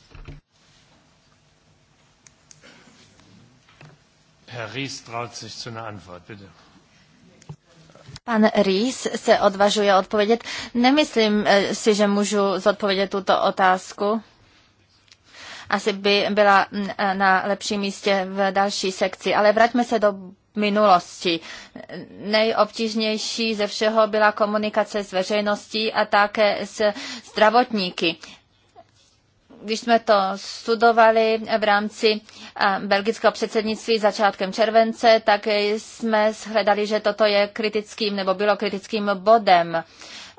Pan Rýs se odvažuje odpovědět. Nemyslím eh, si, že můžu zodpovědět tuto otázku asi by byla e, na lepším místě v další sekci. Ale vraťme se do minulosti. Nejobtížnější ze všeho byla komunikace s veřejností a také s zdravotníky když jsme to studovali v rámci e, belgického předsednictví začátkem července, tak jsme shledali, že toto je kritickým nebo bylo kritickým bodem.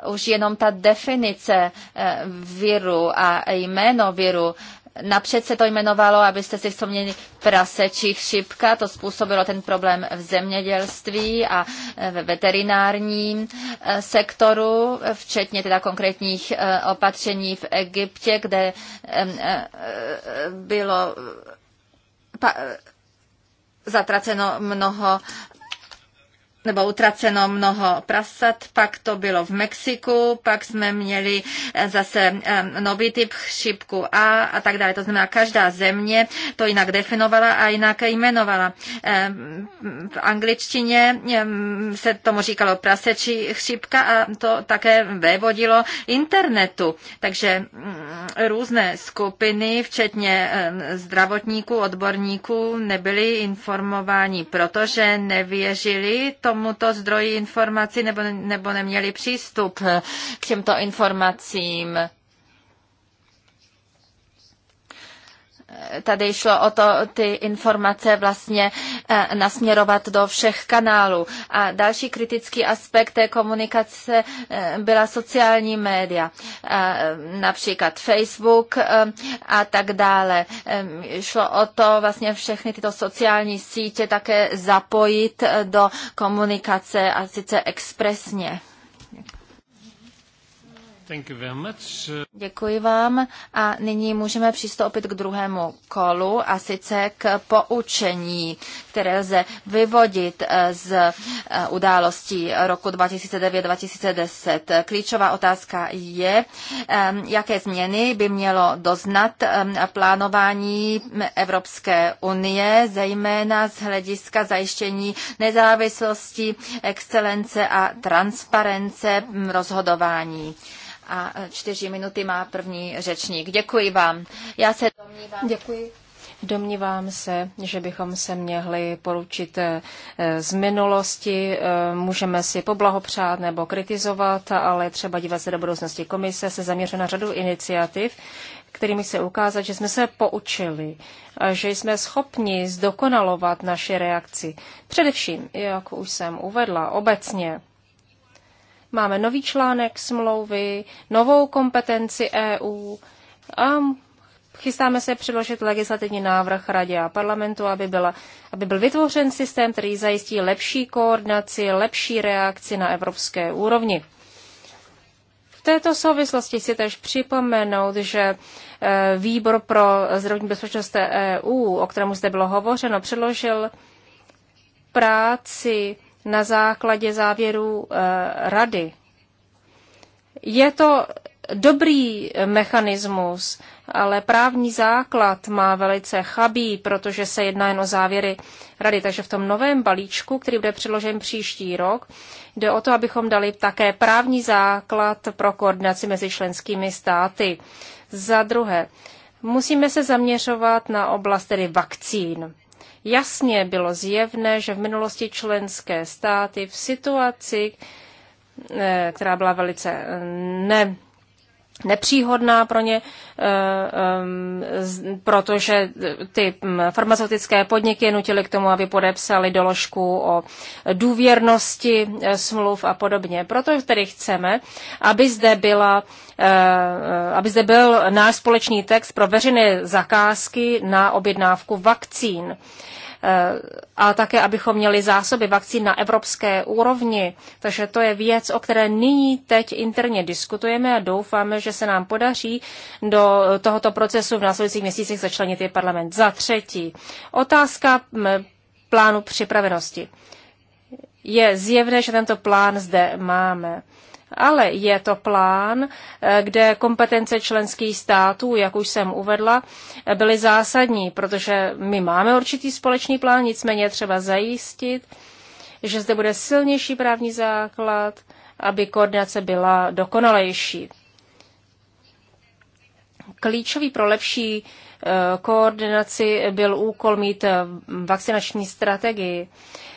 Už jenom ta definice e, viru a jméno viru Napřed se to jmenovalo, abyste si vzpomněli, prasečí chřipka, to způsobilo ten problém v zemědělství a ve veterinárním eh, sektoru, včetně teda konkrétních eh, opatření v Egyptě, kde eh, bylo zatraceno mnoho nebo utraceno mnoho prasat, pak to bylo v Mexiku, pak jsme měli eh, zase eh, nový typ chřipku A a tak dále. To znamená, každá země to jinak definovala a jinak jmenovala. Eh, v angličtině se tomu říkalo prasečí chřipka a to také vévodilo internetu. Takže mm, různé skupiny, včetně zdravotníků, odborníků, nebyli informováni, protože nevěřili to tomuto zdroji informací nebo, nebo neměli přístup k těmto informacím. tady šlo o to ty informace vlastně eh, nasměrovat do všech kanálů. A další kritický aspekt té komunikace eh, byla sociální média, eh, například Facebook a tak dále. Šlo o to vlastně všechny tyto sociální sítě také zapojit do komunikace a sice expresně. Děkuji vám a nyní můžeme přistoupit k druhému kolu a sice k poučení, které lze vyvodit eh, z eh, událostí roku 2009-2010. Klíčová otázka je, ehm, jaké změny by mělo doznat ehm, plánování Evropské unie, zejména z hlediska zajištění nezávislosti, excelence a transparence mm, rozhodování. A čtyři minuty má první řečník. Děkuji vám. Já se domnívám. Děkuji. Domnívám se, že bychom se měli poručit eh, z minulosti. Eh, můžeme si poblahopřát nebo kritizovat, ale třeba dívat se do budoucnosti. Komise se zaměřuje na řadu iniciativ, kterými se ukázat, že jsme se poučili, že jsme schopni zdokonalovat naši reakci. Především, jak už jsem uvedla, obecně Máme nový článek smlouvy, novou kompetenci EU a chystáme se předložit legislativní návrh Radě a parlamentu, aby, byla, aby byl vytvořen systém, který zajistí lepší koordinaci, lepší reakci na evropské úrovni. V této souvislosti si tež připomenout, že e, Výbor pro zdravotní bezpečnost EU, o kterém zde bylo hovořeno, předložil práci na základě závěrů eh, rady. Je to dobrý mechanismus, ale právní základ má velice chabý, protože se jedná jen o závěry rady. Takže v tom novém balíčku, který bude předložen příští rok, jde o to, abychom dali také právní základ pro koordinaci mezi členskými státy. Za druhé, musíme se zaměřovat na oblast tedy vakcín. Jasně bylo zjevné, že v minulosti členské státy v situaci, eh, která byla velice eh, ne nepříhodná pro ně, eh, eh, protože ty hm, farmaceutické podniky nutily k tomu, aby podepsali doložku o důvěrnosti eh, smluv a podobně. Proto tedy chceme, aby zde, byla, aby zde byl náš společný text pro veřejné zakázky na objednávku vakcín. Eh, a také, abychom měli zásoby vakcín na evropské úrovni. Takže to je věc, o které nyní teď interně diskutujeme a doufáme, že se nám podaří do tohoto procesu v následujících měsících začlenit i parlament. Za třetí, otázka mm, plánu připravenosti. Je zjevné, že tento plán zde máme ale je to plán, eh, kde kompetence členských států, jak už jsem uvedla, eh, byly zásadní, protože my máme určitý společný plán, nicméně třeba zajistit, že zde bude silnější právní základ, aby koordinace byla dokonalejší. Klíčový pro lepší eh, koordinaci byl úkol mít vakcinační strategii.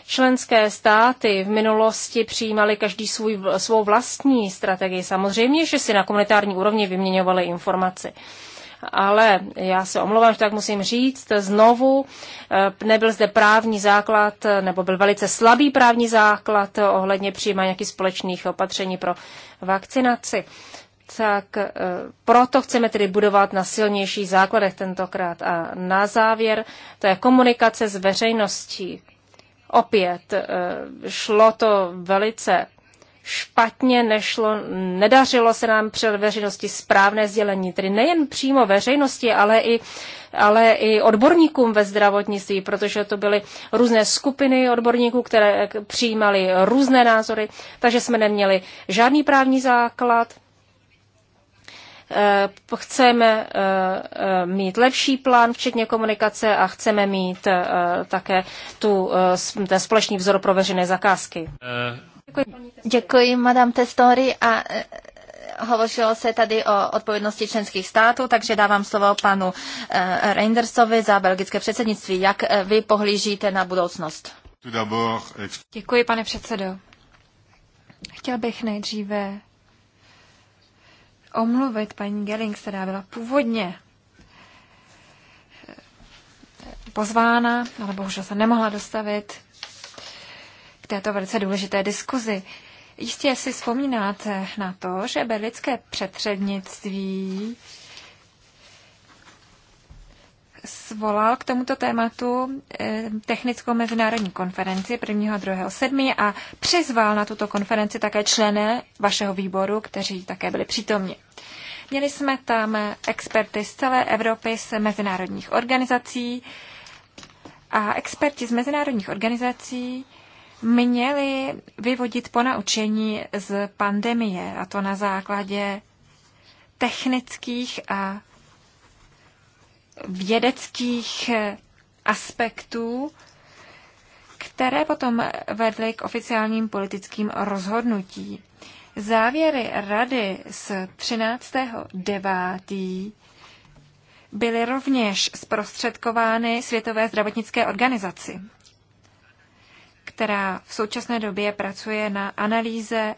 Členské státy v minulosti přijímaly každý svůj, svou vlastní strategii. Samozřejmě, že si na komunitární úrovni vyměňovaly informace. Ale já se omlouvám, že tak musím říct, znovu eh, nebyl zde právní základ, eh, nebo byl velice slabý právní základ ohledně přijímání nějakých společných opatření pro vakcinaci tak eh, proto chceme tedy budovat na silnějších základech tentokrát. A na závěr, to je komunikace s veřejností. Opět eh, šlo to velice špatně nešlo, nedařilo se nám před veřejnosti správné sdělení, tedy nejen přímo veřejnosti, ale i, ale i odborníkům ve zdravotnictví, protože to byly různé skupiny odborníků, které přijímaly různé názory, takže jsme neměli žádný právní základ, Eh, chceme eh, eh, mít lepší plán, včetně komunikace a chceme mít také tu, ten společný vzor pro veřejné zakázky. Děkuji, Děkuji madam Testori. a hovořilo se tady o odpovědnosti členských států, takže dávám slovo panu Reindersovi za belgické předsednictví. Jak vy pohlížíte na budoucnost? Děkuji, pane předsedo. Chtěl bych nejdříve omluvit paní Gelling, která byla původně eh, pozvána, ale bohužel se nemohla dostavit k této velice důležité diskuzi. Jistě si vzpomínáte na to, že berlické předřednictví svolal k tomuto tématu eh, technickou mezinárodní konferenci 1. a 2. 7. a přizval na tuto konferenci také členy vašeho výboru, kteří také byli přítomni. Měli jsme tam experty z celé Evropy, z mezinárodních organizací a experti z mezinárodních organizací měli vyvodit ponaučení z pandemie, a to na základě technických a vědeckých aspektů, které potom vedly k oficiálním politickým rozhodnutí. Závěry rady z 13.9. byly rovněž zprostředkovány Světové zdravotnické organizaci, která v současné době pracuje na analýze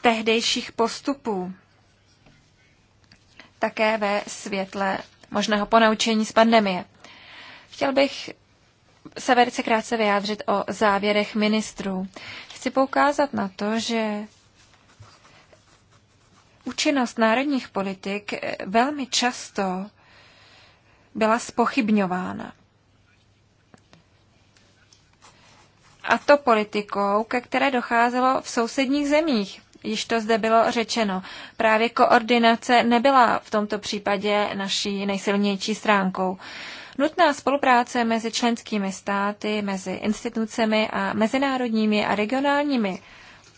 tehdejších postupů také ve světle možného ponaučení z pandemie. Chtěl bych se velice krátce vyjádřit o závěrech ministrů. Chci poukázat na to, že účinnost národních politik eh, velmi často byla spochybňována. A to politikou, ke které docházelo v sousedních zemích již to zde bylo řečeno. Právě koordinace nebyla v tomto případě naší nejsilnější stránkou. Nutná spolupráce mezi členskými státy, mezi institucemi a mezinárodními a regionálními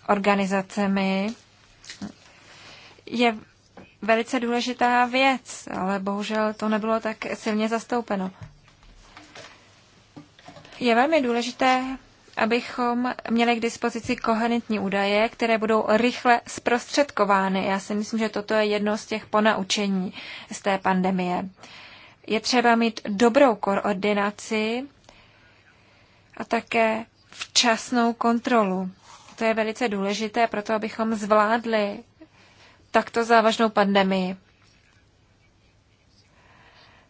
organizacemi je velice důležitá věc, ale bohužel to nebylo tak silně zastoupeno. Je velmi důležité abychom měli k dispozici koherentní údaje, které budou rychle zprostředkovány. Já si myslím, že toto je jedno z těch ponaučení z té pandemie. Je třeba mít dobrou koordinaci a také včasnou kontrolu. To je velice důležité pro to, abychom zvládli takto závažnou pandemii.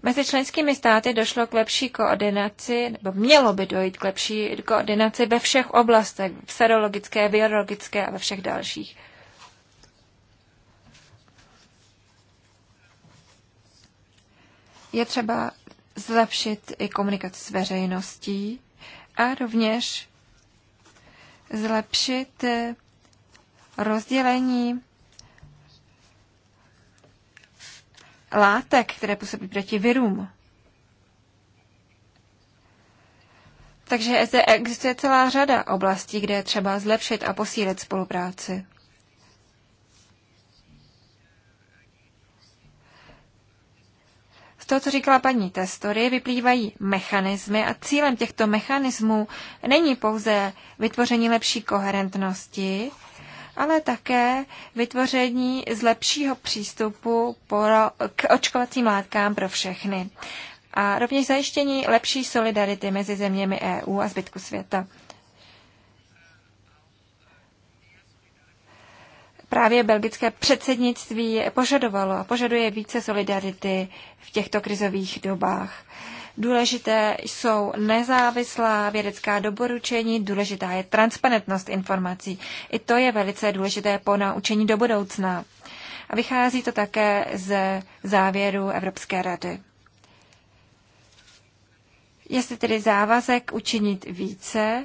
Mezi členskými státy došlo k lepší koordinaci, nebo mělo by dojít k lepší koordinaci ve všech oblastech, v serologické, virologické a ve všech dalších. Je třeba zlepšit i komunikaci s veřejností a rovněž zlepšit rozdělení látek, které působí proti virům. Takže zde existuje celá řada oblastí, kde je třeba zlepšit a posílit spolupráci. Z toho, co říkala paní Testory, vyplývají mechanismy a cílem těchto mechanismů není pouze vytvoření lepší koherentnosti, ale také vytvoření z lepšího přístupu pro, k očkovacím látkám pro všechny a rovněž zajištění lepší solidarity mezi zeměmi EU a zbytku světa. Právě belgické předsednictví požadovalo a požaduje více solidarity v těchto krizových dobách. Důležité jsou nezávislá vědecká doporučení, důležitá je transparentnost informací. I to je velice důležité po naučení do budoucna. A vychází to také ze závěru Evropské rady. Jestli tedy závazek učinit více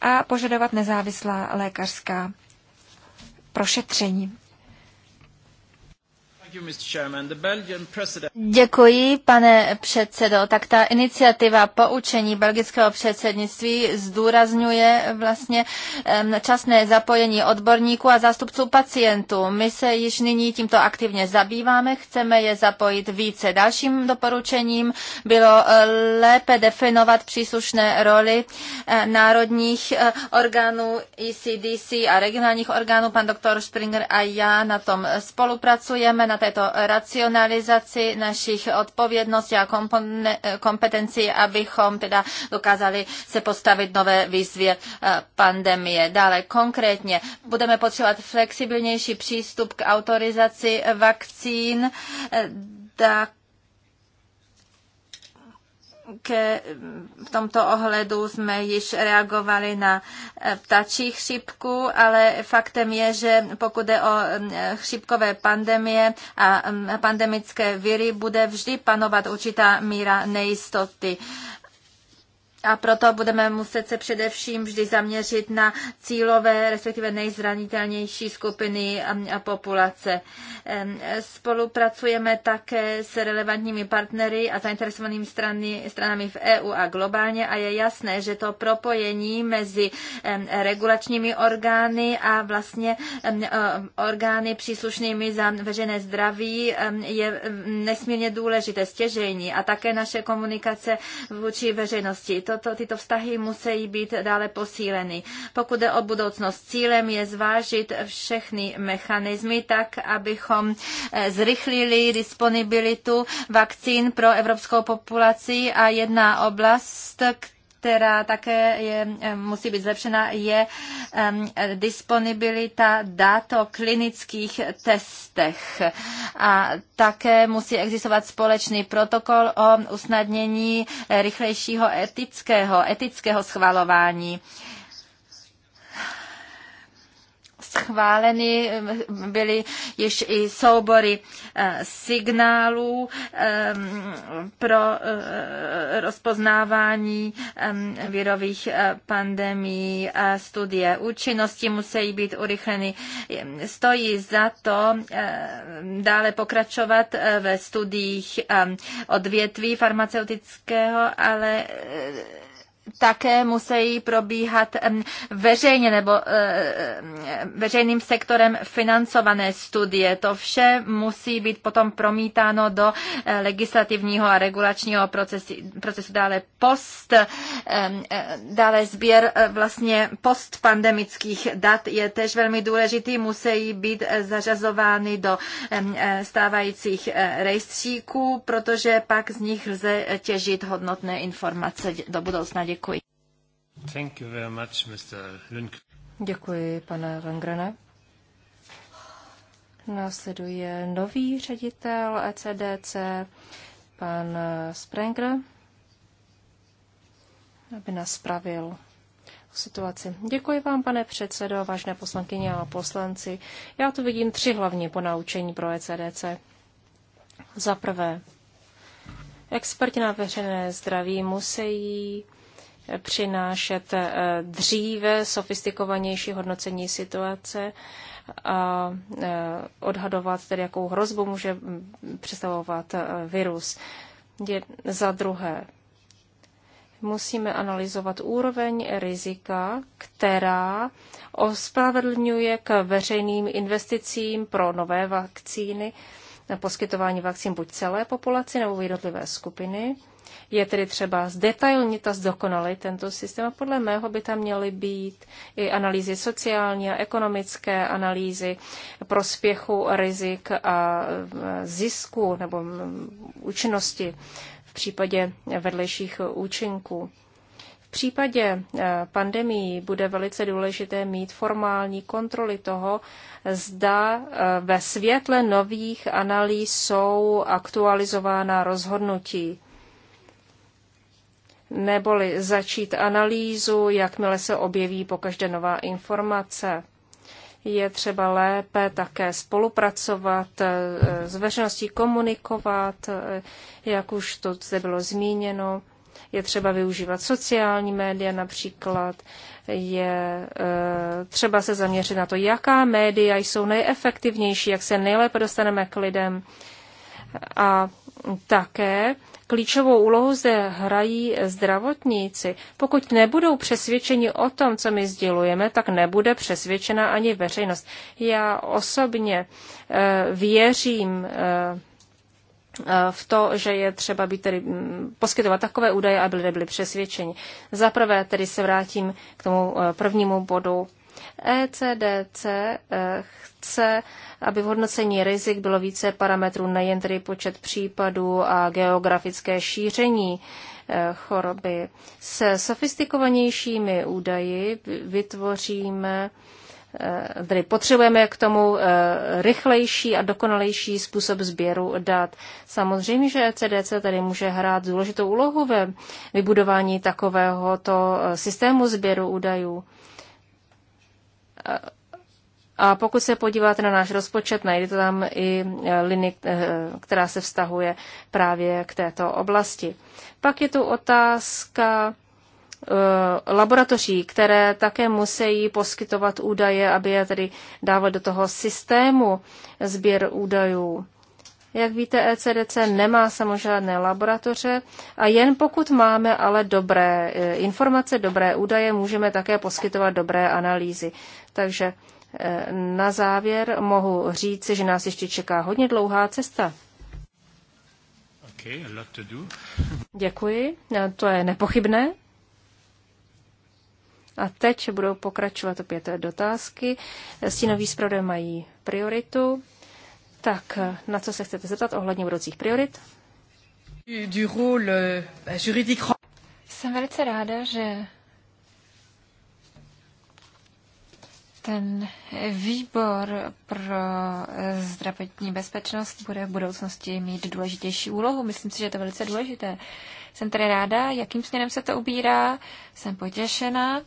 a požadovat nezávislá lékařská prošetření. Děkuji, pane předsedo. Tak ta iniciativa poučení belgického předsednictví zdůrazňuje vlastně časné zapojení odborníků a zástupců pacientů. My se již nyní tímto aktivně zabýváme, chceme je zapojit více. Dalším doporučením bylo eh, lépe definovat příslušné roli eh, národních eh, orgánů ECDC a regionálních orgánů. Pan doktor Springer a já na tom spolupracujeme, na této racionalizaci našich odpovědností a kompetencí, abychom teda dokázali se postavit nové výzvě eh, pandemie. Dále konkrétně budeme potřebovat flexibilnější přístup k autorizaci vakcín, tak eh, ke, v tomto ohledu jsme již reagovali na e, ptačí chřipku, ale faktem je, že pokud je o chřipkové pandemie a pandemické viry, bude vždy panovat určitá míra nejistoty a proto budeme muset se především vždy zaměřit na cílové, respektive nejzranitelnější skupiny um, a populace. Spolupracujeme také s relevantními partnery a zainteresovanými strany, stranami v EU a globálně a je jasné, že to propojení mezi regulačními orgány a vlastně orgány příslušnými za veřejné zdraví je nesmírně důležité, stěžejní a také naše komunikace vůči veřejnosti toto, tyto vztahy musí být dále posíleny. Pokud jde o budoucnost, cílem je zvážit všechny mechanismy tak, abychom eh, zrychlili disponibilitu vakcín pro evropskou populaci a jedna oblast, která která také je, eh, musí být zlepšena, je ehm, disponibilita dat o klinických testech. A také musí existovat společný protokol o usnadnění eh, rychlejšího etického, etického schvalování schváleny, byly již i soubory eh, signálů eh, pro eh, rozpoznávání virových pandemí a studie účinnosti musí být urychleny. Stojí za to dále pokračovat ve studiích odvětví farmaceutického, ale také musí probíhat veřejně nebo eh, eh, veřejným sektorem financované studie. To vše musí být potom promítáno do eh, legislativního a regulačního procesu, procesu dále post, dále sběr vlastně postpandemických dat je tež velmi důležitý, musí být zařazovány do stávajících rejstříků, protože pak z nich lze těžit hodnotné informace do budoucna. Děkuji. Thank you very much, Mr. Děkuji, pane Lengrene. Následuje nový ředitel ECDC, pan Sprenger, aby nás spravil situaci. Děkuji vám, pane předsedo, vážné poslankyně a poslanci. Já tu vidím tři hlavní ponaučení pro ECDC. Za prvé, experti na veřejné zdraví musí přinášet eh, dříve sofistikovanější hodnocení situace a eh, odhadovat tedy, jakou hrozbu může mm, představovat eh, virus. Za druhé, musíme analyzovat úroveň rizika, která ospravedlňuje k veřejným investicím pro nové vakcíny, na poskytování vakcín buď celé populaci nebo jednotlivé skupiny je tedy třeba zdetailnit a zdokonalit tento systém a podle mého by tam měly být i analýzy sociální a ekonomické analýzy prospěchu, rizik a e, zisku nebo účinnosti v případě vedlejších účinků. V případě e, pandemii bude velice důležité mít formální kontroly toho, zda e, ve světle nových analýz jsou aktualizována rozhodnutí neboli začít analýzu, jakmile se objeví pokaždé nová informace. Je třeba lépe také spolupracovat, eh, s veřejností komunikovat, eh, jak už to zde bylo zmíněno. Je třeba využívat sociální média například, je eh, třeba se zaměřit na to, jaká média jsou nejefektivnější, jak se nejlépe dostaneme k lidem. A také Klíčovou úlohu zde hrají zdravotníci. Pokud nebudou přesvědčeni o tom, co my sdělujeme, tak nebude přesvědčena ani veřejnost. Já osobně eh, věřím eh, eh, v to, že je třeba být tedy, mm, poskytovat takové údaje, aby lidé byli přesvědčeni. Zaprvé tedy se vrátím k tomu prvnímu bodu ECDC eh, chce, aby v hodnocení rizik bylo více parametrů, nejen tedy počet případů a geografické šíření eh, choroby. Se sofistikovanějšími údaji vytvoříme eh, tedy potřebujeme k tomu rychlejší a dokonalejší způsob sběru dat. Samozřejmě, že ECDC tady může hrát důležitou úlohu ve vybudování takovéhoto systému sběru údajů. A pokud se podíváte na náš rozpočet, najdete tam i eh, linii, eh, která se vztahuje právě k této oblasti. Pak je tu otázka eh, laboratoří, které také musí poskytovat údaje, aby je tedy dávat do toho systému sběr údajů. Jak víte, ECDC nemá samožádné laboratoře a jen pokud máme ale dobré e, informace, dobré údaje, můžeme také poskytovat dobré analýzy. Takže e, na závěr mohu říci, že nás ještě čeká hodně dlouhá cesta. Okay, Děkuji, no, to je nepochybné. A teď budou pokračovat opět dotázky. Stínoví zpravodaj mají prioritu. Tak, na co se chcete zeptat ohledně budoucích priorit? Euh, Jsem velice ráda, že ten výbor pro eh, zdravotní bezpečnost bude v budoucnosti mít důležitější úlohu. Myslím si, že je to velice důležité. Jsem tedy ráda, jakým směrem se to ubírá. Jsem potěšena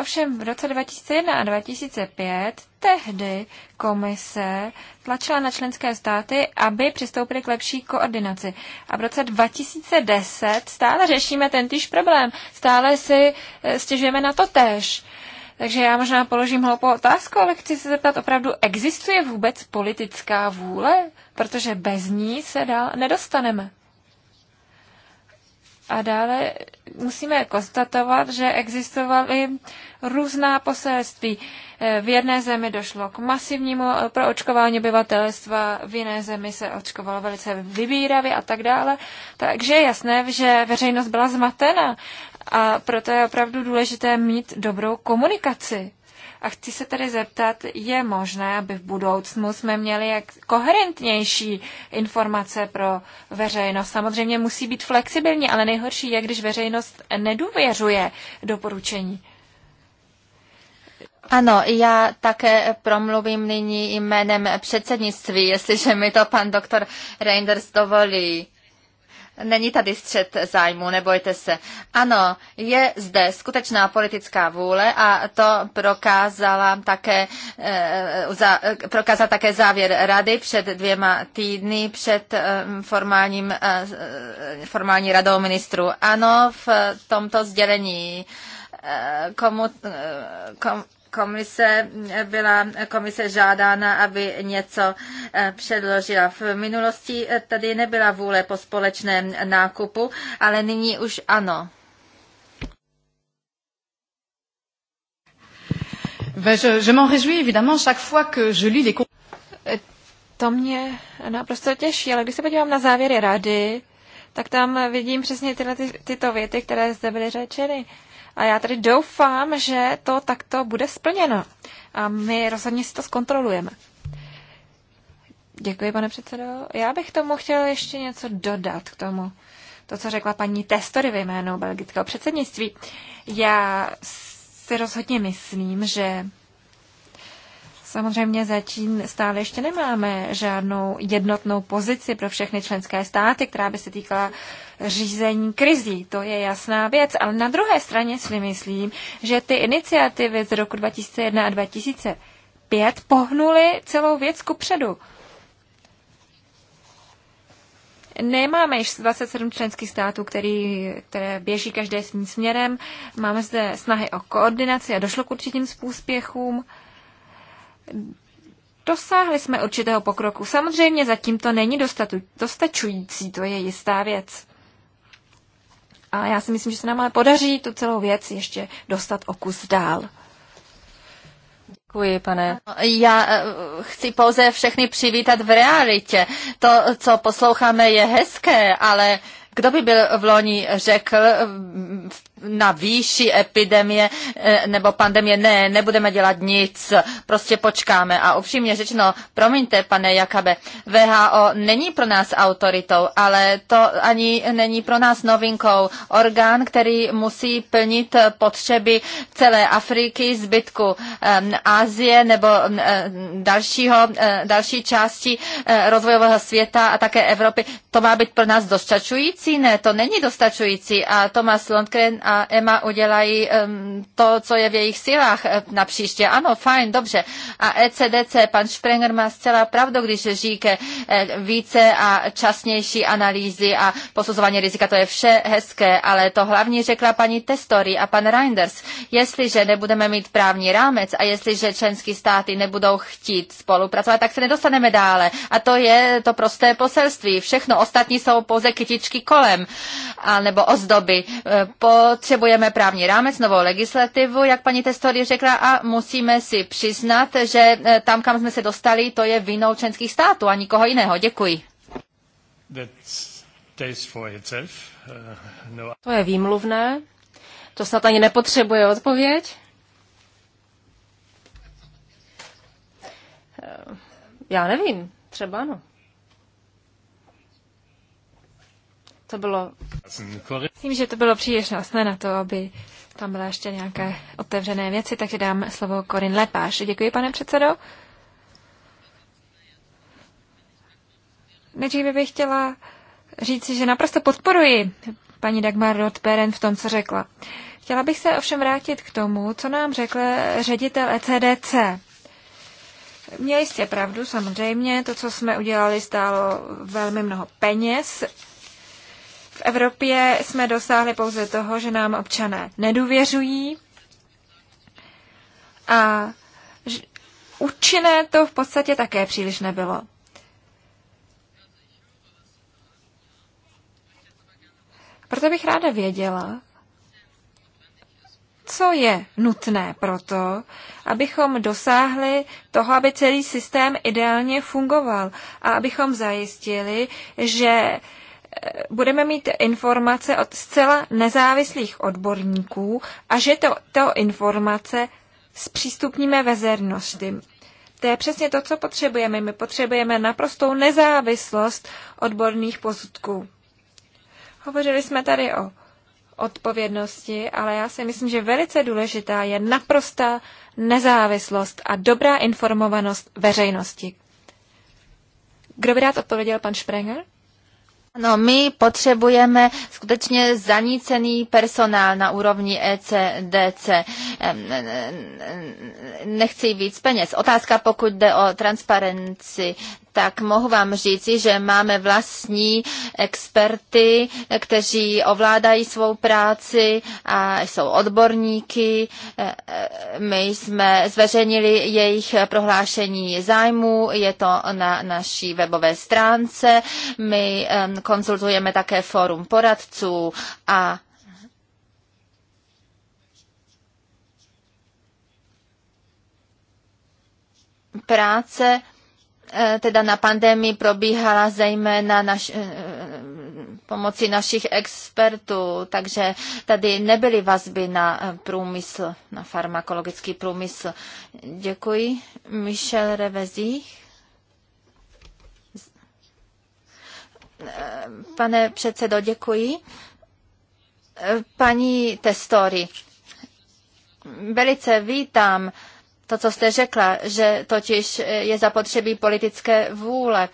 Ovšem v roce 2001 a 2005 tehdy komise tlačila na členské státy, aby přistoupily k lepší koordinaci. A v roce 2010 stále řešíme ten týž problém. Stále si eh, stěžujeme na to tež. Takže já možná položím hloupou otázku, ale chci se zeptat opravdu, existuje vůbec politická vůle? Protože bez ní se dál nedostaneme. A dále musíme konstatovat, že existovaly různá poselství. Eh, v jedné zemi došlo k masivnímu eh, proočkování obyvatelstva, v jiné zemi se očkovalo velice vybíravě a tak dále. Takže je jasné, že veřejnost byla zmatena a proto je opravdu důležité mít dobrou komunikaci. A chci se tedy zeptat, je možné, aby v budoucnu jsme měli jak koherentnější informace pro veřejnost. Samozřejmě musí být flexibilní, ale nejhorší je, když veřejnost nedůvěřuje doporučení. Ano, já také promluvím nyní jménem předsednictví, jestliže mi to pan doktor Reinders dovolí. Není tady střed zájmu, nebojte se. Ano, je zde skutečná politická vůle a to prokázala také, eh, eh, prokázal také závěr rady před dvěma týdny před eh, formálním, formální radou ministrů. Ano, v tomto sdělení komu, kom, komise byla komise žádána, aby něco eh, předložila. V minulosti eh, tady nebyla vůle po společném nákupu, ale nyní už ano. Eh, to mě naprosto těší, ale když se podívám na závěry rady, tak tam vidím přesně tyhle ty, tyto věty, které zde byly řečeny. Uh, a já tedy doufám, že to takto bude splněno. A my rozhodně si to zkontrolujeme. Děkuji, pane předsedo. Já bych tomu chtěla ještě něco dodat k tomu, to, co řekla paní Testory ve jménu belgického předsednictví. Já si rozhodně myslím, že Samozřejmě zatím stále ještě nemáme žádnou jednotnou pozici pro všechny členské státy, která by se týkala řízení krizí. To je jasná věc. Ale na druhé straně si myslím, že ty iniciativy z roku 2001 a 2005 pohnuly celou věc ku předu. Nemáme již 27 členských států, který, které běží každé svým směrem. Máme zde snahy o koordinaci a došlo k určitým úspěchům. Dosáhli jsme určitého pokroku. Samozřejmě zatím to není dostačující, to je jistá věc. A já si myslím, že se nám ale podaří tu celou věc ještě dostat o kus dál. Děkuji, pane. Já eh, chci pouze všechny přivítat v realitě. To, co posloucháme, je hezké, ale kdo by byl v loni řekl v na výši epidemie eh, nebo pandemie. Ne, nebudeme dělat nic, prostě počkáme. A upřímně řečeno, promiňte, pane Jakabe, VHO není pro nás autoritou, ale to ani není pro nás novinkou. Orgán, který musí plnit potřeby celé Afriky, zbytku eh, Asie nebo eh, dalšího, další části rozvojového světa a také Evropy. To má být pro nás dostačující? Ne, to není dostačující. A Tomas Lundgren a EMA udělají to, co je v jejich silách eh, na příště. Ano, fajn, dobře. A ECDC, pan Sprenger má zcela pravdu, když říká eh, více a časnější analýzy a posuzování rizika, to je vše hezké, ale to hlavní řekla paní Testory a pan Reinders. Jestliže nebudeme mít právní rámec a jestliže členské státy nebudou chtít spolupracovat, tak se nedostaneme dále. A to je to prosté poselství. Všechno ostatní jsou pouze kytičky kolem, a nebo ozdoby. Eh, po potřebujeme právní rámec, novou legislativu, jak paní Testory řekla, a musíme si přiznat, že e, tam, kam jsme se dostali, to je vinou členských států a nikoho jiného. Děkuji. Uh, no. To je výmluvné. To snad ani nepotřebuje odpověď. Eh, já nevím, třeba ano. To bylo... Myslím, že to bylo příliš jasné na to, aby tam byly ještě nějaké otevřené věci, takže dám slovo Korin Lepáš. Děkuji, pane předsedo. Nejdříve bych chtěla říci, že naprosto podporuji paní Dagmar Rothperen v tom, co řekla. Chtěla bych se ovšem vrátit k tomu, co nám řekl ředitel ECDC. Měli jste pravdu, samozřejmě, to, co jsme udělali, stálo velmi mnoho peněz, v Evropě jsme dosáhli pouze toho, že nám občané nedůvěřují a účinné to v podstatě také příliš nebylo. Proto bych ráda věděla, co je nutné pro to, abychom dosáhli toho, aby celý systém ideálně fungoval a abychom zajistili, že budeme mít informace od zcela nezávislých odborníků a že to, to informace zpřístupníme vezernosti. To je přesně to, co potřebujeme. My potřebujeme naprostou nezávislost odborných posudků. Hovořili jsme tady o odpovědnosti, ale já si myslím, že velice důležitá je naprostá nezávislost a dobrá informovanost veřejnosti. Kdo by rád odpověděl, pan Sprenger? No, my potřebujeme skutečně zanícený personál na úrovni ECDC. Nechci víc peněz. Otázka, pokud jde o transparenci, tak mohu vám říci, že máme vlastní experty, kteří ovládají svou práci a jsou odborníky. E, e, my jsme zveřejnili jejich prohlášení zájmu, je to na naší webové stránce. My konzultujeme také fórum poradců a práce Eh, teda na pandemii probíhala zejména naš, eh, pomocí našich expertů, takže tady nebyly vazby na eh, průmysl, na farmakologický průmysl. Děkuji. Michel Revezí. Pane předsedo, děkuji. Paní Testory, velice vítám to, co jste řekla, že totiž eh, je zapotřebí politické vůle.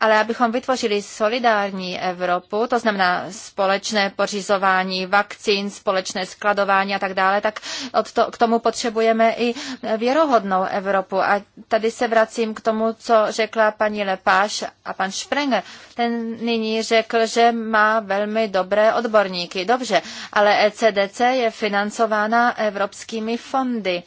Ale abychom vytvořili solidární Evropu, to znamená společné pořizování vakcín, společné skladování a tak dále, tak od to, k tomu potřebujeme i věrohodnou Evropu. A tady se vracím k tomu, co řekla paní Lepáš a pan Sprenger. Ten nyní řekl, že má velmi dobré odborníky. Dobře, ale ECDC je financována evropskými fondy.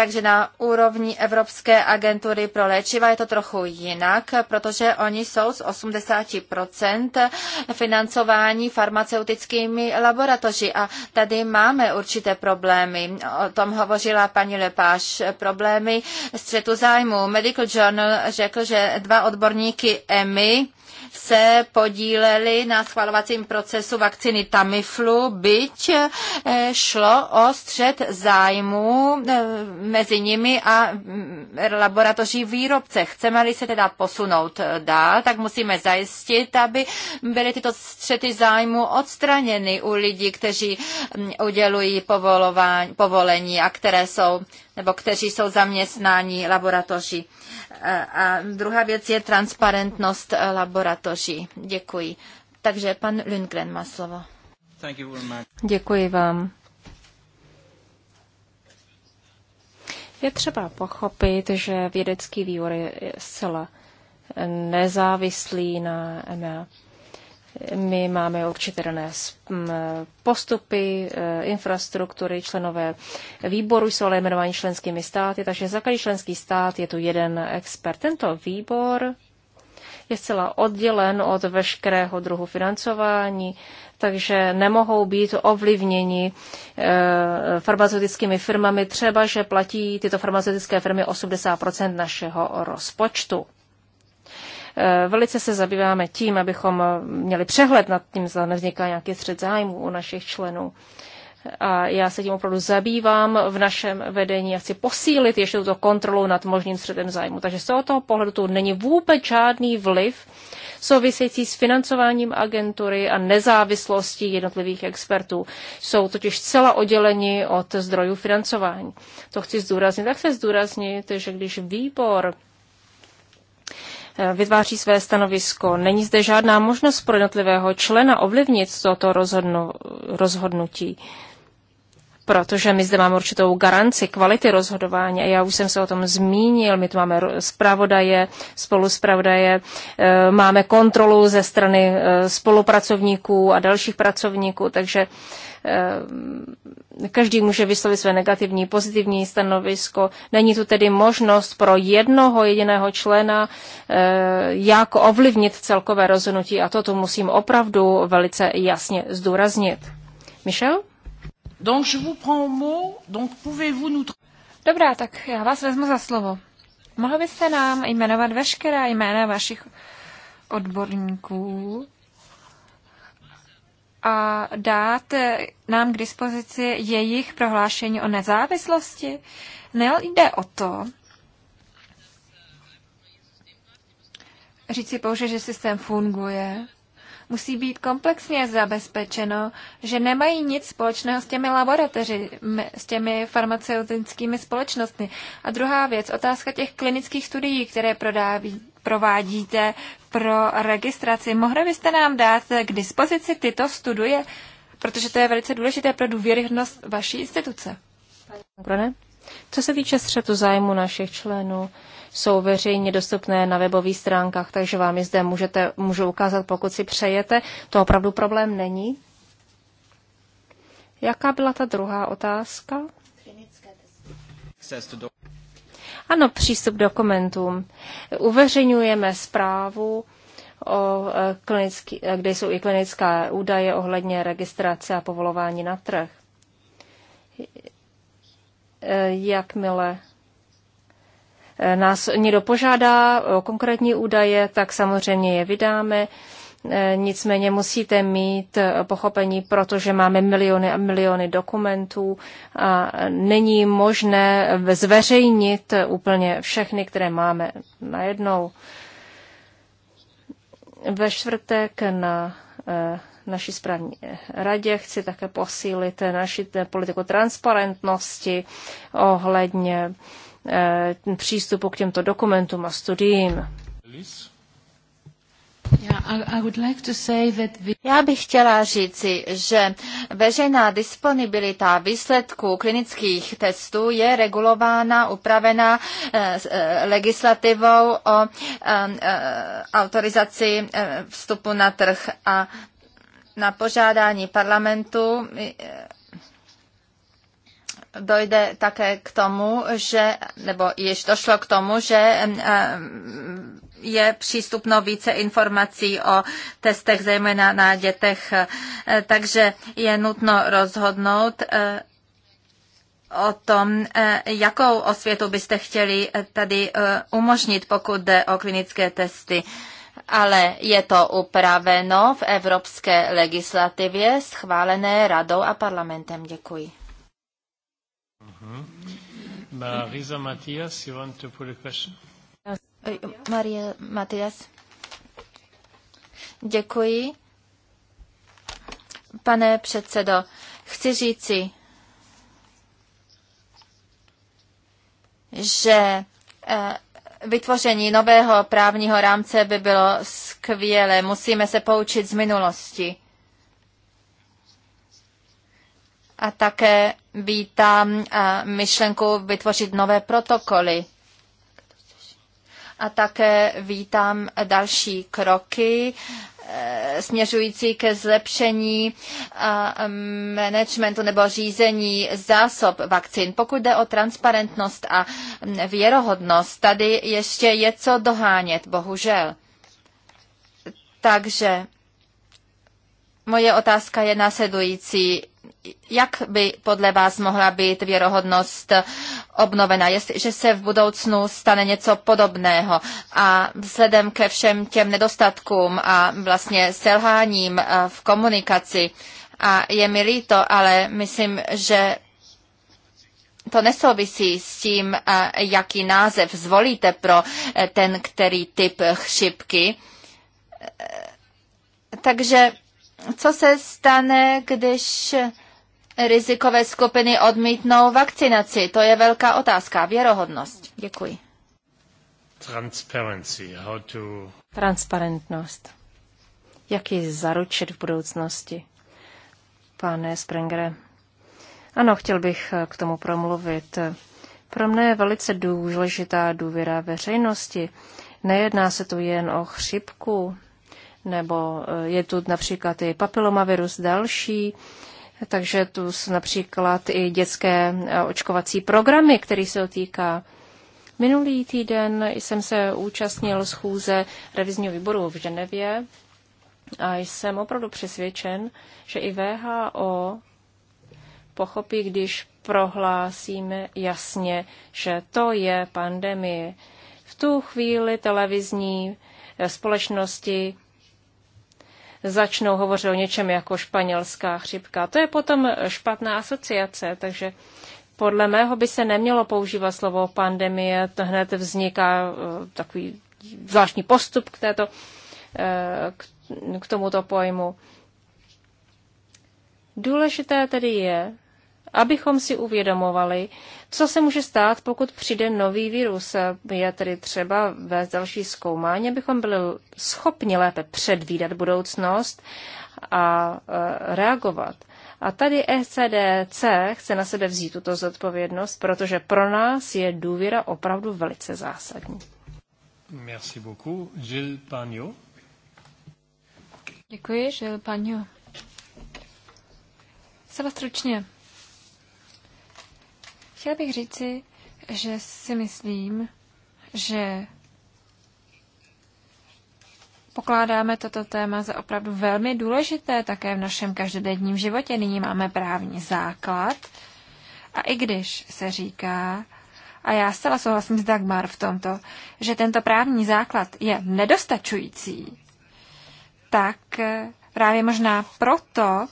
Takže na úrovni Evropské agentury pro léčiva je to trochu jinak, protože oni jsou z 80% financování farmaceutickými laboratoři a tady máme určité problémy. O tom hovořila paní Lepáš. Problémy střetu zájmu. Medical Journal řekl, že dva odborníky EMI se podíleli na schvalovacím procesu vakciny Tamiflu, byť eh, šlo o střed zájmu eh, mezi nimi a mm, laboratoří výrobce. Chceme-li se teda posunout eh, dál, tak musíme zajistit, aby byly tyto střety zájmu odstraněny u lidí, kteří mm, udělují povolení a které jsou nebo kteří jsou zaměstnáni laboratoří. Eh, a druhá věc je transparentnost eh, laboratoří. Děkuji. Takže pan Lundgren má slovo. Děkuji vám. Je třeba pochopit, že vědecký vývoj je zcela nezávislý na EMEA. My máme určité dané postupy, e, infrastruktury, členové výboru jsou ale jmenováni členskými státy, takže za každý členský stát je tu jeden expert. Tento výbor je zcela oddělen od veškerého druhu financování, takže nemohou být ovlivněni eh, farmaceutickými firmami, třeba že platí tyto farmaceutické firmy 80 našeho rozpočtu. Eh, velice se zabýváme tím, abychom měli přehled nad tím, zda nevzniká nějaký střed zájmu u našich členů a já se tím opravdu zabývám v našem vedení a chci posílit ještě tuto kontrolu nad možným středem zájmu. Takže z tohoto pohledu tu není vůbec žádný vliv související s financováním agentury a nezávislostí jednotlivých expertů. Jsou totiž zcela odděleni od zdrojů financování. To chci zdůraznit. Tak se zdůraznit, že když výbor eh, vytváří své stanovisko. Není zde žádná možnost pro jednotlivého člena ovlivnit toto rozhodnutí protože my zde máme určitou garanci kvality rozhodování a já už jsem se o tom zmínil, my tu máme zpravodaje, spoluzpravodaje, eh, máme kontrolu ze strany eh, spolupracovníků a dalších pracovníků, takže eh, každý může vyslovit své negativní, pozitivní stanovisko. Není tu tedy možnost pro jednoho jediného člena, jak ovlivnit celkové rozhodnutí a toto musím opravdu velice jasně zdůraznit. Michel? Donc je vous prends au mot, donc pouvez-vous nous... Dobrá, tak já vás vezmu za slovo. Mohl byste nám jmenovat veškerá jména vašich odborníků a dát nám k dispozici jejich prohlášení o nezávislosti? Nejde o to, říci pouze, že systém funguje, musí být komplexně zabezpečeno, že nemají nic společného s těmi laboratoři, s těmi farmaceutickými společnostmi. A druhá věc, otázka těch klinických studií, které prodáví, provádíte pro registraci. Mohli byste nám dát k dispozici tyto studie, protože to je velice důležité pro důvěryhodnost vaší instituce. Co se týče střetu zájmu našich členů, jsou veřejně dostupné na webových stránkách, takže vám je zde můžete, můžu ukázat, pokud si přejete. To opravdu problém není. Jaká byla ta druhá otázka? Ano, přístup dokumentům. Uveřejňujeme zprávu, o e, klinický, e, kde jsou i klinické údaje ohledně registrace a povolování na trh. E, jakmile nás někdo požádá o konkrétní údaje, tak samozřejmě je vydáme. Nicméně musíte mít pochopení, protože máme miliony a miliony dokumentů a není možné zveřejnit úplně všechny, které máme najednou. Ve čtvrtek na eh, naší správní radě. Chci také posílit naši politiku transparentnosti ohledně Eh, přístupu k těmto dokumentům a studiím. Já bych chtěla říci, že veřejná disponibilita výsledků klinických testů je regulována, upravena eh, eh, legislativou o autorizaci vstupu na trh a na požádání parlamentu dojde také k tomu, že, nebo již došlo k tomu, že eh, je přístupno více informací o testech, zejména na dětech, eh, takže je nutno rozhodnout, eh, o tom, jakou osvětu byste chtěli tady umožnit, pokud jde o klinické testy. Ale je to upraveno v evropské legislativě schválené radou a parlamentem. Děkuji. Mm Marisa Matias, you want to put a question? Maria Matias. Děkuji. Pane předsedo, chci říci, že eh, vytvoření nového právního rámce by bylo skvělé. Musíme se poučit z minulosti. A také vítám eh, myšlenku vytvořit nové protokoly. A také vítám další kroky eh, směřující ke zlepšení eh, managementu nebo řízení zásob vakcín. Pokud jde o transparentnost a mm, věrohodnost, tady ještě je co dohánět, bohužel. Takže moje otázka je následující jak by podle vás mohla být věrohodnost obnovena, jestliže se v budoucnu stane něco podobného a vzhledem ke všem těm nedostatkům a vlastně selháním v komunikaci a je mi líto, ale myslím, že to nesouvisí s tím, jaký název zvolíte pro e, ten, který typ chřipky. E, takže co se stane, když rizikové skupiny odmítnou vakcinaci? To je velká otázka. Věrohodnost. Děkuji. Transparentnost. Jak ji zaručit v budoucnosti? Pane Sprengere. Ano, chtěl bych eh, k tomu promluvit. Pro mne je velice důležitá důvěra veřejnosti. Nejedná se tu jen o chřipku, nebo eh, je tu například i papilomavirus další takže tu jsou například i dětské e, očkovací programy, který se týká. Minulý týden jsem se účastnil schůze revizního výboru v Ženevě a jsem opravdu přesvědčen, že i VHO pochopí, když prohlásíme jasně, že to je pandemie. V tu chvíli televizní e, společnosti začnou hovořit o něčem jako španělská chřipka. To je potom špatná asociace, takže podle mého by se nemělo používat slovo pandemie, to hned vzniká eh, takový zvláštní postup k, této, eh, k tomuto pojmu. Důležité tedy je, abychom si uvědomovali, co se může stát, pokud přijde nový virus. Je tedy třeba vést další zkoumání, abychom byli schopni lépe předvídat budoucnost a e, reagovat. A tady ECDC chce na sebe vzít tuto zodpovědnost, protože pro nás je důvěra opravdu velice zásadní. Merci beaucoup. Gilles Pagno. Děkuji, Gilles Pagno. Zcela stručně. Chtěla bych říci, že si myslím, že pokládáme toto téma za opravdu velmi důležité také v našem každodenním životě. Nyní máme právní základ a i když se říká, a já zcela souhlasím s Dagmar v tomto, že tento právní základ je nedostačující, tak právě možná proto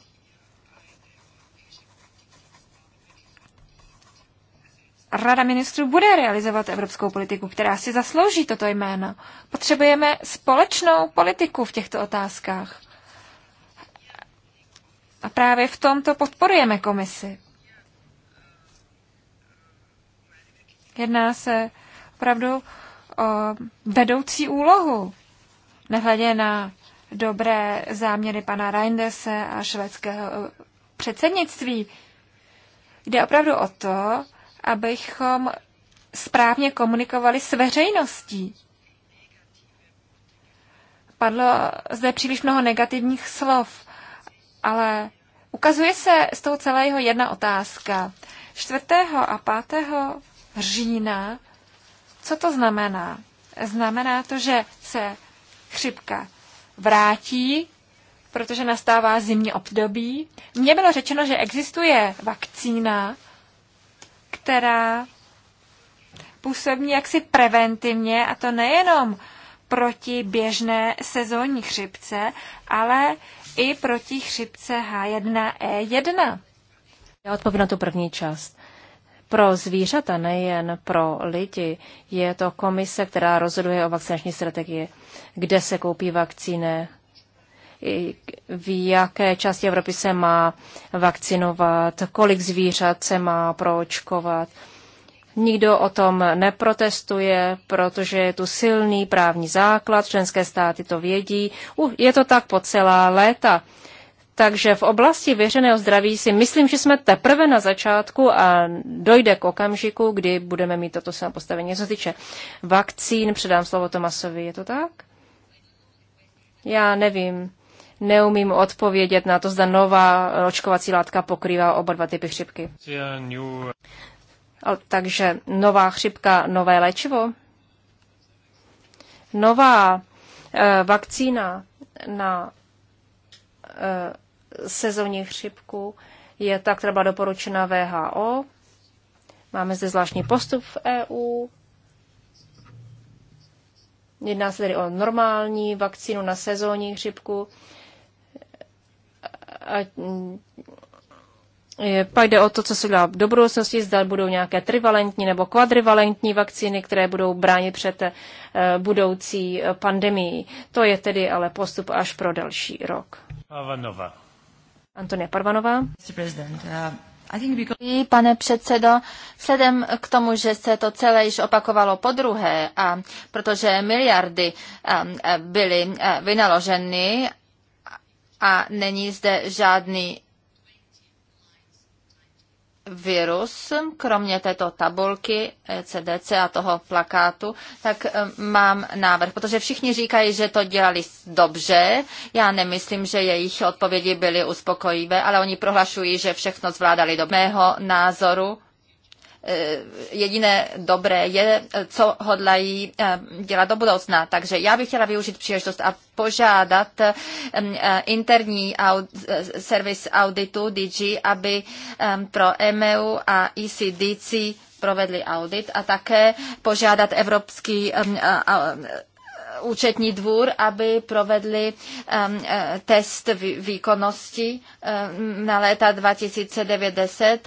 Rada ministrů bude realizovat evropskou politiku, která si zaslouží toto jméno. Potřebujeme společnou politiku v těchto otázkách. A právě v tomto podporujeme komisi. Jedná se opravdu o vedoucí úlohu, nehledě na dobré záměry pana Reindese a švédského předsednictví. Jde opravdu o to, abychom správně komunikovali s veřejností. Padlo zde příliš mnoho negativních slov, ale ukazuje se z toho celého jedna otázka. 4. a 5. října, co to znamená? Znamená to, že se chřipka vrátí, protože nastává zimní období. Mně bylo řečeno, že existuje vakcína, která působí jaksi preventivně, a to nejenom proti běžné sezónní chřipce, ale i proti chřipce H1E1. E Já odpovím na tu první část. Pro zvířata, nejen pro lidi, je to komise, která rozhoduje o vakcinační strategii, kde se koupí vakcíny, v jaké části Evropy se má vakcinovat, kolik zvířat se má proočkovat. Nikdo o tom neprotestuje, protože je tu silný právní základ, členské státy to vědí. Uh, je to tak po celá léta. Takže v oblasti věřeného zdraví si myslím, že jsme teprve na začátku a dojde k okamžiku, kdy budeme mít toto samé postavení. Co se týče vakcín, předám slovo Tomasovi, je to tak? Já nevím neumím odpovědět na to, zda nová očkovací látka pokrývá oba dva typy chřipky. Takže nová chřipka, nové léčivo? Nová eh, vakcína na eh, sezónní chřipku je ta, která byla doporučena VHO. Máme zde zvláštní postup v EU. Jedná se tedy o normální vakcínu na sezónní chřipku, a mm, pak jde o to, co se dělá do budoucnosti, zda budou nějaké trivalentní nebo kvadrivalentní vakcíny, které budou bránit před eh, budoucí eh, pandemií. To je tedy ale postup až pro další rok. Parvanova. Antonia Parvanová. Uh, pane předsedo, vzhledem k tomu, že se to celé již opakovalo po druhé a protože miliardy um, eh, byly vynaloženy a není zde žádný virus, kromě této tabulky CDC e a toho plakátu, tak eh, mám návrh, protože všichni říkají, že to dělali dobře. Já nemyslím, že jejich odpovědi byly uspokojivé, ale oni prohlašují, že všechno zvládali do mého názoru. Eh, jediné dobré je, co hodlají eh, dělat do budoucna. Takže já bych chtěla využít příležitost a požádat eh, interní aud- servis auditu DG, aby pro e MEU a ECDC provedli audit a také požádat Evropský účetní dvůr, aby provedli um, eh, test výkonnosti um, na léta 2009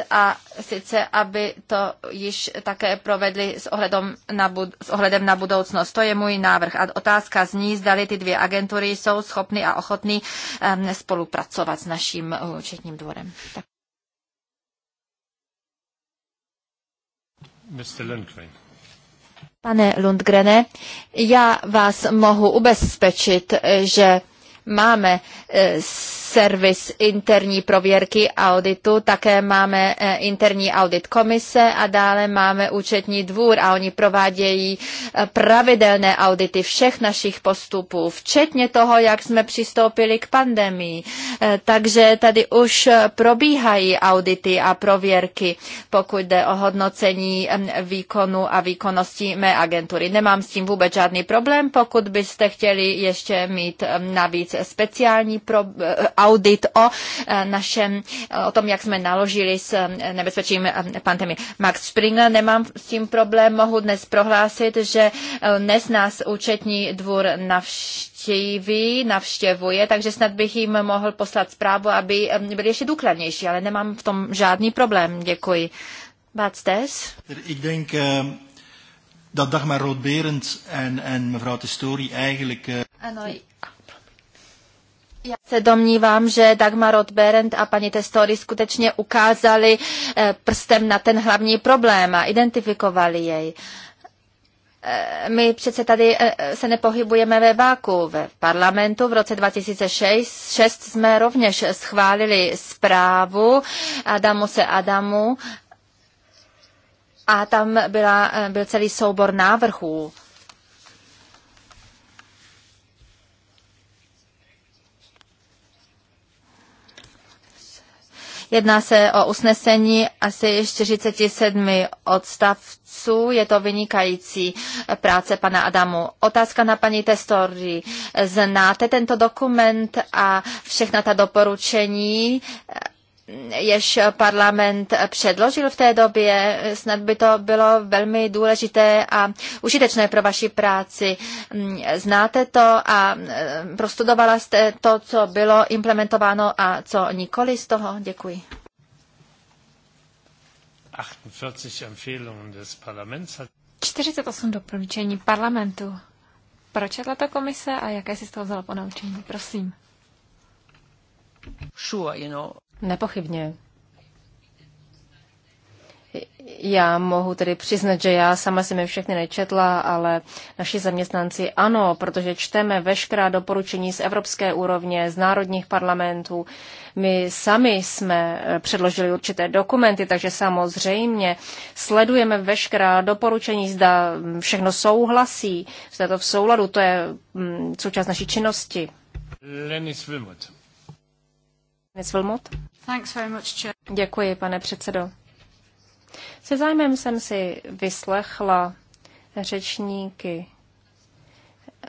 a sice, aby to již také provedli s, ohledem na s ohledem na budoucnost. To je můj návrh. A otázka zní, zdali ty dvě agentury jsou schopny a ochotny um, spolupracovat s naším uh, účetním dvorem. Tak. Mr. Lundgren. Pane Lundgrene, já vás mohu ubezpečit, že Máme e, servis interní prověrky auditu, také máme e, interní audit komise a dále máme účetní dvůr a oni provádějí e, pravidelné audity všech našich postupů, včetně toho, jak jsme přistoupili k pandemii. Takže tady už probíhají audity a prověrky, pokud jde o hodnocení výkonu a výkonnosti mé agentury. Nemám s tím vůbec žádný problém, pokud byste chtěli ještě mít navíc speciální pro, eh, audit o eh, našem, eh, o tom, jak jsme naložili s nebezpečím pandemie. Max Springer, nemám s tím problém, mohu dnes prohlásit, že dnes nás účetní dvůr navštěvuje. navštíví, navštěvuje, takže snad bych jim mohl poslat zprávu, aby byli ještě důkladnější, ale nemám v tom žádný problém. Děkuji. Badstes? Ik denk uh, dat Dagmar rood en, en mevrouw Testori eigenlijk... Uh... Ano, já se domnívám, že Dagmar Berend a paní Testory skutečně ukázali eh, prstem na ten hlavní problém a identifikovali jej. Eh, my přece tady eh, se nepohybujeme ve váku. Ve parlamentu v roce 2006 jsme rovněž schválili zprávu Adamu se Adamu a tam byla, byl celý soubor návrhů Jedná se o usnesení asi 47 odstavců. Je to vynikající práce pana Adamu. Otázka na paní Testori. Znáte tento dokument a všechna ta doporučení? jež parlament předložil v té době, snad by to bylo velmi důležité a užitečné pro vaši práci. Znáte to a eh, prostudovala jste to, co bylo implementováno a co nikoli z toho? Děkuji. 48 doporučení parlamentu. Pročetla to komise a jaké si z toho vzala ponaučení? Prosím. Sure, you know. Nepochybně. Já mohu tedy přiznat, že já sama jsem je všechny nečetla, ale naši zaměstnanci ano, protože čteme veškerá doporučení z evropské úrovně, z národních parlamentů. My sami jsme eh, předložili určité dokumenty, takže samozřejmě sledujeme veškerá doporučení, zda mm, všechno souhlasí, zda to v souladu, to je mm, součást naší činnosti. Lenis Wilmot. Lenis Wilmot. Děkuji, pane předsedo. Se zájmem jsem si vyslechla řečníky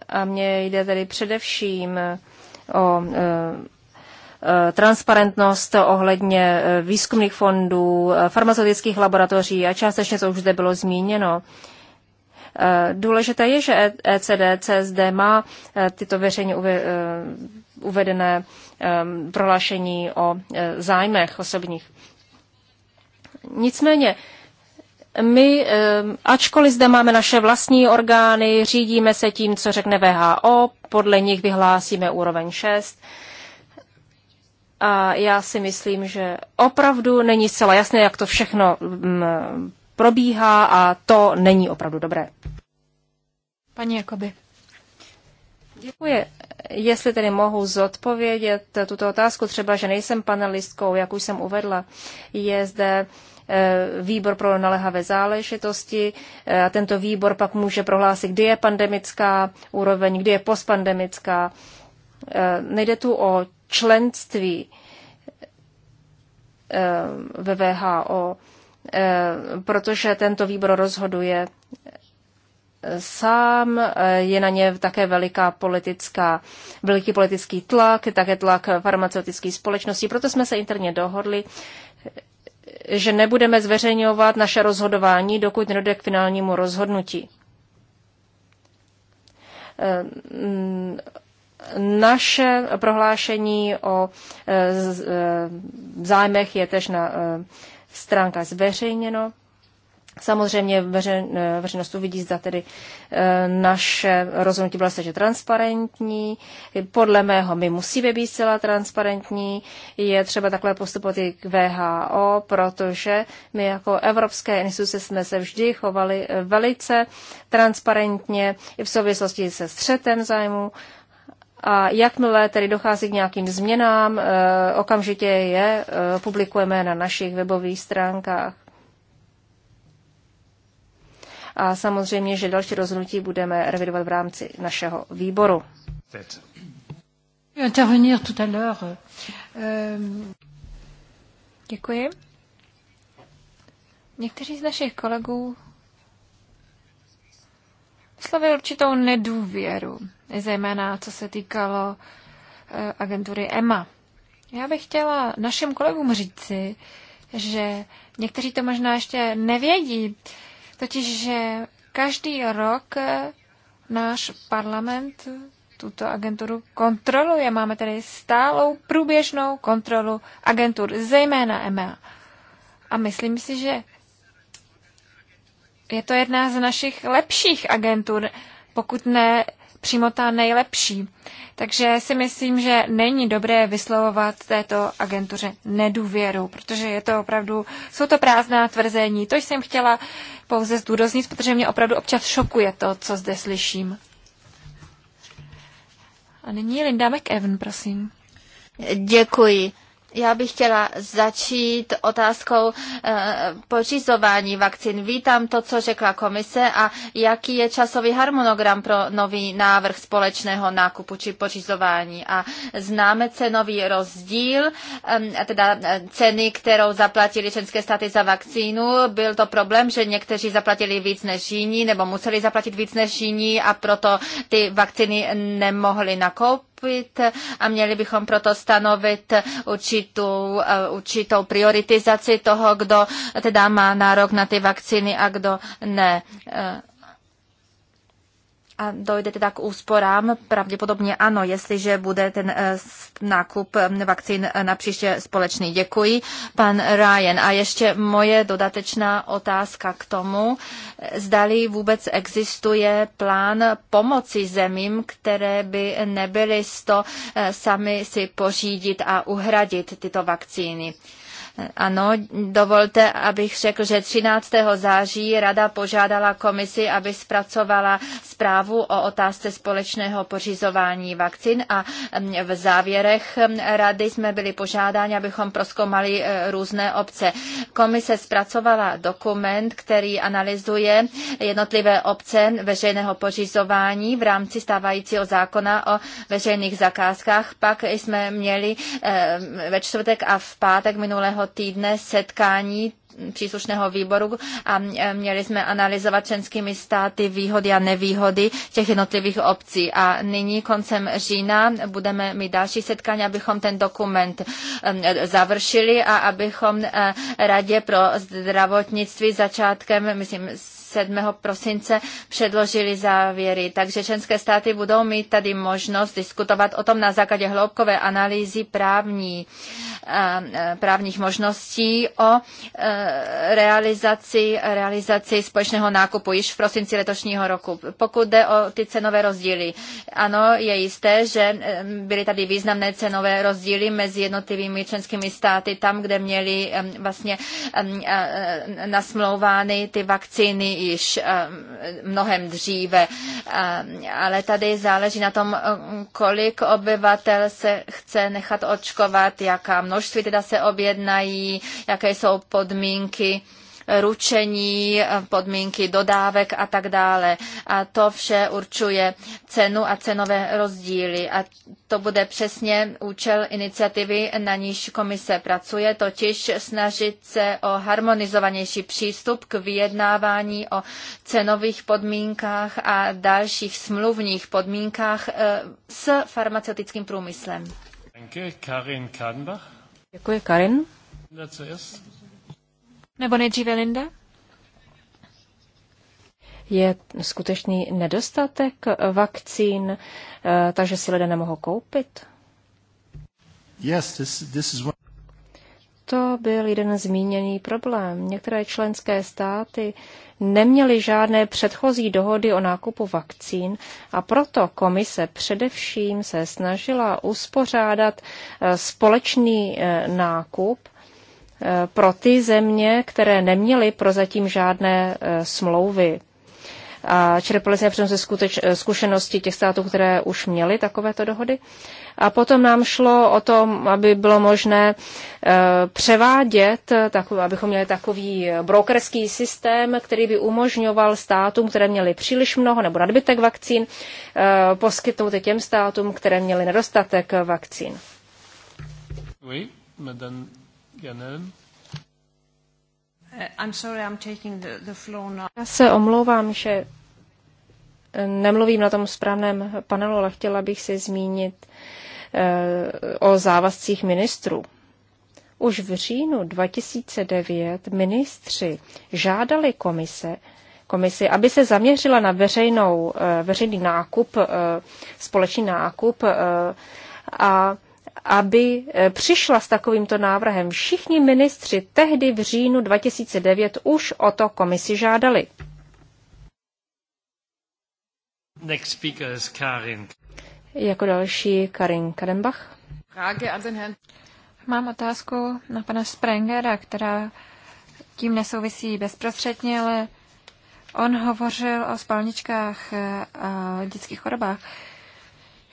a mně jde tedy především o e, e, transparentnost ohledně e, výzkumných fondů, farmaceutických laboratoří a částečně to už zde bylo zmíněno. Důležité je, že ECDC zde má tyto veřejně uvedené prohlášení o e, zájmech osobních. Nicméně, my, ačkoliv zde máme naše vlastní orgány, řídíme se tím, co řekne VHO, podle nich vyhlásíme úroveň 6. A já si myslím, že opravdu není zcela jasné, jak to všechno probíhá a to není opravdu dobré. Paní Jakoby. Děkuji. Jestli tedy mohu zodpovědět tuto otázku, třeba, že nejsem panelistkou, jak už jsem uvedla, je zde eh, výbor pro naléhavé záležitosti. Eh, a tento výbor pak může prohlásit, kdy je pandemická úroveň, kdy je postpandemická. Eh, nejde tu o členství ve VHO, protože tento výbor rozhoduje sám, eh, je na ně také veliká politická, veliký politický tlak, také tlak farmaceutických společností. Proto jsme se interně dohodli, že nebudeme zveřejňovat naše rozhodování, dokud nedojde k finálnímu rozhodnutí. Eh, mm, naše prohlášení o eh, zájmech je tež na stránkách zveřejněno. Samozřejmě veře, eh, veřejnost uvidí, zda tedy eh, naše rozhodnutí bylo že transparentní. Podle mého my musíme být zcela transparentní. Je třeba takhle postupovat i k VHO, protože my jako evropské instituce jsme se vždy chovali eh, velice transparentně i v souvislosti se střetem zájmu. A jakmile tedy dochází k nějakým změnám, okamžitě je publikujeme na našich webových stránkách a samozřejmě, že další rozhodnutí budeme revidovat v rámci našeho výboru. Euh, Děkuji. Někteří z našich kolegů vyslovili určitou nedůvěru, zejména co se týkalo eh, agentury EMA. Já bych chtěla našim kolegům říci, že někteří to možná ještě nevědí, Totiž, že každý rok eh, náš parlament tuto agenturu kontroluje. Máme tedy stálou průběžnou kontrolu agentur, zejména EMEA. A myslím si, že je to jedna z našich lepších agentur, pokud ne přímo ta nejlepší. Takže si myslím, že není dobré vyslovovat této agentuře nedůvěru, protože je to opravdu, jsou to prázdná tvrzení. To jsem chtěla pouze zdůraznit, protože mě opravdu občas šokuje to, co zde slyším. A nyní Linda McEwen, prosím. Děkuji. Já bych chtěla začít otázkou e, pořizování vakcín. Vítám to, co řekla komise a jaký je časový harmonogram pro nový návrh společného nákupu či pořizování. A známe cenový rozdíl, e, teda eh, ceny, kterou zaplatili členské státy za vakcínu. Byl to problém, že někteří zaplatili víc než jiní nebo museli zaplatit víc než jiní a proto ty vakcíny nemohli nakoupit koupit a měli bychom proto stanovit určitou, eh, určitou prioritizaci toho, kdo teda má nárok na ty vakcíny a kdo ne. Eh, a dojde teda k úsporám? Pravděpodobně ano, jestliže bude ten eh, nákup hm, vakcín eh, na příště společný. Děkuji, pan Ryan. A ještě moje dodatečná otázka k tomu. Eh, zdali vůbec existuje plán pomoci zemím, které by nebyly to sami si pořídit a uhradit tyto vakcíny. Ano, dovolte, abych řekl, že 13. září Rada požádala komisi, aby zpracovala zprávu o otázce společného pořizování vakcin a mm, v závěrech mm, Rady jsme byli požádáni, abychom proskoumali e, různé obce. Komise zpracovala dokument, který analyzuje jednotlivé obce veřejného pořizování v rámci stávajícího zákona o veřejných zakázkách. Pak jsme měli e, mm, ve čtvrtek a v pátek minulého minulého týdne setkání příslušného výboru a měli jsme analyzovat členskými státy výhody a nevýhody těch jednotlivých obcí. A nyní koncem října budeme mít další setkání, abychom ten dokument um, završili a abychom uh, Radě pro zdravotnictví začátkem, myslím, 7. prosince předložili závěry. Takže členské státy budou mít tady možnost diskutovat o tom na základě hloubkové analýzy právní, eh, eh, právních možností o eh, realizaci, realizaci společného nákupu již v prosinci letošního roku. Pokud jde o ty cenové rozdíly, ano, je jisté, že byly tady významné cenové rozdíly mezi jednotlivými členskými státy, tam, kde měli vlastně e, nasmlouvány ty vakcíny již eh, mnohem dříve, eh, ale tady záleží na tom, eh, kolik obyvatel se chce nechat očkovat, jaká množství teda se objednají, jaké jsou podmínky ručení, podmínky dodávek a tak dále. A to vše určuje cenu a cenové rozdíly. A to bude přesně účel iniciativy, na níž komise pracuje, totiž snažit se o harmonizovanější přístup k vyjednávání o cenových podmínkách a dalších smluvních podmínkách eh, s farmaceutickým průmyslem. Děkuji, Karin. Karin. Nebo nejdříve Linda? Je skutečný nedostatek vakcín, eh, takže si lidé nemohou koupit? Yes, this, this is one... To byl jeden zmíněný problém. Některé členské státy neměly žádné předchozí dohody o nákupu vakcín a proto komise především se snažila uspořádat eh, společný eh, nákup Eh, pro ty země, které neměly prozatím žádné eh, smlouvy. A čerpali jsme přitom ze skuteč, eh, zkušenosti těch států, které už měly takovéto dohody. A potom nám šlo o tom, aby bylo možné převádět, abychom měli takový brokerský systém, který by umožňoval státům, které měly příliš mnoho nebo nadbytek vakcín, poskytnout těm státům, které měly nedostatek vakcín. Oui, madame Eh, Já se omlouvám, že eh, nemluvím na tom správném panelu, ale chtěla bych se zmínit eh, o závazcích ministrů. Už v říjnu 2009 ministři žádali komise, komisi, aby se zaměřila na veřejnou, veřejný nákup, společný nákup a aby eh, přišla s takovýmto návrhem. Všichni ministři tehdy v říjnu 2009 už o to komisi žádali. Next speaker is Karin. Jako další Karin Kadenbach. Mám otázku na pana Sprengera, která tím nesouvisí bezprostředně, ale on hovořil o spalničkách a dětských chorobách.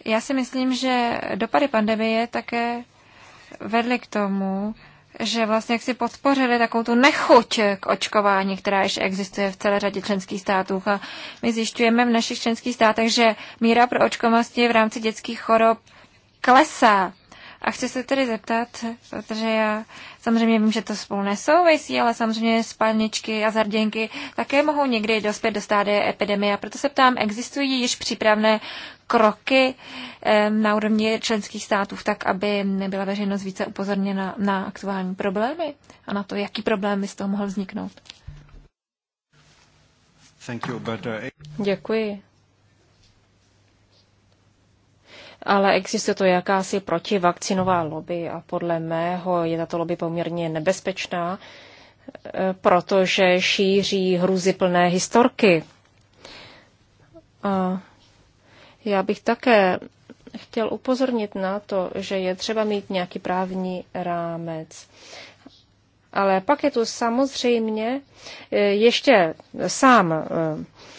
Já si myslím, že dopady pandemie také vedly k tomu, že vlastně jak si podpořili takovou tu nechuť k očkování, která ještě existuje v celé řadě členských států. A my zjišťujeme v našich členských státech, že míra pro očkovanosti v rámci dětských chorob klesá. A chci se tedy zeptat, protože já samozřejmě vím, že to spolu nesouvisí, ale samozřejmě spalničky a zarděnky také mohou někdy dospět do stády epidemie. A proto se ptám, existují již přípravné kroky na úrovni členských států, tak aby nebyla veřejnost více upozorněna na aktuální problémy a na to, jaký problém by z toho mohl vzniknout? Děkuji. ale existuje to jakási protivakcinová lobby a podle mého je tato lobby poměrně nebezpečná, e, protože šíří hruzy plné historky. A já bych také chtěl upozornit na to, že je třeba mít nějaký právní rámec. Ale pak je tu samozřejmě e, ještě sám e,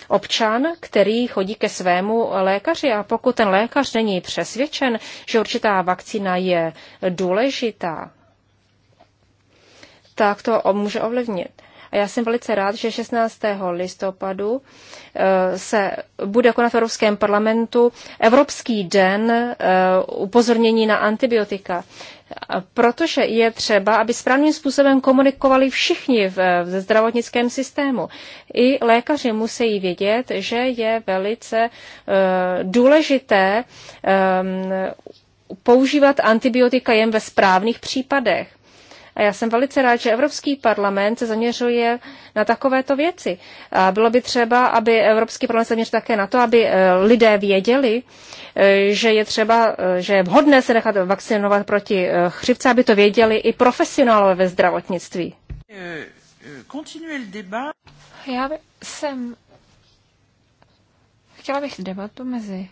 občan, který chodí ke svému lékaři a pokud ten lékař není přesvědčen, že určitá vakcína je důležitá, tak to může ovlivnit. A já jsem velice rád, že 16. listopadu eh, se bude konat v Evropském parlamentu Evropský den eh, upozornění na antibiotika. Protože je třeba, aby správným způsobem komunikovali všichni v, eh, v zdravotnickém systému. I lékaři musí vědět, že je velice uh, důležité um, používat antibiotika jen ve správných případech. A já jsem velice rád, že Evropský parlament se zaměřuje na takovéto věci. A bylo by třeba, aby Evropský parlament se zaměřil také na to, aby eh, lidé věděli, eh, že je třeba, eh, že je vhodné se nechat vakcinovat proti chřipce, aby to věděli i profesionálové ve zdravotnictví. Já jsem chtěla bych debatu mezi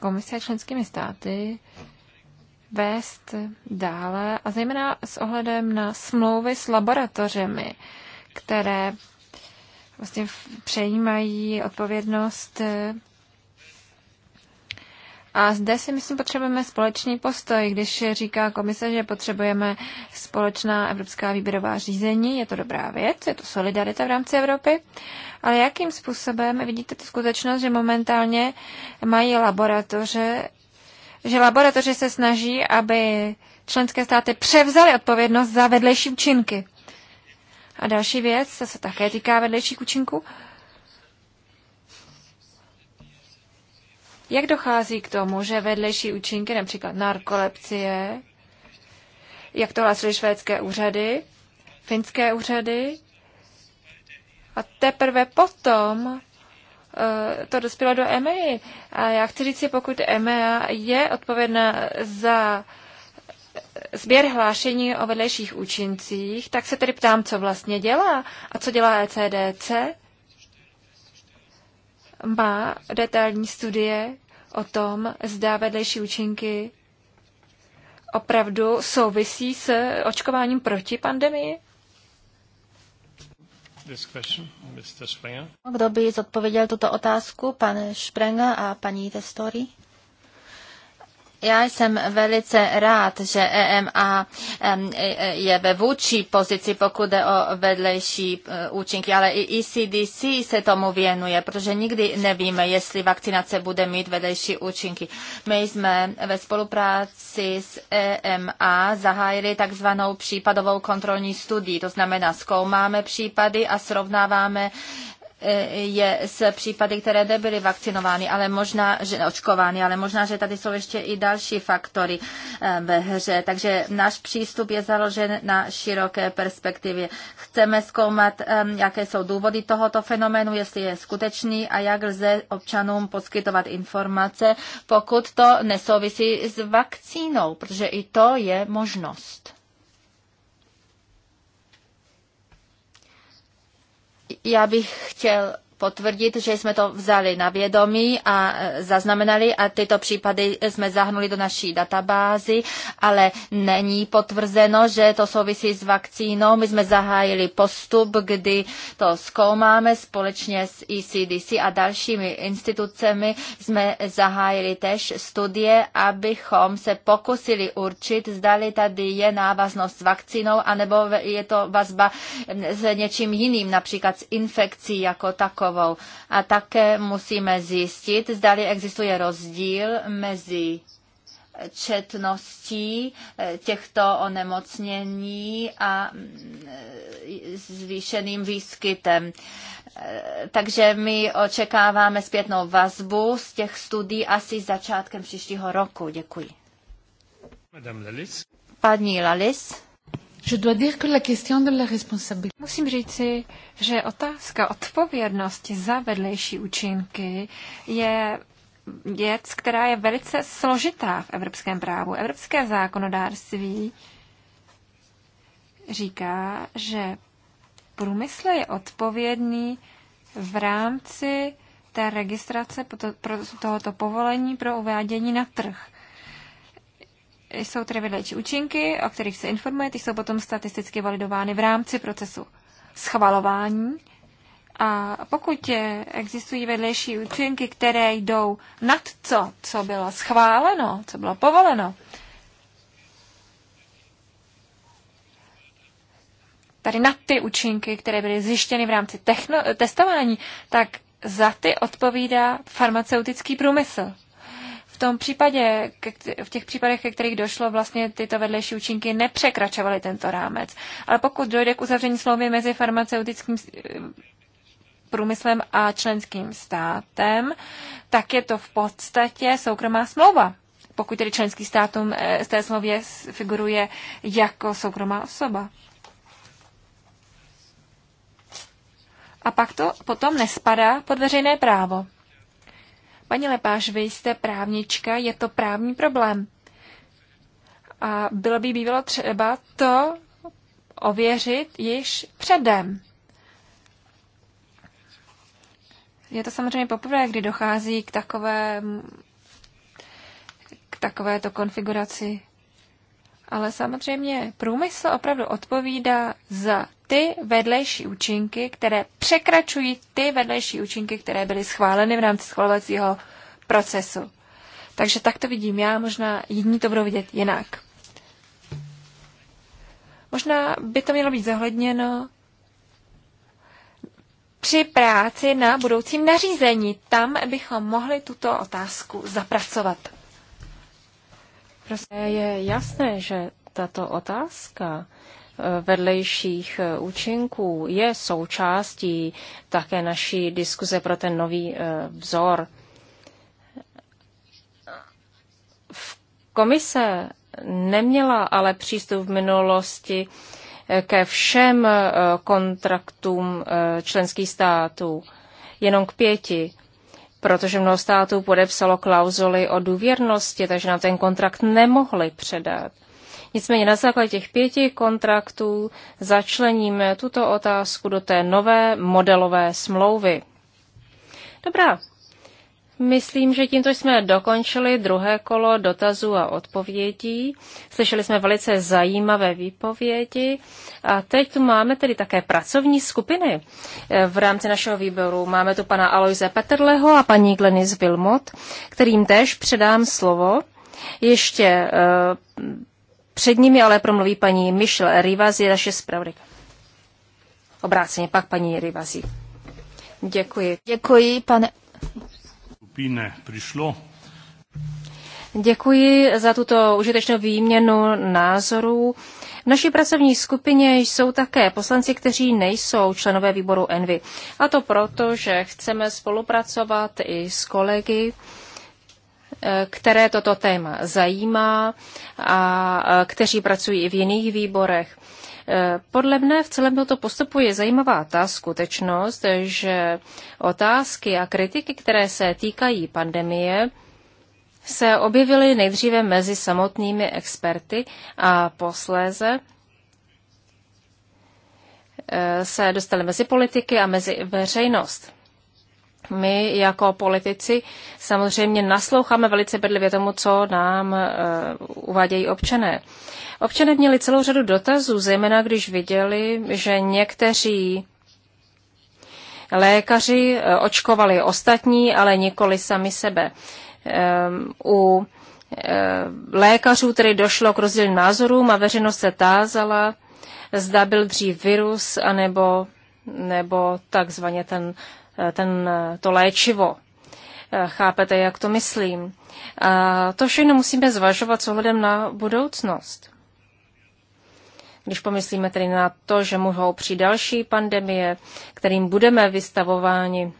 komise a členskými státy vést dále a zejména s ohledem na smlouvy s laboratořemi, které vlastně přejímají odpovědnost a zde si myslím, potřebujeme společný postoj. Když říká komise, že potřebujeme společná evropská výběrová řízení, je to dobrá věc, je to solidarita v rámci Evropy, ale jakým způsobem vidíte tu skutečnost, že momentálně mají laboratoře že laboratoře se snaží, aby členské státy převzaly odpovědnost za vedlejší účinky. A další věc, co se také týká vedlejších účinků, jak dochází k tomu, že vedlejší účinky, například narkolepsie, jak to hlásily švédské úřady, finské úřady, a teprve potom Eh, to dospělo do EMEA. A já chci říct si, pokud EMEA je odpovědná za eh, sběr hlášení o vedlejších účincích, tak se tedy ptám, co vlastně dělá a co dělá ECDC. Má detailní studie o tom, zda vedlejší účinky opravdu souvisí s očkováním proti pandemii? this question, Mr. Kdo by zodpověděl tuto otázku? Pan Sprenger a paní Testori? Já jsem velice rád, že e EMA e, e, je ve vůči pozici, pokud jde o vedlejší účinky, ale i ECDC se tomu věnuje, protože nikdy nevíme, jestli vakcinace bude mít vedlejší účinky. My jsme ve spolupráci s EMA zahájili takzvanou případovou kontrolní studii, to znamená zkoumáme případy a srovnáváme je s případy, které nebyly vakcinovány, ale možná, že očkovány, ale možná, že tady jsou ještě i další faktory eh, ve hře. Takže náš přístup je založen na široké perspektivě. Chceme zkoumat, eh, jaké jsou důvody tohoto fenoménu, jestli je skutečný a jak lze občanům poskytovat informace, pokud to nesouvisí s vakcínou, protože i to je možnost. Já bych chtěl potvrdit, že jsme to vzali na vědomí a e, zaznamenali a tyto případy jsme zahnuli do naší databázy, ale není potvrzeno, že to souvisí s vakcínou. My jsme zahájili postup, kdy to zkoumáme společně s ECDC a dalšími institucemi. Jsme zahájili tež studie, abychom se pokusili určit, zdali tady je návaznost s vakcínou, anebo je to vazba s něčím jiným, například s infekcí jako takovou takovou. A také musíme zjistit, zdali existuje rozdíl mezi četností eh, těchto onemocnění a mm, eh, zvýšeným výskytem. Eh, takže my očekáváme zpětnou vazbu z těch studií asi začátkem příštího roku. Děkuji. Paní Lalis. Musím říci, že otázka odpovědnosti za vedlejší účinky je věc, která je velice složitá v evropském právu. Evropské zákonodárství říká, že průmysl je odpovědný v rámci té registrace tohoto povolení pro uvádění na trh jsou tedy vedlejší účinky, o kterých se informuje, ty jsou potom statisticky validovány v rámci procesu schvalování. A pokud existují vedlejší účinky, které jdou nad co, co bylo schváleno, co bylo povoleno, tady nad ty účinky, které byly zjištěny v rámci techno- testování, tak za ty odpovídá farmaceutický průmysl tom případě, v těch případech, ke kterých došlo, vlastně tyto vedlejší účinky nepřekračovaly tento rámec. Ale pokud dojde k uzavření smlouvy mezi farmaceutickým průmyslem a členským státem, tak je to v podstatě soukromá smlouva. Pokud tedy členský státům eh, z té smlouvě figuruje jako soukromá osoba. A pak to potom nespadá pod veřejné právo. Paní Lepáš, vy jste právnička, je to právní problém. A bylo by bývalo třeba to ověřit již předem. Je to samozřejmě poprvé, kdy dochází k takové k takovéto konfiguraci. Ale samozřejmě průmysl opravdu odpovídá za ty vedlejší účinky, které překračují ty vedlejší účinky, které byly schváleny v rámci schvalovacího procesu. Takže tak to vidím já, možná jiní to budou vidět jinak. Možná by to mělo být zohledněno při práci na budoucím nařízení. Tam bychom mohli tuto otázku zapracovat. Prostě je jasné, že tato otázka vedlejších eh, účinků je součástí také naší diskuze pro ten nový eh, vzor. V komise neměla ale přístup v minulosti eh, ke všem kontraktům členských států, jenom k pěti, protože mnoho států podepsalo klauzuly o důvěrnosti, takže nám ten kontrakt nemohli předat. Nicméně na základě těch pěti kontraktů začleníme tuto otázku do té nové modelové smlouvy. Dobrá. Myslím, že tímto jsme dokončili druhé kolo dotazů a odpovědí. Slyšeli jsme velice zajímavé výpovědi. A teď tu máme tedy také pracovní skupiny eh, v rámci našeho výboru. Máme tu pana Aloise Petrleho a paní Glenis Vilmot, kterým též předám slovo. Ještě eh, před nimi ale promluví paní Michelle Rivazi, naše zpravodajka. Obráceně pak paní Rivazi. Děkuji. Děkuji, pane... Píne, přišlo. Děkuji za tuto užitečnou výměnu názorů. V naší pracovní skupině jsou také poslanci, kteří nejsou členové výboru Envy. A to proto, že chceme spolupracovat i s kolegy které toto téma zajímá a kteří pracují i v jiných výborech. E, podle mne v celém tomto postupu je zajímavá ta skutečnost, že otázky a kritiky, které se týkají pandemie, se objevily nejdříve mezi samotnými experty a posléze e, se dostaly mezi politiky a mezi veřejnost my jako politici samozřejmě nasloucháme velice bedlivě tomu, co nám e, uvádějí občané. Občané měli celou řadu dotazů, zejména když viděli, že někteří lékaři e, očkovali ostatní, ale nikoli sami sebe. E, u lékařů tedy došlo k rozdílným názorům a veřejnost se tázala, zda byl dřív virus anebo nebo takzvaně ten Eh, ten, eh, to léčivo. Eh, chápete, jak to myslím? A to všechno musíme zvažovat s ohledem na budoucnost. Když pomyslíme tedy na to, že mohou přijít další pandemie, kterým budeme vystavováni,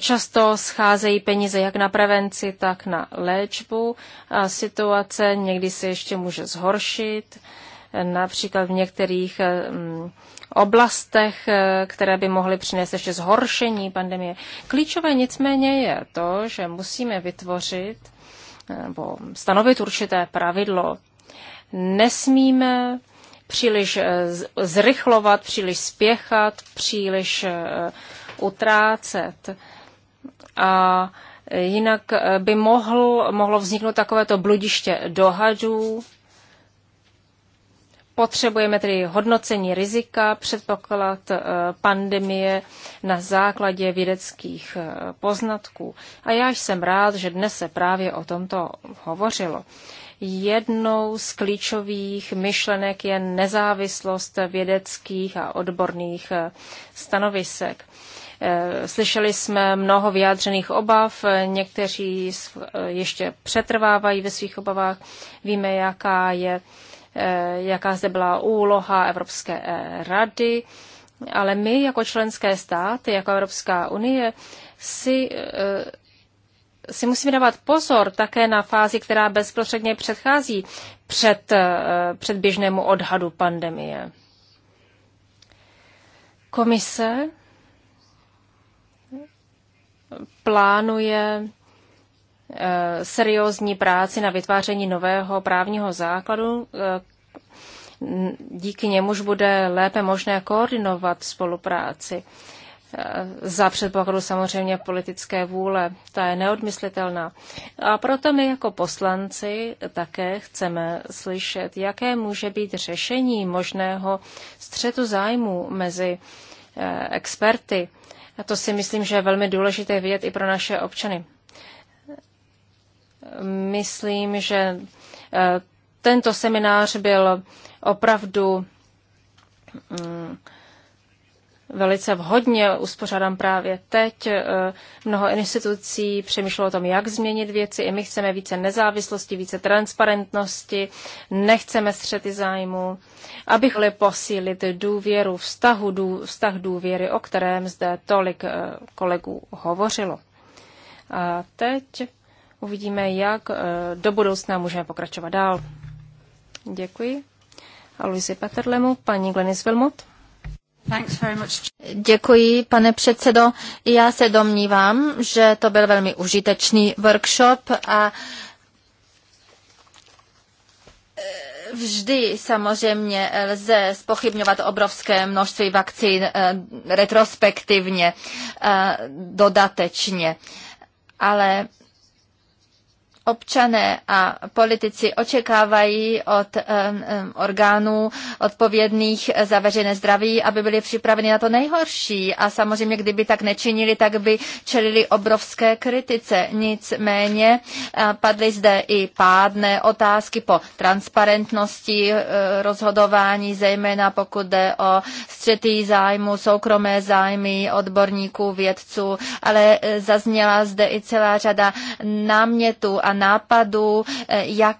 Často scházejí peníze jak na prevenci, tak na léčbu a situace někdy se ještě může zhoršit například v některých mm, oblastech, eh, které by mohly přinést ještě zhoršení pandemie. Klíčové nicméně je to, že musíme vytvořit eh, nebo stanovit určité pravidlo. Nesmíme příliš eh, zrychlovat, příliš spěchat, příliš utrácet. A jinak by mohl, mohlo vzniknout takovéto bludiště dohadů, Potřebujeme tedy hodnocení rizika, předpoklad eh, pandemie na základě vědeckých eh, poznatků. A já jsem rád, že dnes se právě o tomto hovořilo. Jednou z klíčových myšlenek je nezávislost vědeckých a odborných eh, stanovisek. Slyšeli jsme mnoho vyjádřených obav, někteří ještě přetrvávají ve svých obavách. Víme, jaká je Eh, jaká zde byla úloha Evropské eh, rady, ale my jako členské státy, jako Evropská unie, si eh, si musíme dávat pozor také na fázi, která bezprostředně předchází před, před běžnému odhadu pandemie. Komise plánuje Eh, seriózní práci na vytváření nového právního základu, eh, díky němuž bude lépe možné koordinovat spolupráci. Eh, za předpokladu samozřejmě politické vůle, ta je neodmyslitelná. A proto my jako poslanci také chceme slyšet, jaké může být řešení možného střetu zájmu mezi experty. A to si myslím, že je velmi důležité vědět i pro naše občany myslím, že eh, tento seminář byl opravdu mm, velice vhodně uspořádám právě teď. Eh, mnoho institucí přemýšlelo o tom, jak změnit věci. I my chceme více nezávislosti, více transparentnosti, nechceme střety zájmu, abych mohli posílit důvěru, vztahu, dů, vztah důvěry, o kterém zde tolik eh, kolegů hovořilo. A teď uvidíme, jak eh, do budoucna můžeme pokračovat dál. Děkuji. A Luisi Paterlemu, paní Glenis Wilmot. Děkuji, pane předsedo. Já se domnívám, že to byl velmi užitečný workshop a eh, vždy samozřejmě lze spochybňovat obrovské množství vakcín eh, retrospektivně, dodatečně. Ale občané a politici očekávají od orgánů odpovědných za veřejné zdraví, aby byli připraveni na to nejhorší. A samozřejmě, kdyby tak nečinili, tak by čelili obrovské kritice. Nicméně eh, padly zde i pádné otázky po transparentnosti eh, rozhodování, zejména pokud jde o střetý zájmu, soukromé zájmy odborníků, vědců, ale eh, zazněla zde i celá řada námětů a nápadů, eh, jak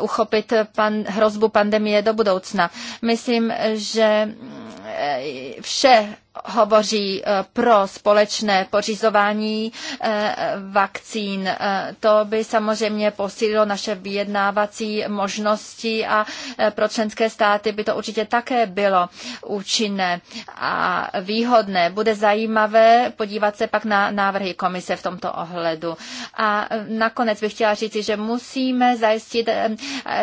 uchopit pan, hrozbu pandemie do budoucna. Myslím, že mm, eh, vše hovoří eh, pro společné pořizování eh, vakcín. Eh, to by samozřejmě posílilo naše vyjednávací možnosti a pro členské státy by to určitě také bylo účinné a výhodné. Bude zajímavé podívat se pak na návrhy komise v tomto ohledu. A nakonec bych chtěla říci, že musíme zajistit,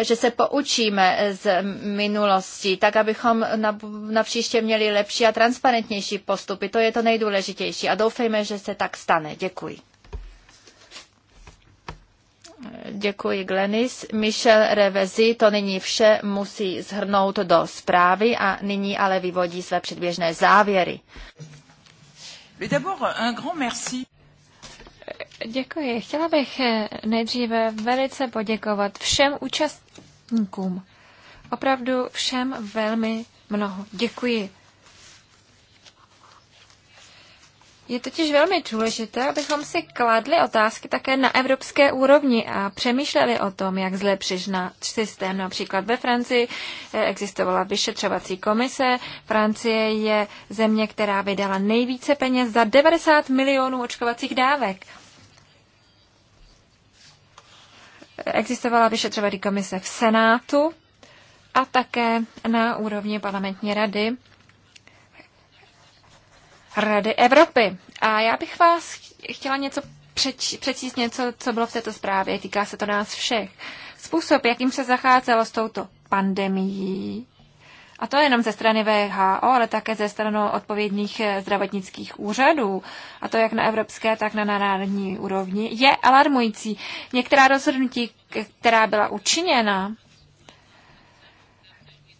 že se poučíme z minulosti, tak abychom na, na příště měli lepší a transparentnější nejrůznější postupy. To je to nejdůležitější a doufejme, že se tak stane. Děkuji. Děkuji, Glenis. Michel Revezi to nyní vše musí zhrnout do zprávy a nyní ale vyvodí své předběžné závěry. Děkuji. Chtěla bych eh, nejdříve velice poděkovat všem účastníkům. Opravdu všem velmi mnoho. Děkuji. Je totiž velmi důležité, abychom si kladli otázky také na evropské úrovni a přemýšleli o tom, jak zlepšit na systém. Například ve Francii eh, existovala vyšetřovací komise. Francie je země, která vydala nejvíce peněz za 90 milionů očkovacích dávek. Existovala vyšetřovací komise v Senátu a také na úrovni parlamentní rady Rady Evropy. A já bych vás chtěla něco přeč, přečíst něco, co bylo v této zprávě. Týká se to nás všech. Způsob, jakým se zacházelo s touto pandemií, a to jenom ze strany VHO, ale také ze strany odpovědných eh, zdravotnických úřadů, a to jak na evropské, tak na národní úrovni, je alarmující. Některá rozhodnutí, která byla učiněna,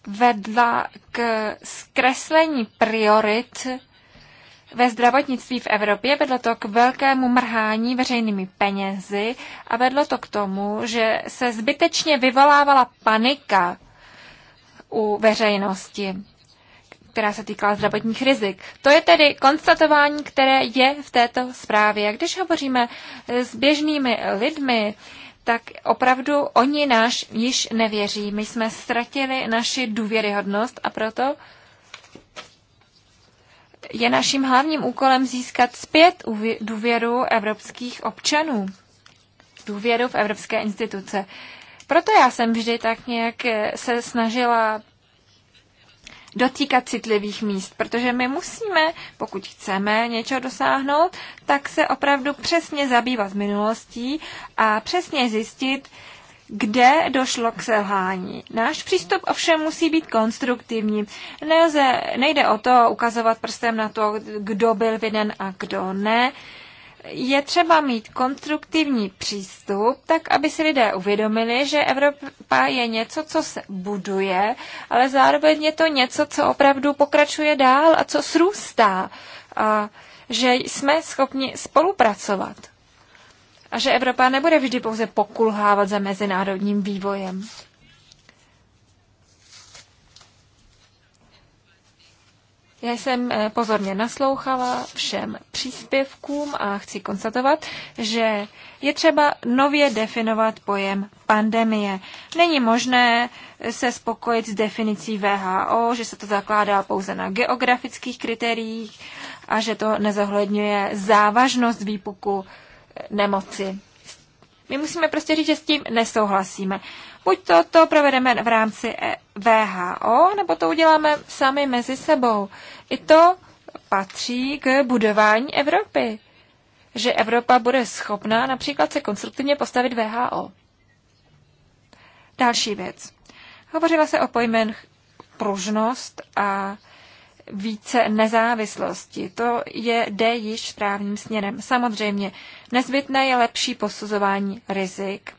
vedla k zkreslení priorit ve zdravotnictví v Evropě vedlo to k velkému mrhání veřejnými penězi a vedlo to k tomu, že se zbytečně vyvolávala panika u veřejnosti která se týkala zdravotních rizik. To je tedy konstatování, které je v této zprávě. A když hovoříme s běžnými lidmi, tak opravdu oni náš již nevěří. My jsme ztratili naši důvěryhodnost a proto je naším hlavním úkolem získat zpět důvěru evropských občanů, důvěru v evropské instituce. Proto já jsem vždy tak nějak eh, se snažila dotýkat citlivých míst, protože my musíme, pokud chceme něčeho dosáhnout, tak se opravdu přesně zabývat minulostí a přesně zjistit, kde došlo k selhání. Náš přístup ovšem musí být konstruktivní. Nelze, nejde o to ukazovat prstem na to, kdo byl vinen a kdo ne. Je třeba mít konstruktivní přístup, tak aby si lidé uvědomili, že Evropa je něco, co se buduje, ale zároveň je to něco, co opravdu pokračuje dál a co srůstá. A že jsme schopni spolupracovat a že Evropa nebude vždy pouze pokulhávat za mezinárodním vývojem. Já jsem eh, pozorně naslouchala všem příspěvkům a chci konstatovat, že je třeba nově definovat pojem pandemie. Není možné se spokojit s definicí VHO, že se to zakládá pouze na geografických kritériích a že to nezohledňuje závažnost výpuku nemoci. My musíme prostě říct, že s tím nesouhlasíme. Buď to, to provedeme v rámci e- VHO, nebo to uděláme sami mezi sebou. I to patří k budování Evropy. Že Evropa bude schopná například se konstruktivně postavit VHO. Další věc. Hovořila se o pojmen pružnost a více nezávislosti. To je, jde již správným směrem. Samozřejmě, nezbytné je lepší posuzování rizik,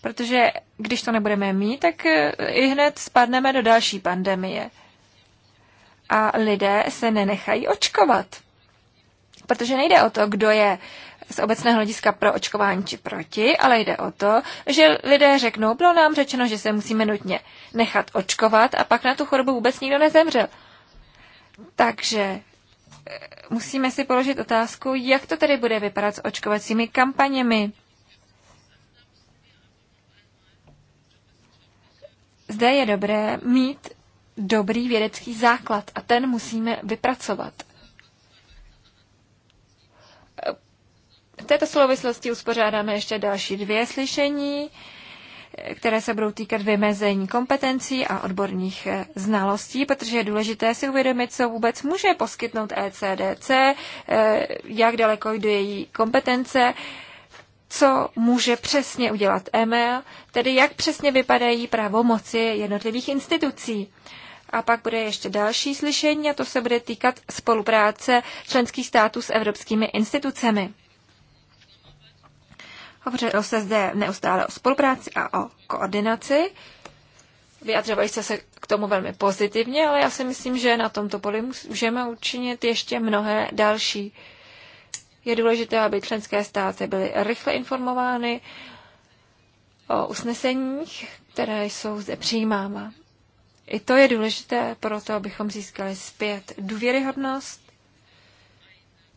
protože když to nebudeme mít, tak eh, i hned spadneme do další pandemie. A lidé se nenechají očkovat. Protože nejde o to, kdo je z obecného hlediska pro očkování či proti, ale jde o to, že lidé řeknou, bylo nám řečeno, že se musíme nutně nechat očkovat a pak na tu chorobu vůbec nikdo nezemřel. Takže eh, musíme si položit otázku, jak to tedy bude vypadat s očkovacími kampaněmi. Zde je dobré mít dobrý vědecký základ a ten musíme vypracovat. V této souvislosti uspořádáme ještě další dvě slyšení které se budou týkat vymezení kompetencí a odborných eh, znalostí, protože je důležité si uvědomit, co vůbec může poskytnout ECDC, eh, jak daleko jde její kompetence, co může přesně udělat e ML, e tedy jak přesně vypadají pravomoci jednotlivých institucí. A pak bude ještě další slyšení a to se bude týkat spolupráce členských států s evropskými institucemi. Hovořilo se zde neustále o spolupráci a o koordinaci. Vyjadřovali jste se k tomu velmi pozitivně, ale já si myslím, že na tomto poli můžeme učinit ještě mnohé další. Je důležité, aby členské státy byly rychle informovány o usneseních, které jsou zde přijímáma. I to je důležité pro to, abychom získali zpět důvěryhodnost,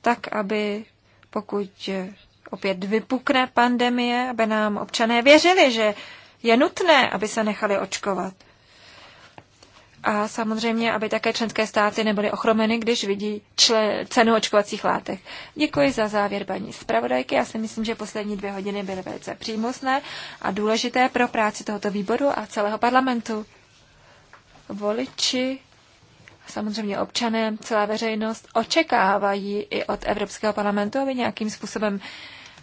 tak aby pokud opět vypukne pandemie, aby nám občané věřili, že je nutné, aby se nechali očkovat. A samozřejmě, aby také členské státy nebyly ochromeny, když vidí čle, cenu očkovacích látek. Děkuji za závěr paní zpravodajky. Já si myslím, že poslední dvě hodiny byly velice přímosné a důležité pro práci tohoto výboru a celého parlamentu. Voliči samozřejmě občané, celá veřejnost očekávají i od Evropského parlamentu, aby nějakým způsobem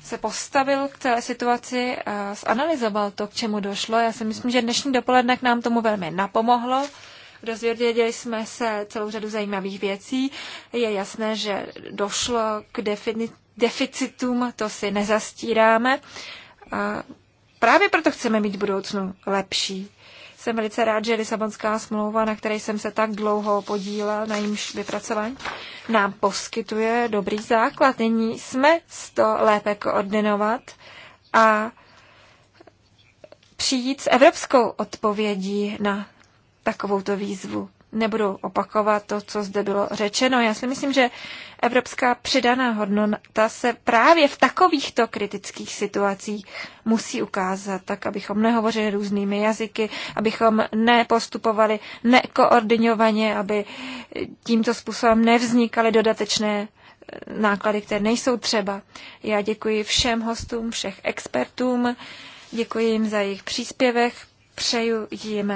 se postavil k celé situaci a zanalizoval to, k čemu došlo. Já si myslím, že dnešní dopoledne k nám tomu velmi napomohlo. Dozvěděli jsme se celou řadu zajímavých věcí. Je jasné, že došlo k defini- deficitům, to si nezastíráme. A právě proto chceme mít budoucnu lepší jsem velice rád, že Lisabonská smlouva, na které jsem se tak dlouho podílel, na jímž vypracování, nám poskytuje dobrý základ. Nyní jsme to lépe koordinovat a přijít s evropskou odpovědí na takovouto výzvu nebudu opakovat to, co zde bylo řečeno. Já si myslím, že evropská přidaná hodnota se právě v takovýchto kritických situacích musí ukázat, tak abychom nehovořili různými jazyky, abychom nepostupovali nekoordinovaně, aby tímto způsobem nevznikaly dodatečné eh, náklady, které nejsou třeba. Já děkuji všem hostům, všech expertům, děkuji jim za jejich příspěvech, přeju jim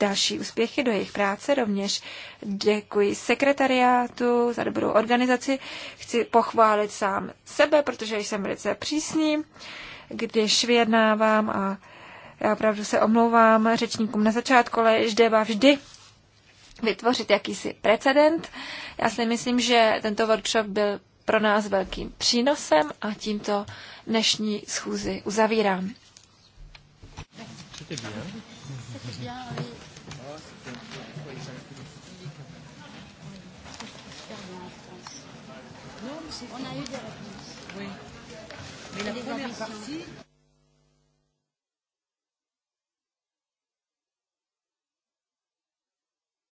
další úspěchy do jejich práce rovněž. Děkuji sekretariátu za dobrou organizaci. Chci pochválit sám sebe, protože jsem velice přísný, když vyjednávám a já opravdu se omlouvám řečníkům na začátku, ale jde vždy vytvořit jakýsi precedent. Já si myslím, že tento workshop byl pro nás velkým přínosem a tímto dnešní schůzi uzavírám. C'était bien. On a eu des réponses. Oui. Mais la première partie,